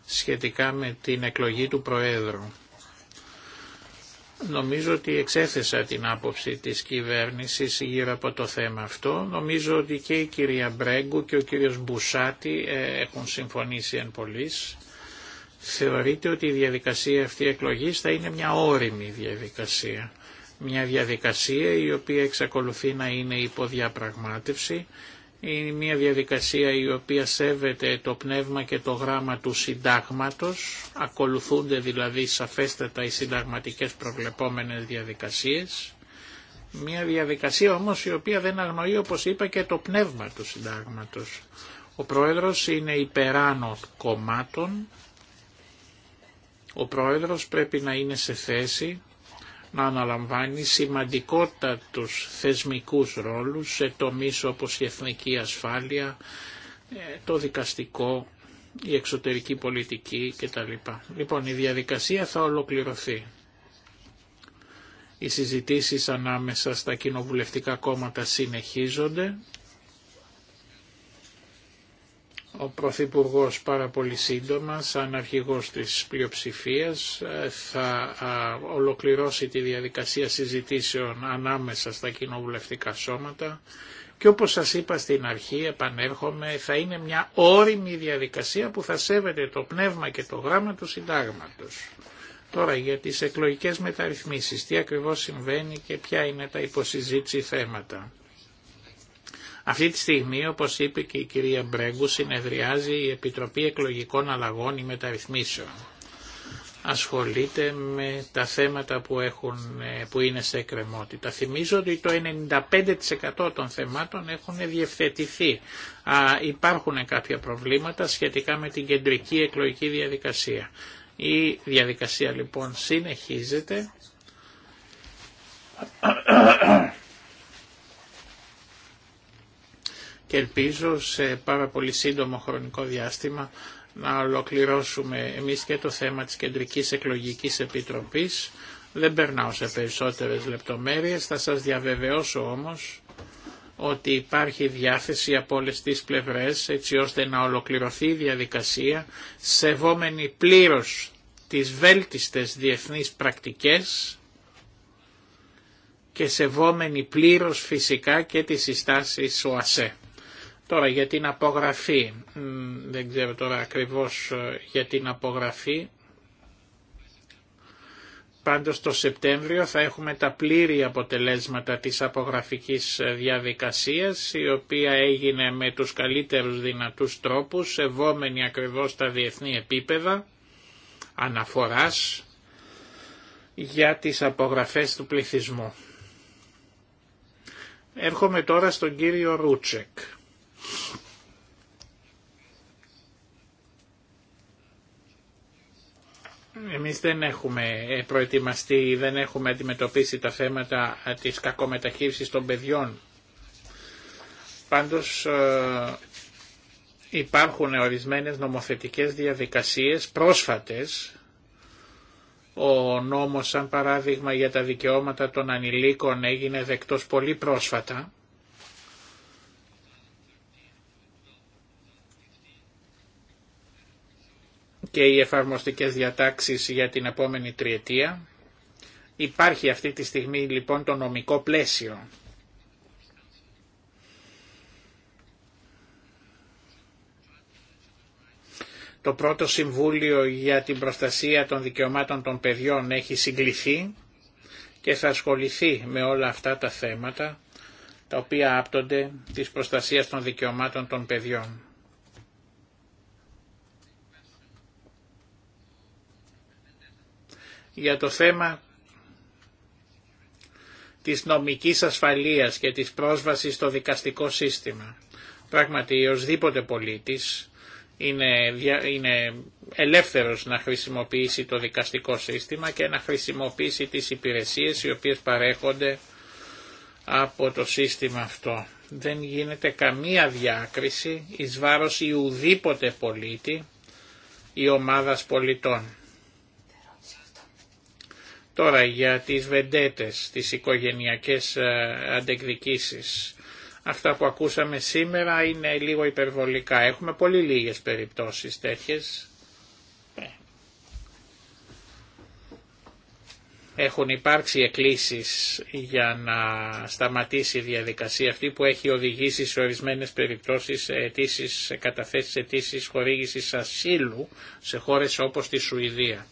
σχετικά με την εκλογή του Προέδρου. Νομίζω ότι εξέθεσα την άποψη της κυβέρνησης γύρω από το θέμα αυτό. Νομίζω ότι και η κυρία Μπρέγκου και ο κύριος Μπουσάτη ε, έχουν συμφωνήσει εν πολλής. Θεωρείται ότι η διαδικασία αυτή εκλογής θα είναι μια όριμη διαδικασία. Μια διαδικασία η οποία εξακολουθεί να είναι υποδιαπραγμάτευση είναι μια διαδικασία η οποία σέβεται το πνεύμα και το γράμμα του συντάγματος, ακολουθούνται δηλαδή σαφέστατα οι συνταγματικές προβλεπόμενες διαδικασίες. Μια διαδικασία όμως η οποία δεν αγνοεί όπως είπα και το πνεύμα του συντάγματος. Ο πρόεδρος είναι υπεράνω κομμάτων, ο πρόεδρος πρέπει να είναι σε θέση να αναλαμβάνει σημαντικότατους θεσμικούς ρόλους σε τομείς όπως η εθνική ασφάλεια, ε, το δικαστικό, η εξωτερική πολιτική κτλ. Λοιπόν, η διαδικασία θα ολοκληρωθεί. Οι συζητήσεις ανάμεσα στα κοινοβουλευτικά κόμματα συνεχίζονται ο Πρωθυπουργό πάρα πολύ σύντομα, σαν αρχηγό της πλειοψηφία, ε, θα ολοκληρώσει τη διαδικασία συζητήσεων ανάμεσα στα κοινοβουλευτικά σώματα και όπως σας είπα στην αρχή, επανέρχομαι, θα είναι μια όριμη διαδικασία που θα σέβεται το πνεύμα και το γράμμα του συντάγματος. Τώρα για τις εκλογικές μεταρρυθμίσεις, τι ακριβώς συμβαίνει και ποια είναι τα υποσυζήτηση θέματα. Αυτή τη στιγμή, όπως είπε και η κυρία Μπρέγκου, συνεδριάζει η Επιτροπή Εκλογικών Αλλαγών ή Μεταρρυθμίσεων. Ασχολείται με τα θέματα που, έχουν, ε, που είναι σε εκκρεμότητα. Θυμίζω ότι το 95% των θεμάτων έχουν διευθετηθεί. υπάρχουν κάποια προβλήματα σχετικά με την κεντρική εκλογική διαδικασία. Η διαδικασία λοιπόν συνεχίζεται και ελπίζω σε πάρα πολύ σύντομο χρονικό διάστημα να ολοκληρώσουμε εμείς και το θέμα της Κεντρικής Εκλογικής Επιτροπής. Δεν περνάω σε περισσότερες λεπτομέρειες, θα σας διαβεβαιώσω όμως ότι υπάρχει διάθεση από όλε τι πλευρέ έτσι ώστε να ολοκληρωθεί η διαδικασία σεβόμενη πλήρω τι βέλτιστε διεθνεί πρακτικέ και σεβόμενη πλήρω φυσικά και τι συστάσει ΟΑΣΕ. Τώρα για την απογραφή, δεν ξέρω τώρα ακριβώς ε, για την απογραφή, πάντως το Σεπτέμβριο θα έχουμε τα πλήρη αποτελέσματα της απογραφικής ε, διαδικασίας, η οποία έγινε με τους καλύτερους δυνατούς τρόπους, σεβόμενη ακριβώς τα διεθνή επίπεδα αναφοράς για τις απογραφές του πληθυσμού. Έρχομαι τώρα στον κύριο Ρούτσεκ. Εμείς δεν έχουμε ε, προετοιμαστεί, δεν έχουμε αντιμετωπίσει τα θέματα ε, της κακομεταχείρισης των παιδιών. Πάντως ε, υπάρχουν ορισμένες νομοθετικές διαδικασίες πρόσφατες. Ο νόμος, σαν παράδειγμα, για τα δικαιώματα των ανηλίκων έγινε δεκτός πολύ πρόσφατα και οι εφαρμοστικές διατάξεις για την επόμενη τριετία. Υπάρχει αυτή τη στιγμή λοιπόν το νομικό πλαίσιο. Το πρώτο Συμβούλιο για την Προστασία των Δικαιωμάτων των Παιδιών έχει συγκληθεί και θα ασχοληθεί με όλα αυτά τα θέματα τα οποία άπτονται της προστασίας των δικαιωμάτων των παιδιών. για το θέμα της νομικής ασφαλείας και της πρόσβασης στο δικαστικό σύστημα. Πράγματι, οσδήποτε πολίτης είναι, είναι ελεύθερος να χρησιμοποιήσει το δικαστικό σύστημα και να χρησιμοποιήσει τις υπηρεσίες οι οποίες παρέχονται από το σύστημα αυτό. Δεν γίνεται καμία διάκριση εις βάρος ιουδήποτε πολίτη ή ομάδας πολιτών. Τώρα για τις βεντέτες, τις οικογενειακές ε, αντεκδικήσεις. Αυτά που ακούσαμε σήμερα είναι λίγο υπερβολικά. Έχουμε πολύ λίγες περιπτώσεις τέτοιες. Ε. Έχουν υπάρξει εκκλήσεις για να σταματήσει η διαδικασία αυτή που έχει οδηγήσει σε ορισμένες περιπτώσεις αιτήσεις, καταθέσεις αιτήσεις χορήγησης ασύλου σε χώρες όπως τη Σουηδία.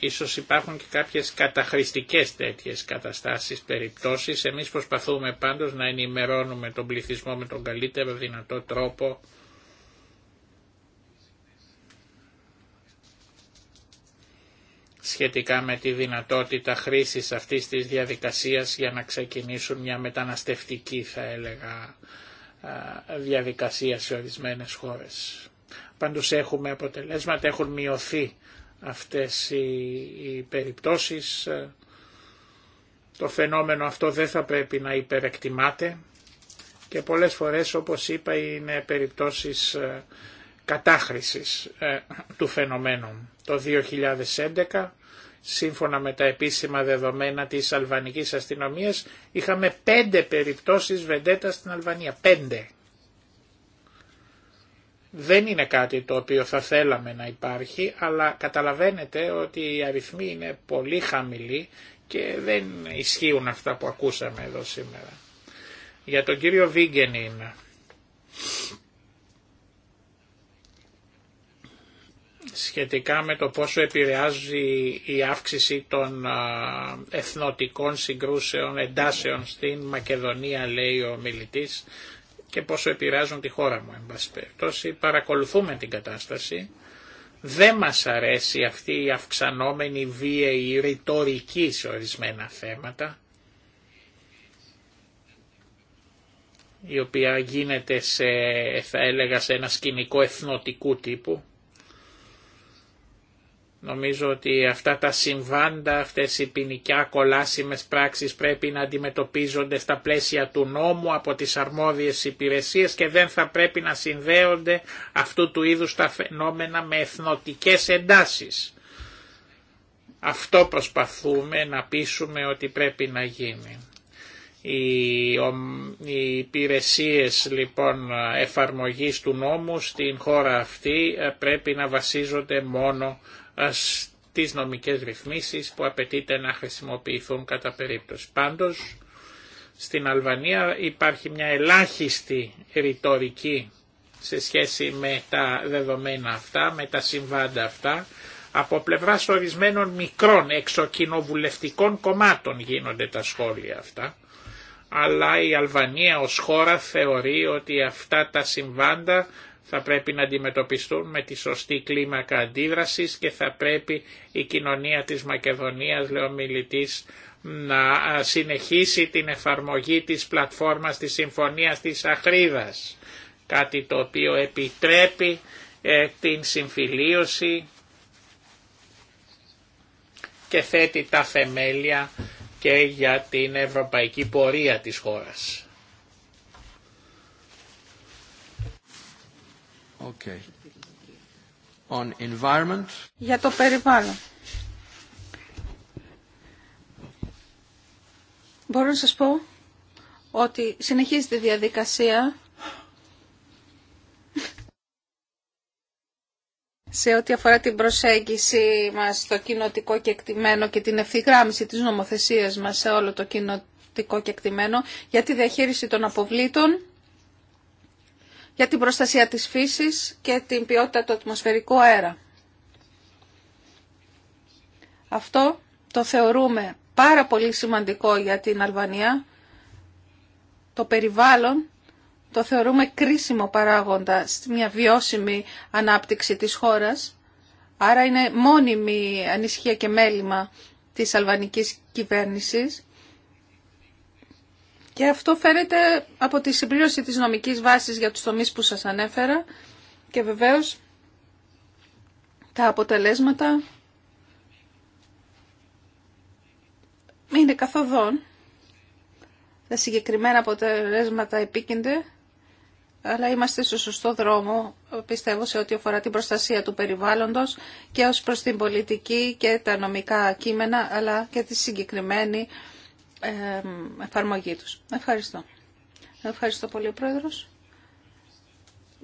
Ίσως υπάρχουν και κάποιες καταχρηστικές τέτοιες καταστάσεις, περιπτώσεις. Εμείς προσπαθούμε πάντως να ενημερώνουμε τον πληθυσμό με τον καλύτερο δυνατό τρόπο σχετικά με τη δυνατότητα χρήσης αυτής της διαδικασίας για να ξεκινήσουν μια μεταναστευτική θα έλεγα διαδικασία σε ορισμένες χώρες. Πάντως έχουμε αποτελέσματα, έχουν μειωθεί αυτές οι περιπτώσεις. Το φαινόμενο αυτό δεν θα πρέπει να υπερεκτιμάται και πολλές φορές όπως είπα είναι περιπτώσεις ε, κατάχρησης ε, του φαινομένου. Το 2011 σύμφωνα με τα επίσημα δεδομένα της αλβανικής αστυνομίας είχαμε πέντε περιπτώσεις βεντέτα στην Αλβανία. Πέντε. Δεν είναι κάτι το οποίο θα θέλαμε να υπάρχει, αλλά καταλαβαίνετε ότι οι αριθμοί είναι πολύ χαμηλοί και δεν ισχύουν αυτά που ακούσαμε εδώ σήμερα. Για τον κύριο Βίγκενιν. σχετικά με το πόσο επηρεάζει η αύξηση των εθνοτικών συγκρούσεων, εντάσεων στην Μακεδονία, λέει ο μιλητής και πόσο επηρεάζουν τη χώρα μου. Εν πάση περιπτώσει, παρακολουθούμε την κατάσταση. Δεν μας αρέσει αυτή η αυξανόμενη η ρητορική σε ορισμένα θέματα, η οποία γίνεται σε, θα έλεγα, σε ένα σκηνικό εθνοτικού τύπου. Νομίζω ότι αυτά τα συμβάντα, αυτές οι ποινικιά κολάσιμες πράξεις πρέπει να αντιμετωπίζονται στα πλαίσια του νόμου από τις αρμόδιες υπηρεσίες και δεν θα πρέπει να συνδέονται αυτού του είδους τα φαινόμενα με εθνοτικές εντάσεις. Αυτό προσπαθούμε να πείσουμε ότι πρέπει να γίνει. Οι υπηρεσίες λοιπόν εφαρμογής του νόμου στην χώρα αυτή ε, πρέπει να βασίζονται μόνο ε, στις νομικές ρυθμίσεις που απαιτείται να χρησιμοποιηθούν κατά περίπτωση. Πάντως, στην Αλβανία υπάρχει μια ελάχιστη ρητορική σε σχέση με τα δεδομένα αυτά, με τα συμβάντα αυτά. Από πλευρά ορισμένων μικρών εξοκοινοβουλευτικών κομμάτων γίνονται τα σχόλια αυτά. Αλλά η Αλβανία ως χώρα θεωρεί ότι αυτά τα συμβάντα θα πρέπει να αντιμετωπιστούν με τη σωστή κλίμακα αντίδρασης και θα πρέπει η κοινωνία της Μακεδονίας, λέω μιλητής, να συνεχίσει την εφαρμογή της πλατφόρμας της Συμφωνίας της Αχρίδας, κάτι το οποίο επιτρέπει ε, την συμφιλίωση και θέτει τα θεμέλια και για την ευρωπαϊκή πορεία της χώρας.
Για
το περιβάλλον. Μπορώ να σας πω ότι συνεχίζεται η διαδικασία σε ό,τι αφορά την προσέγγιση μας στο κοινοτικό κεκτημένο και την ευθυγράμμιση της νομοθεσίας μας σε όλο το κοινοτικό κεκτημένο για τη διαχείριση των αποβλήτων για την προστασία της φύσης και την ποιότητα του ατμοσφαιρικού αέρα. Αυτό το θεωρούμε πάρα πολύ σημαντικό για την Αλβανία. Το περιβάλλον το θεωρούμε κρίσιμο παράγοντα στη μια βιώσιμη ανάπτυξη της χώρας. Άρα είναι μόνιμη ανησυχία και μέλημα της αλβανικής κυβέρνησης και αυτό φαίνεται από τη συμπλήρωση της νομικής βάσης για τους τομείς που σας ανέφερα και βεβαίως τα αποτελέσματα είναι καθοδόν. Τα συγκεκριμένα αποτελέσματα επίκυνται, αλλά είμαστε στο σωστό δρόμο, πιστεύω, σε ό,τι αφορά την προστασία του περιβάλλοντος και ως προς την πολιτική και τα νομικά κείμενα, αλλά και τη συγκεκριμένη εφαρμογή τους. Ευχαριστώ. Ευχαριστώ πολύ, Πρόεδρος.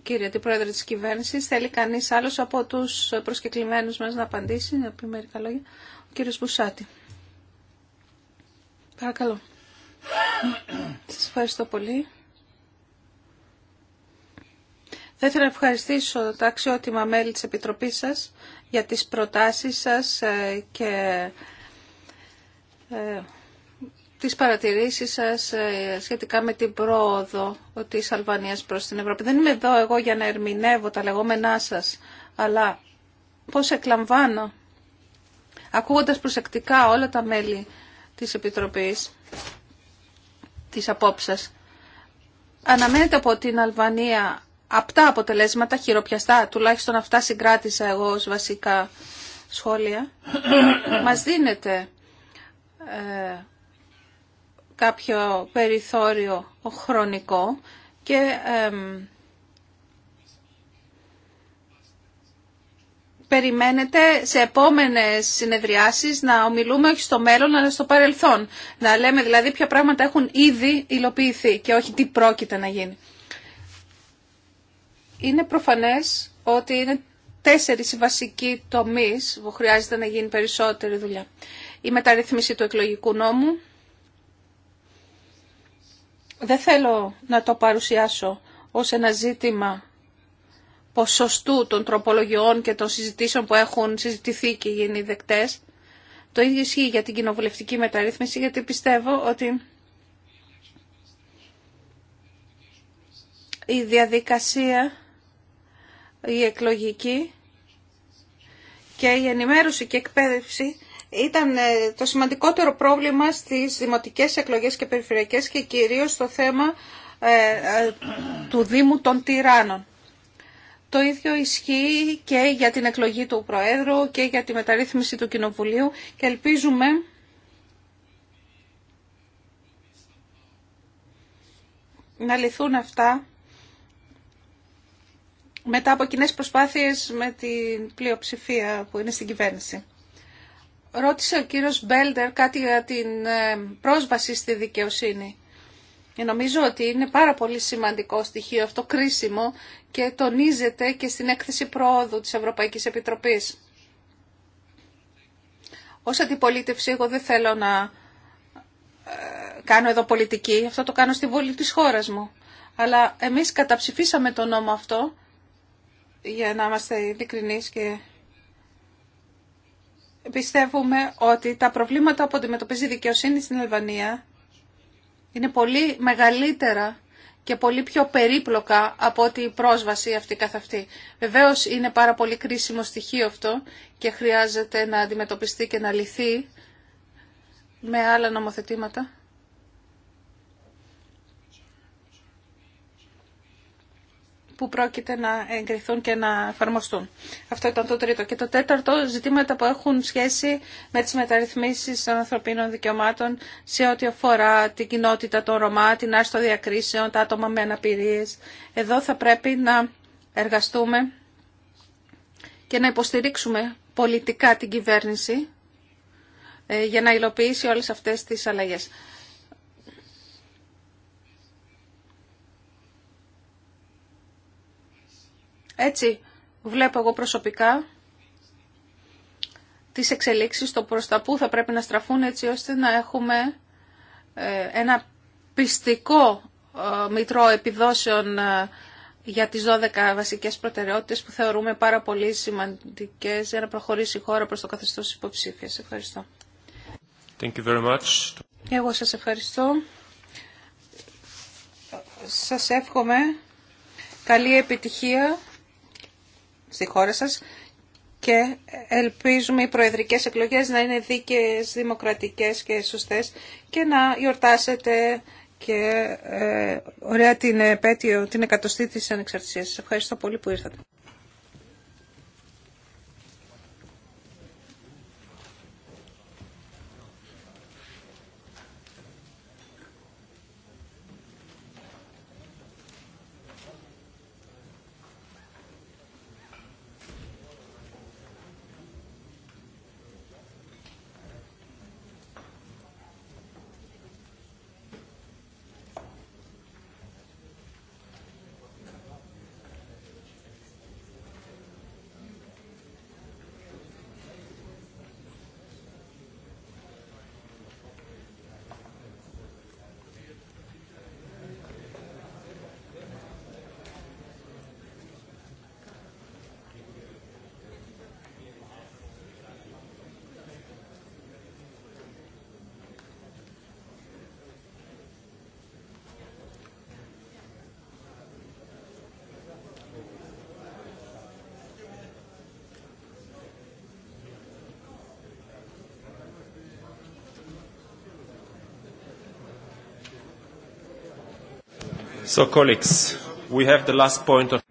Κύριε πρόεδρε της Κυβέρνησης, θέλει κανείς άλλος από τους προσκεκλημένους μας να απαντήσει, να πει μερικά λόγια. Ο κύριος Μπουσάτη. Παρακαλώ. Σας ευχαριστώ πολύ. Θα ήθελα να ευχαριστήσω τα αξιότιμα μέλη της Επιτροπής σας για τις προτάσεις σας ε, και ε, τις παρατηρήσεις σας ε, σχετικά με την πρόοδο της Αλβανίας προς την Ευρώπη. Δεν είμαι εδώ εγώ για να ερμηνεύω τα λεγόμενά σας, αλλά πώς εκλαμβάνω, ακούγοντας προσεκτικά όλα τα μέλη της Επιτροπής, της απόψας, αναμένεται από την Αλβανία απτά αποτελέσματα, χειροπιαστά, τουλάχιστον αυτά συγκράτησα εγώ ως βασικά σχόλια, μας δίνεται ε, κάποιο περιθώριο χρονικό και περιμένετε σε επόμενες συνεδριάσεις να ομιλούμε όχι στο μέλλον αλλά στο παρελθόν. Να λέμε δηλαδή ποια πράγματα έχουν ήδη υλοποιηθεί και όχι τι πρόκειται να γίνει. Είναι προφανές ότι είναι τέσσερις βασικοί τομείς που χρειάζεται να γίνει περισσότερη δουλειά. Η μεταρρύθμιση του εκλογικού νόμου, δεν θέλω να το παρουσιάσω ως ένα ζήτημα ποσοστού των τροπολογιών και των συζητήσεων που έχουν συζητηθεί και γίνει δεκτές. Το ίδιο ισχύει για την κοινοβουλευτική μεταρρύθμιση, γιατί πιστεύω ότι η διαδικασία, η εκλογική και η ενημέρωση και εκπαίδευση ήταν ε, το σημαντικότερο πρόβλημα στις δημοτικές εκλογές και περιφερειακές και κυρίως το θέμα ε, ε, του Δήμου των Τυράννων. Το ίδιο ισχύει και για την εκλογή του Προέδρου και για τη μεταρρύθμιση του Κοινοβουλίου και ελπίζουμε να λυθούν αυτά μετά από κοινέ προσπάθειες με την πλειοψηφία που είναι στην κυβέρνηση. Ρώτησε ο κύριος Μπέλτερ κάτι για την ε, πρόσβαση στη δικαιοσύνη. Νομίζω ότι είναι πάρα πολύ σημαντικό στοιχείο αυτό, κρίσιμο και τονίζεται και στην έκθεση πρόοδου της Ευρωπαϊκής Επιτροπής. Ως αντιπολίτευση εγώ δεν θέλω να ε, κάνω εδώ πολιτική, αυτό το κάνω στη βόλη της χώρας μου. Αλλά εμείς καταψηφίσαμε το νόμο αυτό, για να είμαστε ειλικρινείς και πιστεύουμε ότι τα προβλήματα που αντιμετωπίζει η δικαιοσύνη στην Αλβανία είναι πολύ μεγαλύτερα και πολύ πιο περίπλοκα από ότι η πρόσβαση αυτή καθ' αυτή. Βεβαίως είναι πάρα πολύ κρίσιμο στοιχείο αυτό και χρειάζεται να αντιμετωπιστεί και να λυθεί με άλλα νομοθετήματα. που πρόκειται να εγκριθούν και να εφαρμοστούν. Αυτό ήταν το τρίτο. Και το τέταρτο, ζητήματα που έχουν σχέση με τις μεταρρυθμίσεις των ανθρωπίνων δικαιωμάτων σε ό,τι αφορά την κοινότητα των Ρωμά, την άρση των διακρίσεων, τα άτομα με αναπηρίες. Εδώ θα πρέπει να εργαστούμε και να υποστηρίξουμε πολιτικά την κυβέρνηση ε, για να υλοποιήσει όλες αυτές τις αλλαγές. Έτσι βλέπω εγώ προσωπικά τις εξελίξεις, το προς τα που θα πρέπει να στραφούν έτσι ώστε να έχουμε ε, ένα πιστικό ε, μητρό επιδόσεων ε, για τις 12 βασικές προτεραιότητες που θεωρούμε πάρα πολύ σημαντικές για να προχωρήσει η χώρα προς το καθεστώς υποψήφιας. Ευχαριστώ. Thank you Εγώ σας ευχαριστώ. Σας εύχομαι καλή επιτυχία στη χώρα σας και ελπίζουμε οι προεδρικές εκλογές να είναι δίκαιες, δημοκρατικές και σωστές και να γιορτάσετε και ε, ωραία την επέτειο, την εκατοστή της ανεξαρτησίας. Σας ευχαριστώ πολύ που ήρθατε.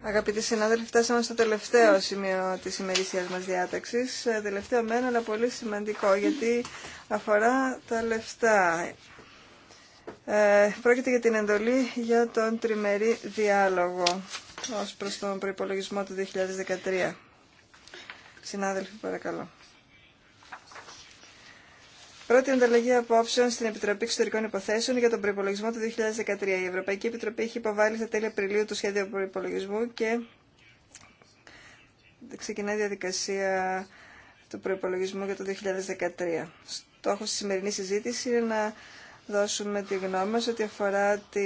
Αγαπητοί συνάδελφοι, φτάσαμε στο τελευταίο σημείο της ημερησίας μας διάταξης. Ε, τελευταίο μένο, αλλά πολύ σημαντικό, γιατί αφορά τα λεφτά. Ε, πρόκειται για την εντολή για τον τριμερή διάλογο ως προς τον προϋπολογισμό του 2013. Συνάδελφοι, παρακαλώ. Πρώτη ανταλλαγή απόψεων στην Επιτροπή Εξωτερικών Υποθέσεων για τον προπολογισμό του 2013. Η Ευρωπαϊκή Επιτροπή έχει υποβάλει στα τέλη Απριλίου το σχέδιο προπολογισμού και ξεκινάει η διαδικασία του προπολογισμού για το 2013. Στόχο της σημερινής συζήτηση είναι να δώσουμε τη γνώμη μας ότι αφορά τη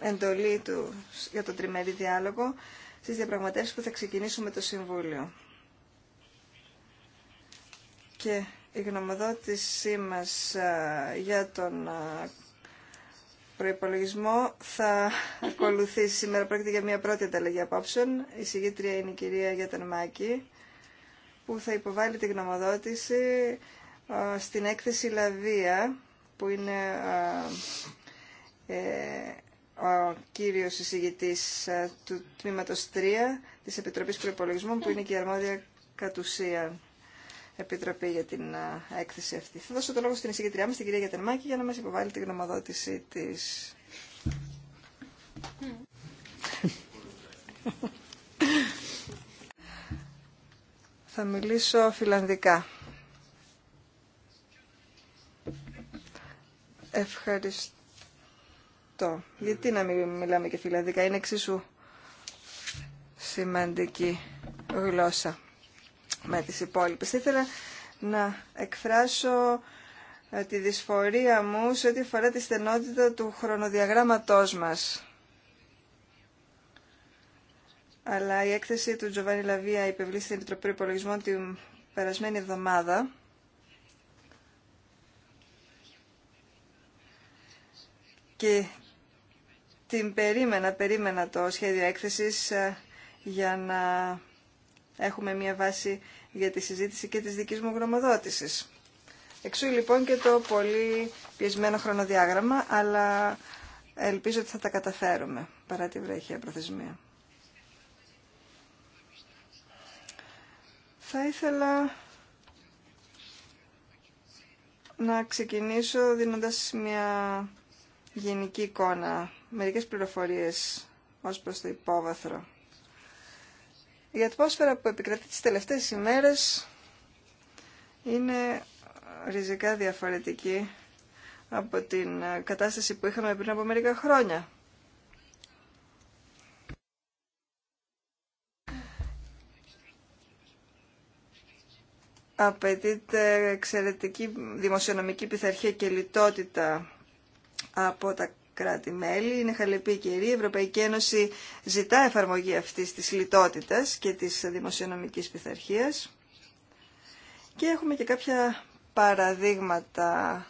εντολή του για τον τριμερή διάλογο στις διαπραγματεύσεις που θα ξεκινήσουμε το Συμβούλιο. Η γνωμοδότησή μας ε, για τον ε, προϋπολογισμό θα ακολουθήσει σήμερα. Πρόκειται για μια πρώτη ανταλλαγή απόψεων. Η συγγήτρια είναι η κυρία Γιατανμάκη που θα υποβάλει τη γνωμοδότηση ε, στην έκθεση Λαβία που είναι ο κύριος εισηγητής του τμήματος 3 της Επιτροπής Προϋπολογισμών που είναι και η αρμόδια κατουσία. Επιτροπή για την έκθεση αυτή. Θα δώσω το λόγο στην εισηγητριά μας, την κυρία Γιατερμάκη, για να μας υποβάλει την γνωμοδότησή της. Θα μιλήσω φιλανδικά. Ευχαριστώ. Γιατί να μην μιλάμε και φιλανδικά, είναι εξίσου σημαντική γλώσσα με τις υπόλοιπες. Θα ήθελα να εκφράσω ε, τη δυσφορία μου σε ό,τι αφορά τη στενότητα του χρονοδιαγράμματός μας. Αλλά η έκθεση του Τζοβάνι Λαβία υπευλή στην Επιτροπή Υπολογισμών την περασμένη εβδομάδα και την περίμενα, περίμενα το σχέδιο έκθεσης ε, για να έχουμε μια βάση για τη συζήτηση και της δικής μου γνωμοδότησης. Εξού λοιπόν και το πολύ πιεσμένο χρονοδιάγραμμα, αλλά ελπίζω ότι θα τα καταφέρουμε παρά τη βρέχεια προθεσμία. Θα ήθελα να ξεκινήσω δίνοντας μια γενική εικόνα, μερικές πληροφορίες ως προς το υπόβαθρο. Η ατμόσφαιρα που επικρατεί τις τελευταίες ημέρες είναι ριζικά διαφορετική από την κατάσταση που είχαμε πριν από μερικά χρόνια. Απαιτείται εξαιρετική δημοσιονομική πειθαρχία και λιτότητα από τα κράτη-μέλη. Είναι χαλεπή κυρία. Η Ευρωπαϊκή Ένωση ζητά εφαρμογή αυτής της λιτότητας και της δημοσιονομικής πειθαρχία. Και έχουμε και κάποια παραδείγματα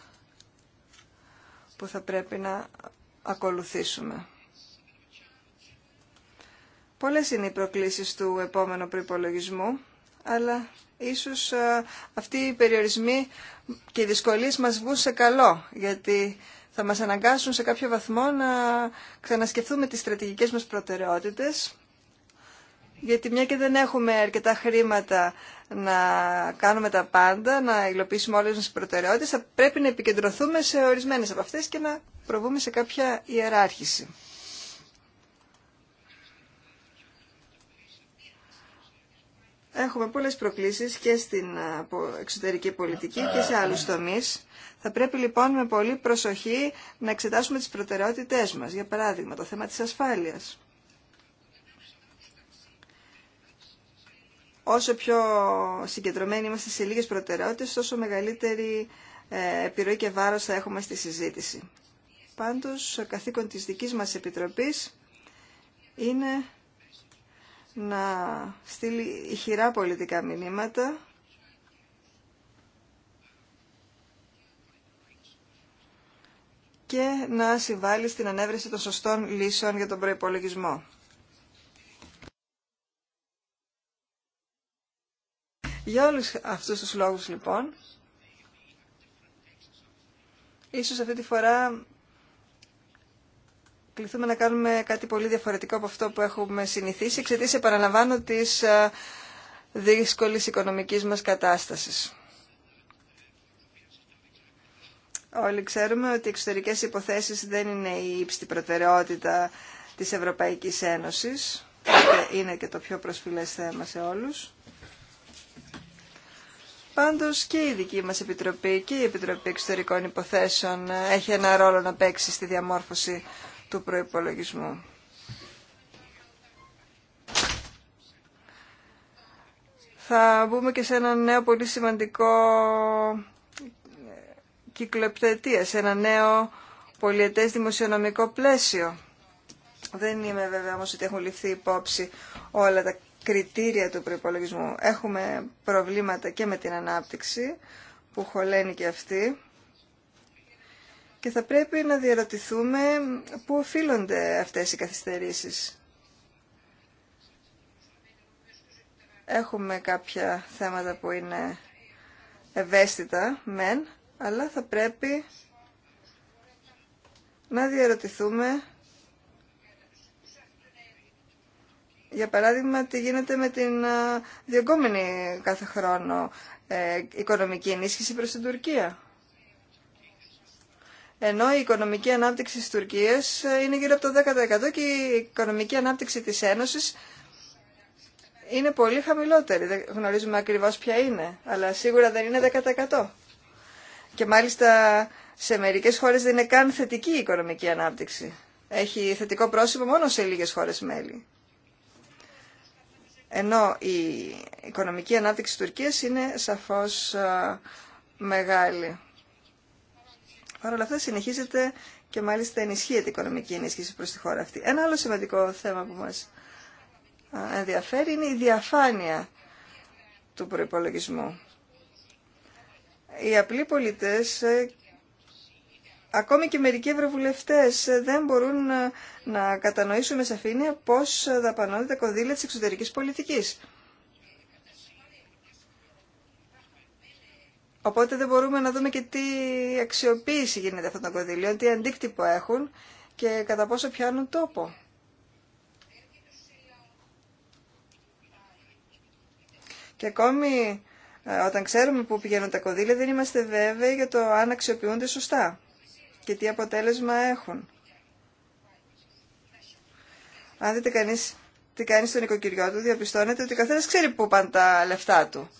που θα πρέπει να ακολουθήσουμε. Πολλές είναι οι προκλήσεις του επόμενου προϋπολογισμού, αλλά ίσως ε, αυτοί οι περιορισμοί και οι δυσκολίες μας βγουν σε καλό, γιατί θα μας αναγκάσουν σε κάποιο βαθμό να ξανασκεφτούμε τις στρατηγικές μας προτεραιότητες, γιατί μια και δεν έχουμε αρκετά χρήματα να κάνουμε τα πάντα, να υλοποιήσουμε όλες τις προτεραιότητες, θα πρέπει να επικεντρωθούμε σε ορισμένες από αυτές και να προβούμε σε κάποια ιεράρχηση. Έχουμε πολλές προκλήσεις και στην εξωτερική πολιτική και σε άλλους τομείς. Θα πρέπει λοιπόν με πολύ προσοχή να εξετάσουμε τις προτεραιότητές μας. Για παράδειγμα, το θέμα της ασφάλειας. Όσο πιο συγκεντρωμένοι είμαστε σε λίγες προτεραιότητες, τόσο μεγαλύτερη ε, επιρροή και βάρος θα έχουμε στη συζήτηση. Πάντως, καθήκον της δικής μας Επιτροπής είναι να στείλει ηχηρά πολιτικά μηνύματα και να συμβάλλει στην ανέβρεση των σωστών λύσεων για τον προϋπολογισμό. Για όλους αυτούς τους λόγους λοιπόν, ίσως αυτή τη φορά κληθούμε να κάνουμε κάτι πολύ διαφορετικό από αυτό που έχουμε συνηθίσει εξαιτίας, επαναλαμβάνω της ε, δύσκολης οικονομικής μας κατάστασης. Όλοι ξέρουμε ότι οι εξωτερικές υποθέσεις δεν είναι η ύψη προτεραιότητα της Ευρωπαϊκής Ένωσης. Είναι και το πιο προσφυλές θέμα σε όλους. Πάντως και η δική μας Επιτροπή και η Επιτροπή Εξωτερικών Υποθέσεων ε, έχει ένα ρόλο να παίξει στη διαμόρφωση του προϋπολογισμού. Θα μπούμε και σε ένα νέο πολύ σημαντικό σε ένα νέο πολιετές δημοσιονομικό πλαίσιο. Δεν είμαι βέβαια όμως ότι έχουν ληφθεί υπόψη όλα τα κριτήρια του προϋπολογισμού. Έχουμε προβλήματα και με την ανάπτυξη που χωλαίνει και αυτή. Και θα πρέπει να διαρωτηθούμε πού οφείλονται αυτές οι καθυστερήσεις. Έχουμε κάποια θέματα που είναι ευαίσθητα, μεν, αλλά θα πρέπει να διαρωτηθούμε για παράδειγμα τι γίνεται με την διεγκόμενη κάθε χρόνο ε, οικονομική ενίσχυση προς την Τουρκία ενώ η οικονομική ανάπτυξη της Τουρκίας ε, είναι γύρω από το 10% και η οικονομική ανάπτυξη της Ένωσης είναι πολύ χαμηλότερη. Δεν γνωρίζουμε ακριβώς ποια είναι, αλλά σίγουρα δεν είναι 10%. Και μάλιστα σε μερικές χώρες δεν είναι καν θετική η οικονομική ανάπτυξη. Έχει θετικό πρόσημο μόνο σε λίγες χώρες μέλη. Ενώ η οικονομική ανάπτυξη της Τουρκίας είναι σαφώς ε, μεγάλη. Παρ' όλα αυτά συνεχίζεται και μάλιστα ενισχύεται η οικονομική ενίσχυση προς τη χώρα αυτή. Ένα άλλο σημαντικό θέμα που μας ενδιαφέρει είναι η διαφάνεια του προϋπολογισμού. Οι απλοί πολίτες, ε, ακόμη και μερικοί ευρωβουλευτές, ε, δεν μπορούν ε, να κατανοήσουν με σαφήνεια πώς δαπανώνται τα κονδύλια της εξωτερικής πολιτικής. Οπότε δεν μπορούμε να δούμε και τι αξιοποίηση γίνεται αυτών των κονδυλίων, τι αντίκτυπο έχουν και κατά πόσο πιάνουν τόπο. Και ακόμη ε, όταν ξέρουμε πού πηγαίνουν τα κονδύλια δεν είμαστε βέβαιοι για το αν αξιοποιούνται σωστά και τι αποτέλεσμα έχουν. Αν δείτε κανείς τι κάνει στον οικοκυριό του, διαπιστώνεται ότι ο καθένας ξέρει πού πάνε τα λεφτά του.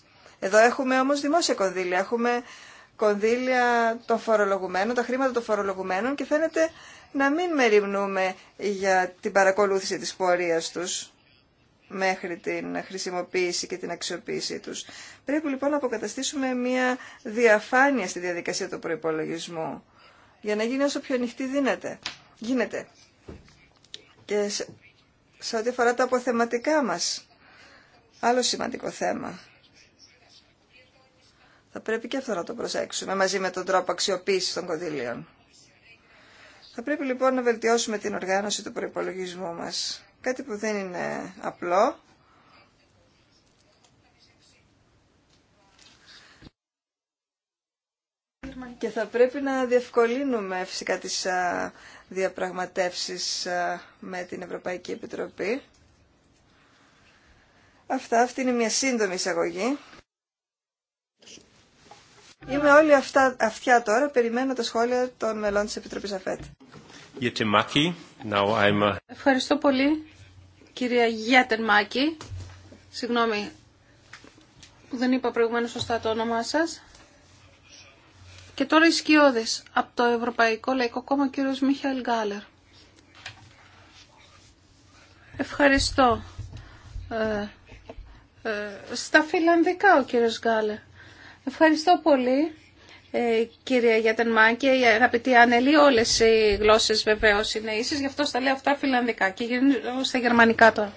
Εδώ έχουμε όμως δημόσια κονδύλια, έχουμε κονδύλια των φορολογουμένων, τα χρήματα των φορολογουμένων και φαίνεται να μην μεριμνούμε για την παρακολούθηση της πορείας τους μέχρι την χρησιμοποίηση και την αξιοποίησή τους. Πρέπει λοιπόν να αποκαταστήσουμε μια διαφάνεια στη διαδικασία του προϋπολογισμού για να γίνει όσο πιο ανοιχτή γίνεται. Και σε, ό,τι αφορά τα αποθεματικά μας, άλλο σημαντικό θέμα. Θα πρέπει και αυτό να το προσέξουμε μαζί με τον τρόπο αξιοποίηση των κονδυλίων. Θα πρέπει λοιπόν να βελτιώσουμε την οργάνωση του προπολογισμού μας. Κάτι που δεν είναι απλό. Και θα πρέπει να διευκολύνουμε φυσικά τις διαπραγματεύσεις με την Ευρωπαϊκή Επιτροπή. Αυτά, αυτή είναι μια σύντομη εισαγωγή. Είμαι όλη αυτά, αυτιά τώρα, περιμένω τα σχόλια των μελών της Επιτροπής ΑΦΕΤ. Ευχαριστώ πολύ, κυρία
Μάκη. Συγγνώμη που δεν είπα προηγουμένως σωστά το όνομά σας. Και τώρα οι σκιώδες από το Ευρωπαϊκό Λαϊκό Κόμμα, κύριος Μιχαήλ Γκάλερ. Ευχαριστώ. Ε, ε, στα φιλανδικά ο κύριος Γκάλερ. Ευχαριστώ πολύ. Ε, κυρία Γιατενμάκη, η ε, αγαπητή Άνελη, όλες οι γλώσσες βεβαίως είναι ίσες, γι' αυτό στα λέω αυτά φιλανδικά και γίνω στα γερμανικά τώρα.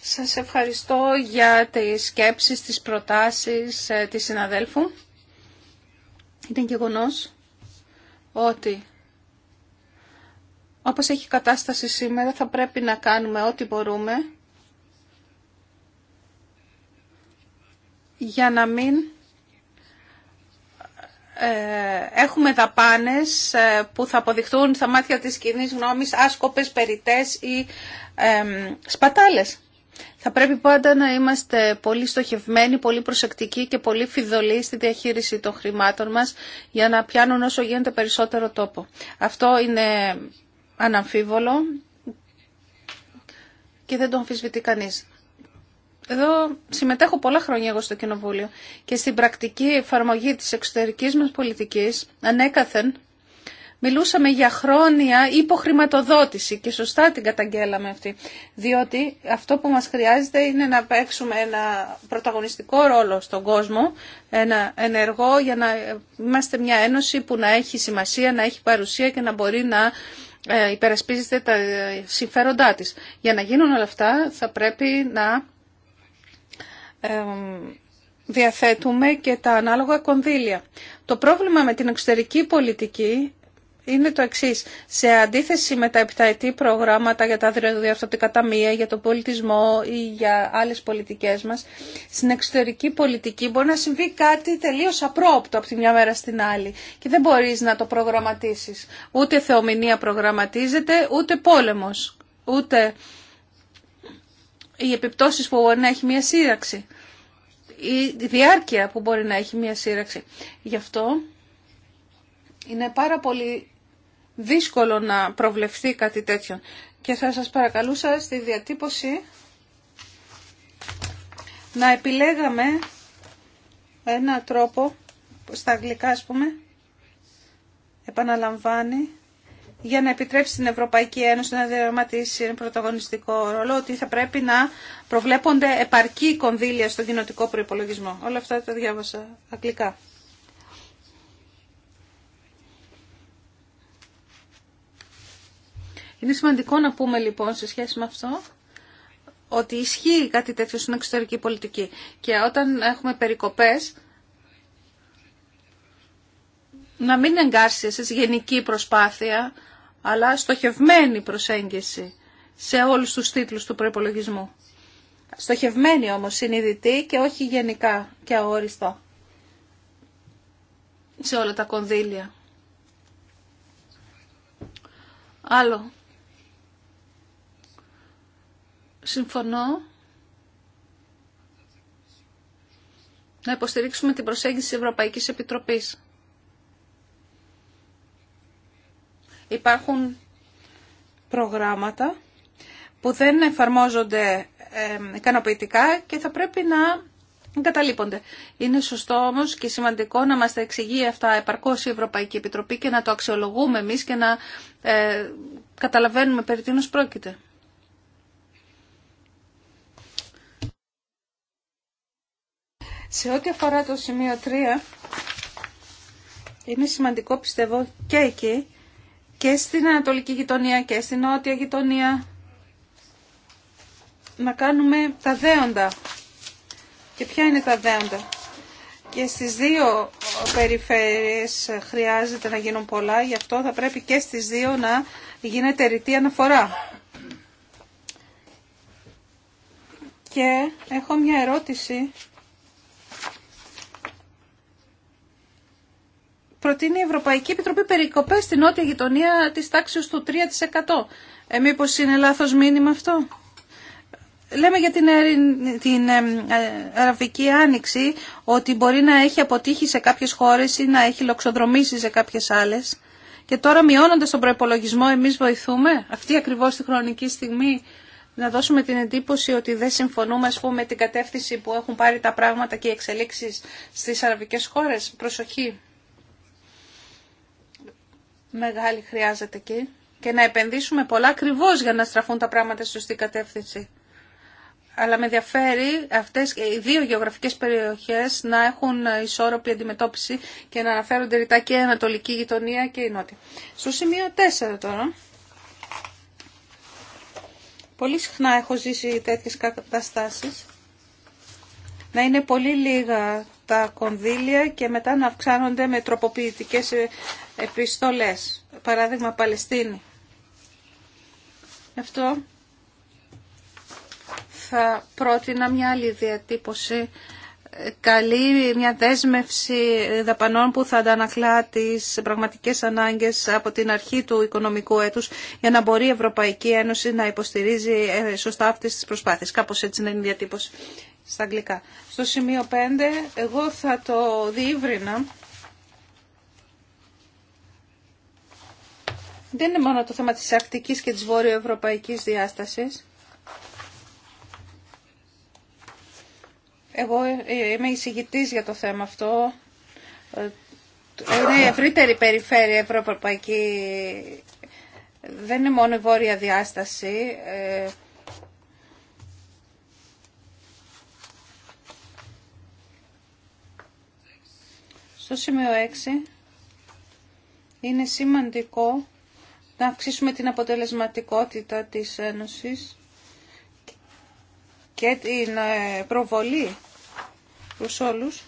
Σας ευχαριστώ για τις σκέψεις, τις προτάσεις ε, της συναδέλφου. Είναι γεγονό ότι όπως έχει κατάσταση σήμερα θα πρέπει να κάνουμε ό,τι μπορούμε για να μην ε, έχουμε δαπάνες ε, που θα αποδειχθούν στα μάτια της κοινή γνώμης άσκοπες, περιτές ή σπατάλες. Θα πρέπει πάντα να είμαστε πολύ στοχευμένοι, πολύ προσεκτικοί και πολύ φιδωλοί στη διαχείριση των χρημάτων μας για να πιάνουν όσο γίνεται περισσότερο τόπο. Αυτό είναι αναμφίβολο και δεν το αμφισβητεί κανείς. Εδώ συμμετέχω πολλά χρόνια εγώ στο Κοινοβούλιο και στην πρακτική εφαρμογή της εξωτερικής μας πολιτικής ανέκαθεν μιλούσαμε για χρόνια υποχρηματοδότηση και σωστά την καταγγέλαμε αυτή. Διότι αυτό που μας χρειάζεται είναι να παίξουμε ένα πρωταγωνιστικό ρόλο στον κόσμο, ένα ενεργό για να είμαστε μια ένωση που να έχει σημασία, να έχει παρουσία και να μπορεί να ε, υπερασπίζεται τα συμφέροντά της. Για να γίνουν όλα αυτά θα πρέπει να διαθέτουμε και τα ανάλογα κονδύλια. Το πρόβλημα με την εξωτερική πολιτική είναι το εξή. Σε αντίθεση με τα επταετή προγράμματα για τα διορθωτικά ταμεία, για τον πολιτισμό ή για άλλε πολιτικέ μα, στην εξωτερική πολιτική μπορεί να συμβεί κάτι τελείω απρόπτο από τη μια μέρα στην άλλη και δεν μπορεί να το προγραμματίσει. Ούτε θεομηνία προγραμματίζεται, ούτε πόλεμο, ούτε οι επιπτώσει που μπορεί να έχει μια σύραξη η διάρκεια που μπορεί να έχει μια σύραξη. Γι' αυτό είναι πάρα πολύ δύσκολο να προβλεφθεί κάτι τέτοιο. Και θα σας παρακαλούσα στη διατύπωση να επιλέγαμε ένα τρόπο, στα αγγλικά ας πούμε, επαναλαμβάνει για να επιτρέψει την Ευρωπαϊκή Ένωση να διαδραματίσει ένα πρωταγωνιστικό ρόλο, ότι θα πρέπει να προβλέπονται επαρκή κονδύλια στον κοινοτικό προπολογισμό. Όλα αυτά τα διάβασα αγγλικά. Είναι σημαντικό να πούμε λοιπόν σε σχέση με αυτό ότι ισχύει κάτι τέτοιο στην εξωτερική πολιτική. Και όταν έχουμε περικοπές, να μην εγκάρσει σε γενική προσπάθεια αλλά στοχευμένη προσέγγιση σε όλους τους τίτλους του προϋπολογισμού. Στοχευμένη όμως συνειδητή και όχι γενικά και αόριστα σε όλα τα κονδύλια. Άλλο. Συμφωνώ να υποστηρίξουμε την προσέγγιση της Ευρωπαϊκής Επιτροπής. Υπάρχουν προγράμματα που δεν εφαρμόζονται ε, ικανοποιητικά και θα πρέπει να εγκαταλείπονται. Είναι σωστό όμω και σημαντικό να μας τα εξηγεί αυτά επαρκώς η Ευρωπαϊκή Επιτροπή και να το αξιολογούμε εμείς και να ε, καταλαβαίνουμε περί τίνος πρόκειται. Σε ό,τι αφορά το σημείο 3, είναι σημαντικό πιστεύω και εκεί και στην Ανατολική γειτονία και στην Νότια γειτονία να κάνουμε τα δέοντα. Και ποια είναι τα δέοντα. Και στις δύο περιφέρειες χρειάζεται να γίνουν πολλά, γι' αυτό θα πρέπει και στις δύο να γίνεται ρητή αναφορά. Και έχω μια ερώτηση προτείνει η Ευρωπαϊκή Επιτροπή περικοπές στην νότια γειτονία της τάξης του 3%. Ε, μήπως είναι λάθος μήνυμα αυτό. Λέμε για την, την ε, Αραβική Άνοιξη ότι μπορεί να έχει αποτύχει σε κάποιες χώρες ή να έχει λοξοδρομήσει σε κάποιες άλλες. Και τώρα μειώνοντας τον προπολογισμό εμείς βοηθούμε αυτή ακριβώς τη χρονική στιγμή να δώσουμε την εντύπωση ότι δεν συμφωνούμε ας πούμε, με την κατεύθυνση που έχουν πάρει τα πράγματα και οι εξελίξεις στις αραβικές χώρες. Προσοχή μεγάλη χρειάζεται εκεί και να επενδύσουμε πολλά ακριβώ για να στραφούν τα πράγματα στη σωστή κατεύθυνση. Αλλά με ενδιαφέρει αυτές οι δύο γεωγραφικές περιοχές να έχουν ισόρροπη αντιμετώπιση και να αναφέρονται ρητά και η Ανατολική Γειτονία και η Νότια. Στο σημείο 4 τώρα. Πολύ συχνά έχω ζήσει τέτοιε καταστάσει Να είναι πολύ λίγα τα κονδύλια και μετά να αυξάνονται με τροποποιητικές ε, επιστολές. Παράδειγμα Παλαιστίνη. Αυτό θα πρότεινα μια άλλη διατύπωση ε, καλή μια δέσμευση δαπανών που θα αντανακλά τις πραγματικές ανάγκες από την αρχή του οικονομικού έτους για να μπορεί η Ευρωπαϊκή Ένωση να υποστηρίζει ε, σωστά αυτές τις προσπάθειες. Κάπως έτσι να είναι η διατύπωση στα αγγλικά. Στο σημείο 5 εγώ θα το διήβρινα. Δεν είναι μόνο το θέμα της αρκτικής και της βόρειο-ευρωπαϊκής διάστασης. Εγώ είμαι εισηγητής για το θέμα αυτό. Ε, είναι η ευρύτερη περιφέρεια ευρωπαϊκή. Δεν είναι μόνο η βόρεια διάσταση. Ε, Στο σημείο 6 είναι σημαντικό να αυξήσουμε την αποτελεσματικότητα της Ένωσης και την ε, προβολή προς όλους.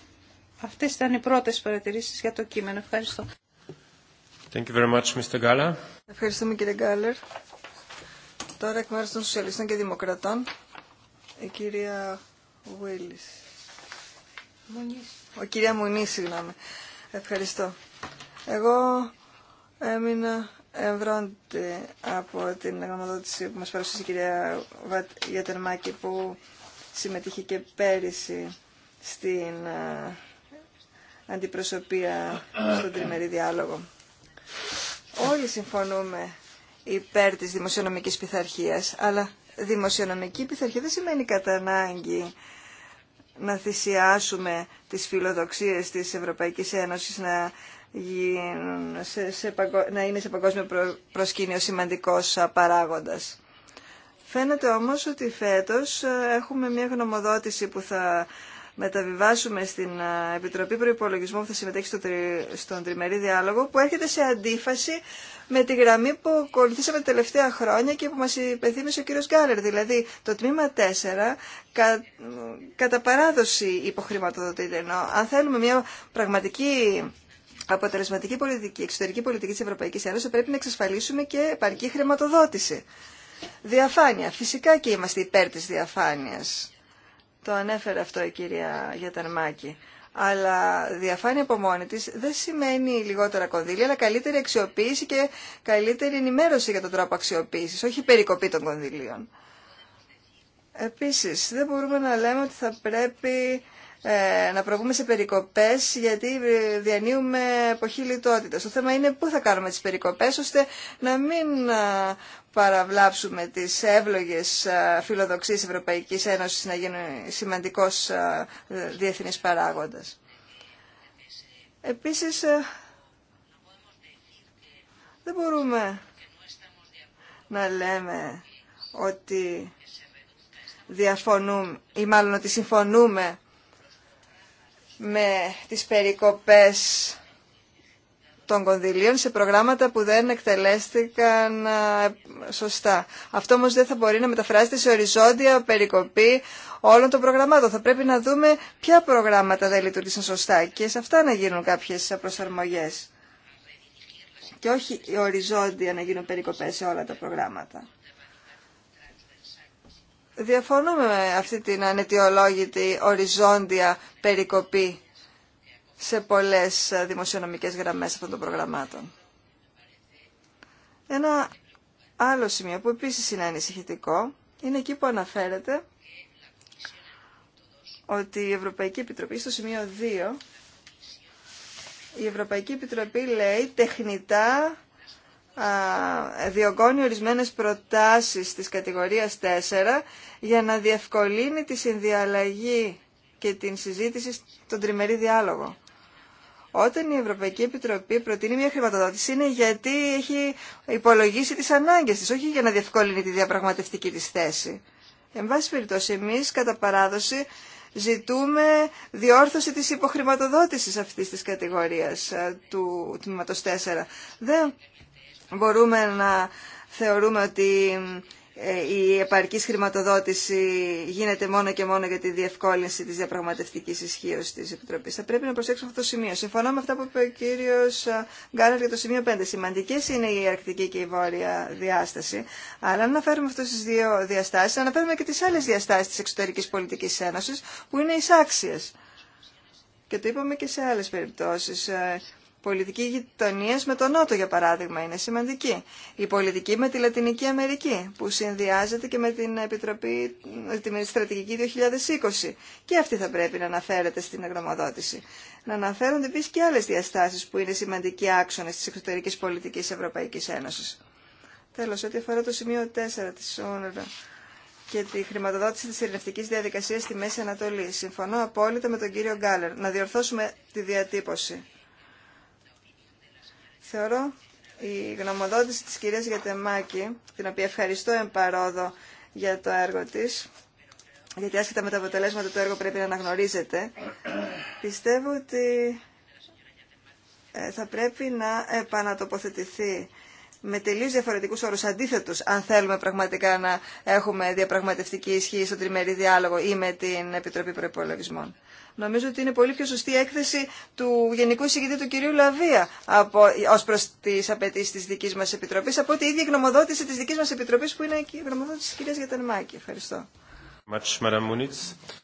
Αυτές ήταν οι πρώτες
παρατηρήσεις για το κείμενο. Ευχαριστώ.
Thank you very much, Mr. Gala.
Ευχαριστούμε κύριε Γκάλερ. Τώρα εκ μέρους των Σοσιαλιστών και Δημοκρατών, η κυρία Βουίλης. Ο κυρία Μουνή, συγγνώμη. Ευχαριστώ. Εγώ έμεινα ευρώντη από την γνωμοδότηση που μας παρουσίασε η κυρία Γιατερμάκη που συμμετείχε και πέρυσι στην ε, αντιπροσωπεία στον τριμερή διάλογο. Όλοι συμφωνούμε υπέρ της δημοσιονομικής πειθαρχίας, αλλά δημοσιονομική πειθαρχία δεν σημαίνει κατά ανάγκη να θυσιάσουμε τις φιλοδοξίες της Ευρωπαϊκής Ένωσης να, γίνουν σε, να είναι σε παγκόσμιο προσκήνιο σημαντικός παράγοντας. Φαίνεται όμως ότι φέτος έχουμε μια γνωμοδότηση που θα μεταβιβάσουμε στην ε, Επιτροπή Προϋπολογισμού που θα συμμετέχει στο τρι... στον τριμερή διάλογο που έρχεται σε αντίφαση με τη γραμμή που ακολουθήσαμε τα τελευταία χρόνια και που μας υπενθύμισε ο κύριος Γκάλερ. Δηλαδή το τμήμα 4 κα... κατά παράδοση υποχρηματοδοτείται. Ενώ αν θέλουμε μια πραγματική αποτελεσματική πολιτική, εξωτερική πολιτική της Ευρωπαϊκής Ένωσης πρέπει να εξασφαλίσουμε και επαρκή χρηματοδότηση. Διαφάνεια. Φυσικά και είμαστε υπέρ της διαφάνειας. Το ανέφερε αυτό η κυρία Γιαταρμάκη. Αλλά διαφάνεια από μόνη τη δεν σημαίνει λιγότερα κονδύλια, αλλά καλύτερη αξιοποίηση και καλύτερη ενημέρωση για τον τρόπο αξιοποίηση, όχι περικοπή των κονδυλίων. Επίσης, δεν μπορούμε να λέμε ότι θα πρέπει ε, να προβούμε σε περικοπές γιατί ε, διανύουμε εποχή λιτότητας. Το θέμα είναι πού θα κάνουμε τις περικοπές ώστε να μην ε, παραβλάψουμε τις εύλογες φιλοδοξίες Ευρωπαϊκής Ένωσης να γίνουν σημαντικός διεθνής παράγοντας. Επίσης, δεν μπορούμε να λέμε ότι διαφωνούμε ή μάλλον ότι συμφωνούμε με τις περικοπές των κονδυλίων σε προγράμματα που δεν εκτελέστηκαν σωστά. Αυτό όμως δεν θα μπορεί να μεταφράσει σε οριζόντια περικοπή όλων των προγραμμάτων. Θα πρέπει να δούμε ποια προγράμματα δεν λειτουργήσαν σωστά και σε αυτά να γίνουν κάποιες προσαρμογές. Και όχι οριζόντια να γίνουν περικοπές σε όλα τα προγράμματα. Διαφωνούμε με αυτή την ανετιολόγητη οριζόντια περικοπή σε πολλές δημοσιονομικές γραμμές αυτών των προγραμμάτων. Ένα άλλο σημείο που επίσης είναι ανησυχητικό είναι εκεί που αναφέρεται ότι η Ευρωπαϊκή Επιτροπή στο σημείο 2 η Ευρωπαϊκή Επιτροπή λέει τεχνητά διωγγώνει ορισμένες προτάσεις της κατηγορίας 4 για να διευκολύνει τη συνδιαλλαγή και την συζήτηση στον τριμερή διάλογο. Όταν η Ευρωπαϊκή Επιτροπή προτείνει μια χρηματοδότηση είναι γιατί έχει υπολογίσει τις ανάγκες της, όχι για να διευκολύνει τη διαπραγματευτική της θέση. Εν πάση περιπτώσει, εμείς κατά παράδοση ζητούμε διόρθωση της υποχρηματοδότησης αυτής της κατηγορίας του τμήματος 4. Δεν μπορούμε να θεωρούμε ότι ε, η επαρκής χρηματοδότηση γίνεται μόνο και μόνο για τη διευκόλυνση της διαπραγματευτικής ισχύω της Επιτροπής. Θα πρέπει να προσέξουμε αυτό το σημείο. Συμφωνώ με αυτά που είπε ο κύριος ε, Γκάνερ για το σημείο 5. Σημαντικές είναι η αρκτική και η βόρεια διάσταση. Αλλά αν αναφέρουμε αυτές τις δύο διαστάσεις, αναφέρουμε και τις άλλες διαστάσεις της εξωτερικής πολιτικής ένωσης που είναι εισάξιες. Και το είπαμε και σε άλλες περιπτώσεις. Ε, πολιτική γειτονία με τον Νότο, για παράδειγμα, είναι σημαντική. Η πολιτική με τη Λατινική Αμερική, που συνδυάζεται και με την Επιτροπή, τη Στρατηγική 2020. Και αυτή θα πρέπει να αναφέρεται στην εγγραμμοδότηση. Να αναφέρονται επίση και άλλε διαστάσει που είναι σημαντικοί άξονε τη εξωτερική πολιτική Ευρωπαϊκή Ένωση. Τέλο, ό,τι αφορά το σημείο 4 τη ΟΝΡΑ και τη χρηματοδότηση τη ειρηνευτική διαδικασία στη Μέση Ανατολή. Συμφωνώ απόλυτα με τον κύριο Γκάλερ να διορθώσουμε τη διατύπωση Θεωρώ η γνωμοδότηση της κυρίας Γιατεμάκη, την οποία ευχαριστώ εμπαρόδο για το έργο της, γιατί άσχετα με τα αποτελέσματα το έργο πρέπει να αναγνωρίζεται, πιστεύω ότι ε, θα πρέπει να επανατοποθετηθεί με τελείως διαφορετικούς όρους αντίθετους, αν θέλουμε πραγματικά να έχουμε διαπραγματευτική ισχύ στο τριμερή διάλογο ή με την Επιτροπή Προϋπολογισμών. Νομίζω ότι είναι πολύ πιο σωστή η έκθεση του Γενικού Εισηγητή του κυρίου Λαβία από, ως προς τις απαιτήσεις της δικής μας Επιτροπής, από ότι η ίδια γνωμοδότηση της δικής μας Επιτροπής που είναι η γνωμοδότηση της κυρίας Γιατανμάκη. Ευχαριστώ.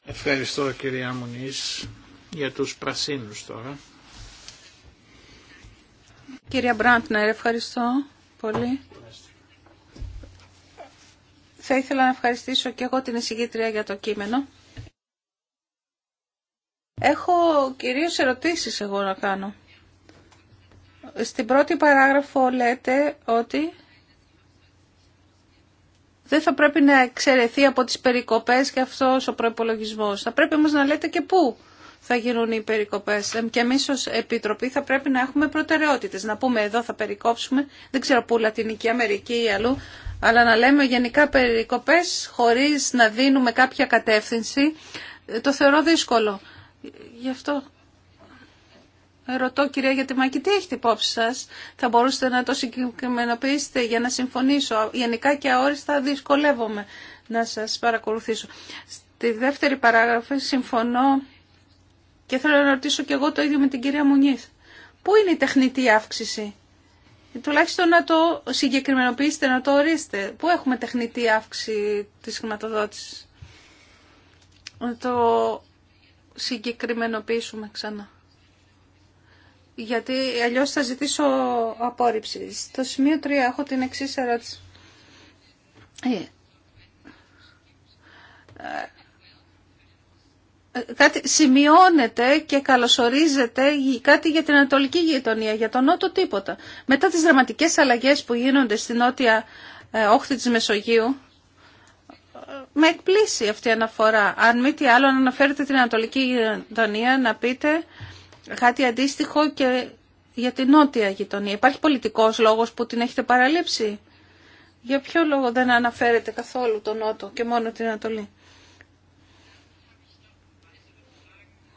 Ευχαριστώ κυρία Μουνής για τους πρασίνους τώρα.
Κυρία Μπραντνερ, ευχαριστώ πολύ. Θα ήθελα να ευχαριστήσω και εγώ την εισηγήτρια για το κείμενο. Έχω κυρίως ερωτήσεις εγώ να κάνω. Στην πρώτη παράγραφο λέτε ότι δεν θα πρέπει να εξαιρεθεί από τις περικοπές και αυτός ο προϋπολογισμός. Θα πρέπει όμως να λέτε και πού θα γίνουν οι περικοπές. Και εμείς ως Επιτροπή θα πρέπει να έχουμε προτεραιότητες. Να πούμε εδώ θα περικόψουμε, δεν ξέρω πού, Λατινική Αμερική ή αλλού, αλλά να λέμε γενικά περικοπές χωρίς να δίνουμε κάποια κατεύθυνση, ε, το θεωρώ δύσκολο. Γι' αυτό ρωτώ κυρία Γιατιμάκη, τι έχετε υπόψη σας. Θα μπορούσατε να το συγκεκριμενοποιήσετε για να συμφωνήσω. Γενικά και αόριστα δυσκολεύομαι να σας παρακολουθήσω. Στη δεύτερη παράγραφη συμφωνώ και θέλω να ρωτήσω και εγώ το ίδιο με την κυρία Μουνίθ. Πού είναι η τεχνητή αύξηση. Τουλάχιστον να το συγκεκριμενοποιήσετε, να το ορίσετε. Πού έχουμε τεχνητή αύξηση της χρηματοδότησης. Το συγκεκριμενοποιήσουμε ξανά. Γιατί αλλιώς θα ζητήσω απόρριψη. Στο σημείο 3 έχω την εξής ερώτηση. Ε, ε, ε, κάτι σημειώνεται και καλωσορίζεται κάτι για την Ανατολική γειτονία, για τον Νότο τίποτα. Μετά τις δραματικές αλλαγές που γίνονται στην Νότια όχθη της Μεσογείου, με εκπλήσει αυτή η αναφορά. Αν μη τι άλλο, αναφέρετε την Ανατολική γειτονία, να πείτε κάτι αντίστοιχο και για την νότια γειτονία. Υπάρχει πολιτικός λόγος που την έχετε παραλείψει. Για ποιο λόγο δεν αναφέρετε καθόλου τον Νότο και μόνο την Ανατολή.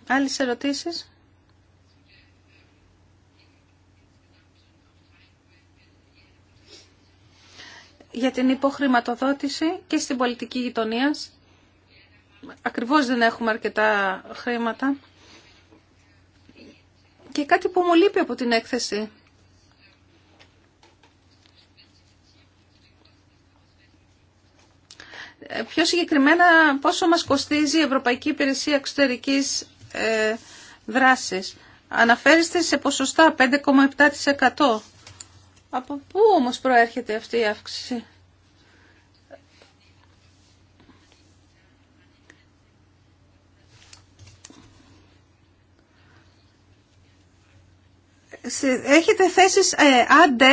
Άλλες ερωτήσεις. για την υποχρηματοδότηση και στην πολιτική γειτονία. Ακριβώς δεν έχουμε αρκετά χρήματα. Και κάτι που μου λείπει από την έκθεση. Ε, πιο συγκεκριμένα πόσο μας κοστίζει η Ευρωπαϊκή Υπηρεσία Εξωτερικής ε, Δράσης. Αναφέρεστε σε ποσοστά 5,7%. Από πού όμως προέρχεται αυτή η αύξηση. Έχετε θέσεις ε, άντε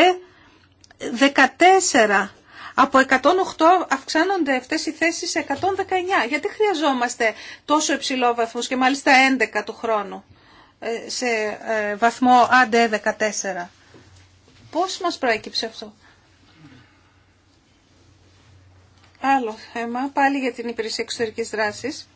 14. Από 108 αυξάνονται αυτές οι θέσεις σε 119. Γιατί χρειαζόμαστε τόσο υψηλό βαθμός και μάλιστα 11 του χρόνου ε, σε ε, βαθμό άντε 14. Πώς μας προέκυψε αυτό. Άλλο θέμα, πάλι για την υπηρεσία εξωτερικής δράσης.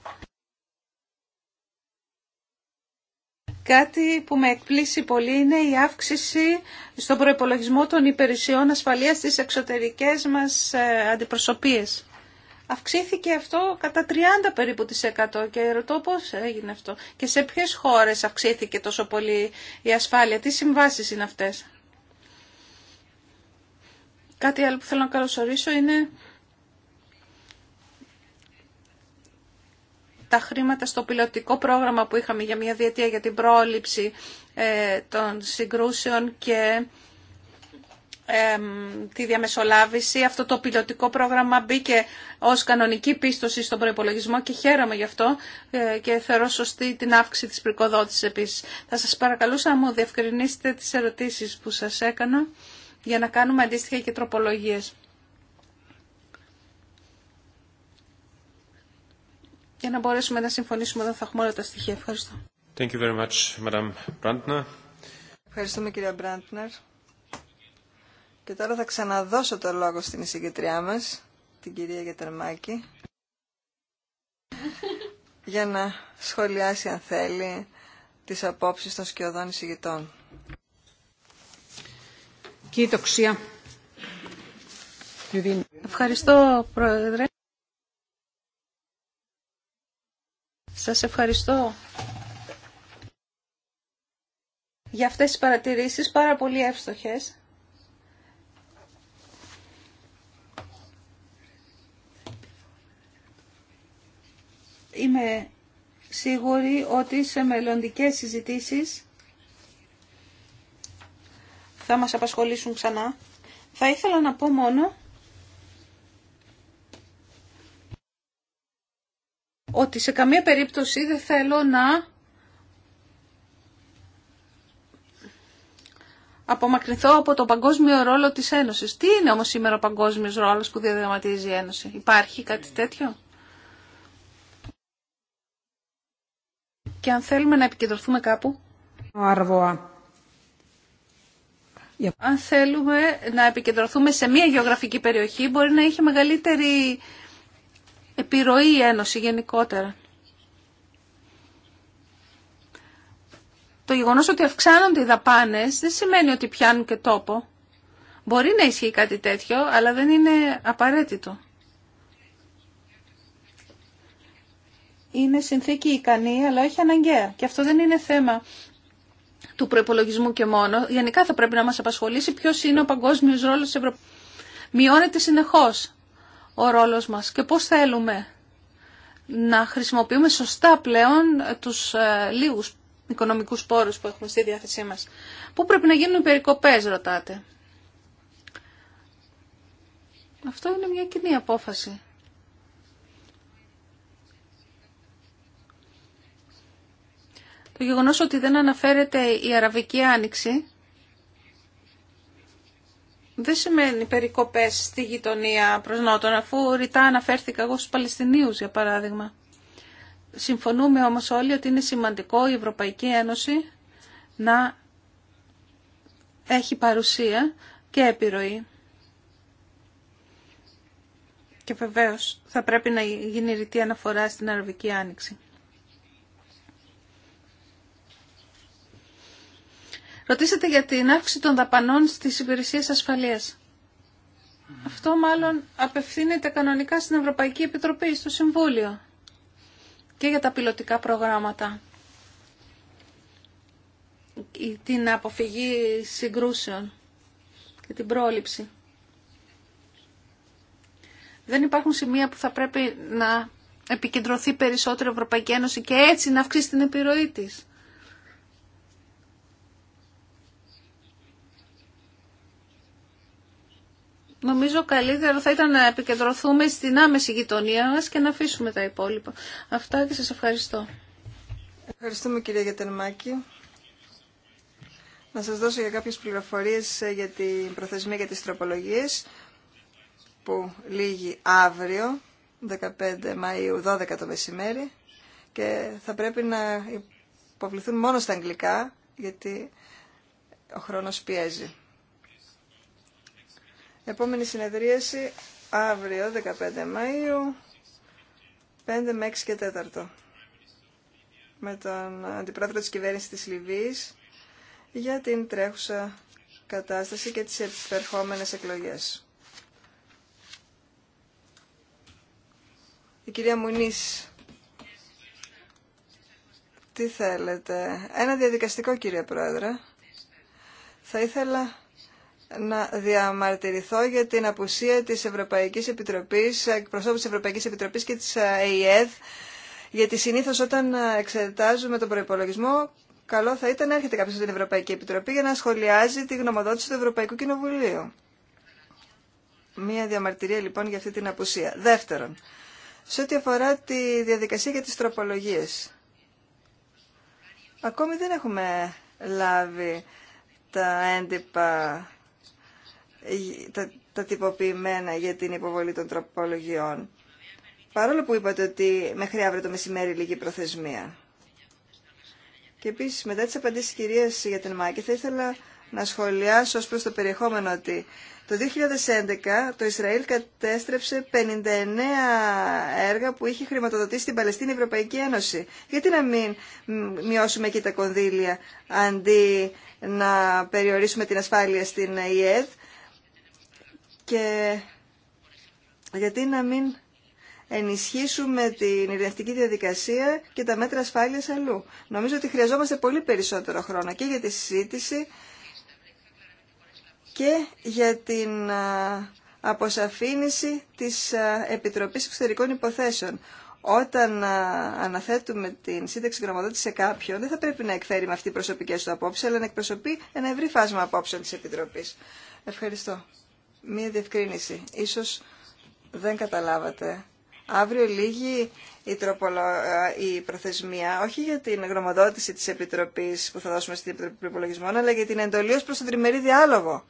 Κάτι που με εκπλήσει πολύ είναι η αύξηση στον προϋπολογισμό των υπηρεσιών ασφαλείας στις εξωτερικές μας ε, αντιπροσωπείες. Αυξήθηκε αυτό κατά 30 περίπου της 100 και ρωτώ πώς έγινε αυτό. Και σε ποιες χώρες αυξήθηκε τόσο πολύ η ασφάλεια, τι συμβάσεις είναι αυτές. Κάτι άλλο που θέλω να καλωσορίσω είναι τα χρήματα στο πιλωτικό πρόγραμμα που είχαμε για μια διετία για την πρόληψη ε, των συγκρούσεων και τη διαμεσολάβηση. Αυτό το πιλωτικό πρόγραμμα μπήκε ως κανονική πίστοση στον προϋπολογισμό και χαίρομαι γι' αυτό ε, και θεωρώ σωστή την αύξηση της πρικοδότησης επίσης. Θα σας παρακαλούσα να μου διευκρινίσετε τις ερωτήσεις που σας έκανα για να κάνουμε αντίστοιχα και τροπολογίες.
Για να μπορέσουμε να συμφωνήσουμε όταν θα έχουμε όλα τα στοιχεία. Ευχαριστώ.
Thank you very much, Madam
Ευχαριστούμε κυρία Μπραντνερ. Και τώρα θα ξαναδώσω το λόγο στην εισηγητριά μας, την κυρία Γετερμάκη, για να σχολιάσει αν θέλει τις απόψεις των σκιωδών εισηγητών.
Ευχαριστώ, Πρόεδρε. Σας ευχαριστώ για αυτές τις παρατηρήσεις, πάρα πολύ εύστοχες. Είμαι σίγουρη ότι σε μελλοντικές συζητήσεις θα μας απασχολήσουν ξανά. Θα ήθελα να πω μόνο ότι σε καμία περίπτωση δεν θέλω να απομακρυνθώ από το παγκόσμιο ρόλο της Ένωσης. Τι είναι όμως σήμερα ο παγκόσμιος ρόλος που διαδραματίζει η Ένωση. Υπάρχει κάτι τέτοιο. Και αν θέλουμε να επικεντρωθούμε κάπου. Άρβοα. Αν θέλουμε να επικεντρωθούμε σε μία γεωγραφική περιοχή, μπορεί να έχει μεγαλύτερη επιρροή η Ένωση γενικότερα. Το γεγονός ότι αυξάνονται οι δαπάνες δεν σημαίνει ότι πιάνουν και τόπο. Μπορεί να ισχύει κάτι τέτοιο, αλλά δεν είναι απαραίτητο. Είναι συνθήκη ικανή, αλλά όχι αναγκαία. Και αυτό δεν είναι θέμα του προπολογισμού και μόνο, γενικά θα πρέπει να μα απασχολήσει ποιο είναι ο παγκόσμιος ρόλος της Ευρωπαϊκής. Μειώνεται συνεχώ ο ρόλο μα και πώ θέλουμε να χρησιμοποιούμε σωστά πλέον τους ε, λίγου οικονομικού πόρου που έχουμε στη διάθεσή μα. Πού πρέπει να γίνουν οι περικοπές, ρωτάτε. Αυτό είναι μια κοινή απόφαση Το γεγονός ότι δεν αναφέρεται η Αραβική Άνοιξη δεν σημαίνει περικοπές στη γειτονία προς Νότον, αφού ρητά αναφέρθηκα εγώ στους Παλαιστινίου, για παράδειγμα. Συμφωνούμε όμως όλοι ότι είναι σημαντικό η Ευρωπαϊκή Ένωση να έχει παρουσία και επιρροή. Και βεβαίως θα πρέπει να γίνει ρητή αναφορά στην Αραβική Άνοιξη. Ρωτήσατε για την αύξηση των δαπανών στις υπηρεσίες ασφαλείας. Αυτό μάλλον απευθύνεται κανονικά στην Ευρωπαϊκή Επιτροπή, στο Συμβούλιο και για τα πιλωτικά προγράμματα. η Την αποφυγή συγκρούσεων και την πρόληψη. Δεν υπάρχουν σημεία που θα πρέπει να επικεντρωθεί περισσότερο η Ευρωπαϊκή Ένωση και έτσι να αυξήσει την επιρροή της. Νομίζω καλύτερο θα ήταν να επικεντρωθούμε στην άμεση γειτονία μας και να αφήσουμε τα υπόλοιπα. Αυτά και σας ευχαριστώ.
Ευχαριστούμε κυρία Γιατερμάκη. Να σας δώσω για κάποιες πληροφορίες ε, για την προθεσμία για τις τροπολογίες που λύγει αύριο, 15 Μαΐου, 12 το μεσημέρι και θα πρέπει να υποβληθούν μόνο στα αγγλικά γιατί ο χρόνος πιέζει. Επόμενη συνεδρίαση αύριο 15 Μαΐου 5 με 6 και 4 με τον Αντιπρόεδρο της Κυβέρνησης της Λιβύης για την τρέχουσα κατάσταση και τις επερχόμενες εκλογές. Η κυρία Μουνής, τι θέλετε. Ένα διαδικαστικό κύριε Πρόεδρε. Θα ήθελα να διαμαρτυρηθώ για την απουσία της Ευρωπαϊκής Επιτροπής, εκπροσώπου της Ευρωπαϊκής Επιτροπής και της ε, ΑΕΔ, γιατί συνήθως όταν εξετάζουμε τον προϋπολογισμό, καλό θα ήταν να έρχεται κάποιος στην Ευρωπαϊκή Επιτροπή για να σχολιάζει τη γνωμοδότηση του Ευρωπαϊκού Κοινοβουλίου. Μία διαμαρτυρία λοιπόν για αυτή την απουσία. Δεύτερον, σε ό,τι αφορά τη διαδικασία για τις τροπολογίες. Ακόμη δεν έχουμε λάβει τα έντυπα τα, τυποποιημένα για την υποβολή των τροπολογιών. Παρόλο που είπατε ότι μέχρι αύριο το μεσημέρι λίγη προθεσμία. Και επίσης μετά τις απαντήσεις κυρίας για την Μάκη θα ήθελα να σχολιάσω ως προς το περιεχόμενο ότι το 2011 το Ισραήλ κατέστρεψε 59 έργα που είχε χρηματοδοτήσει την Παλαιστίνη Ευρωπαϊκή Ένωση. Γιατί να μην μειώσουμε εκεί τα κονδύλια αντί να περιορίσουμε την ασφάλεια στην ΙΕΔ και γιατί να μην ενισχύσουμε την ειρηνευτική διαδικασία και τα μέτρα ασφάλειας αλλού. Νομίζω ότι χρειαζόμαστε πολύ περισσότερο χρόνο και για τη συζήτηση και για την αποσαφήνιση της Επιτροπής Εξωτερικών Υποθέσεων. Όταν αναθέτουμε την σύνταξη γνωμοδότηση σε κάποιον, δεν θα πρέπει να εκφέρει με αυτή προσωπικέ του απόψει, αλλά να εκπροσωπεί ένα ευρύ φάσμα απόψεων τη Επιτροπή. Ευχαριστώ μία διευκρίνηση. Ίσως δεν καταλάβατε. Αύριο λίγη η, ε, η προθεσμία, όχι για την γνωμοδότηση της Επιτροπής που θα δώσουμε στην Επιτροπή Προπολογισμών, αλλά για την εντολή ως προς τον τριμερή διάλογο.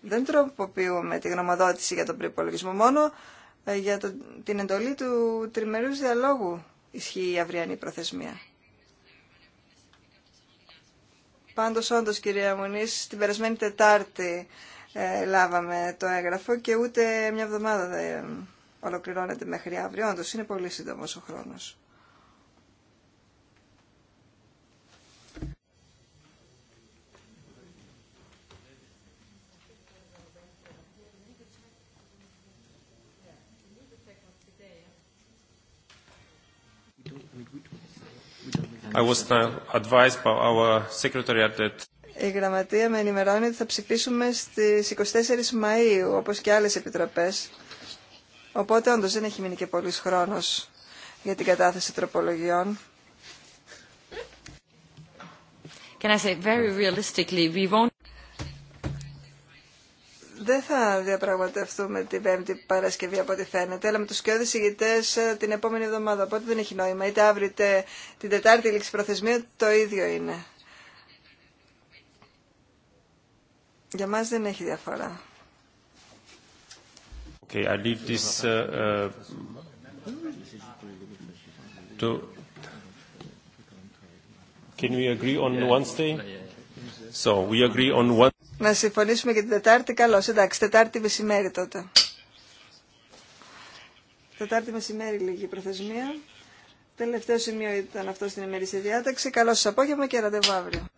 Δεν τροποποιούμε τη γνωμοδότηση για τον προπολογισμό, μόνο ε, για την εντολή του τριμερούς διαλόγου ισχύει η αυριανή προθεσμία. Πάντως, όντως, κυρία Μονής, την περασμένη Τετάρτη ε, λάβαμε το έγγραφο και ούτε μια εβδομάδα δεν ολοκληρώνεται μέχρι αύριο. Όντως είναι πολύ σύντομος ο χρόνος.
I was
uh, advised by our at that
η Γραμματεία με ενημερώνει ότι θα ψηφίσουμε στις 24 Μαΐου, όπως και άλλες επιτροπές. Οπότε όντως δεν έχει μείνει και πολλής χρόνος για την κατάθεση τροπολογιών. Can I say very realistically, we won't... Δεν θα διαπραγματευτούμε την Πέμπτη Παρασκευή από ό,τι φαίνεται, αλλά με του κοιόδη ηγητέ ε, την επόμενη εβδομάδα. Οπότε δεν έχει νόημα. Είτε αύριο είτε την Τετάρτη λήξη προθεσμία το ίδιο είναι. Για μας δεν έχει διαφορά.
Okay, I leave this uh, uh, to... Can we agree on Wednesday?
So we agree on one...
Να συμφωνήσουμε και την Τετάρτη, καλώς. Εντάξει, Τετάρτη μεσημέρι τότε. Τετάρτη μεσημέρι λίγη προθεσμία. Τελευταίο σημείο ήταν αυτό στην ημερήσια διάταξη. Καλό σας απόγευμα και ραντεβού αύριο.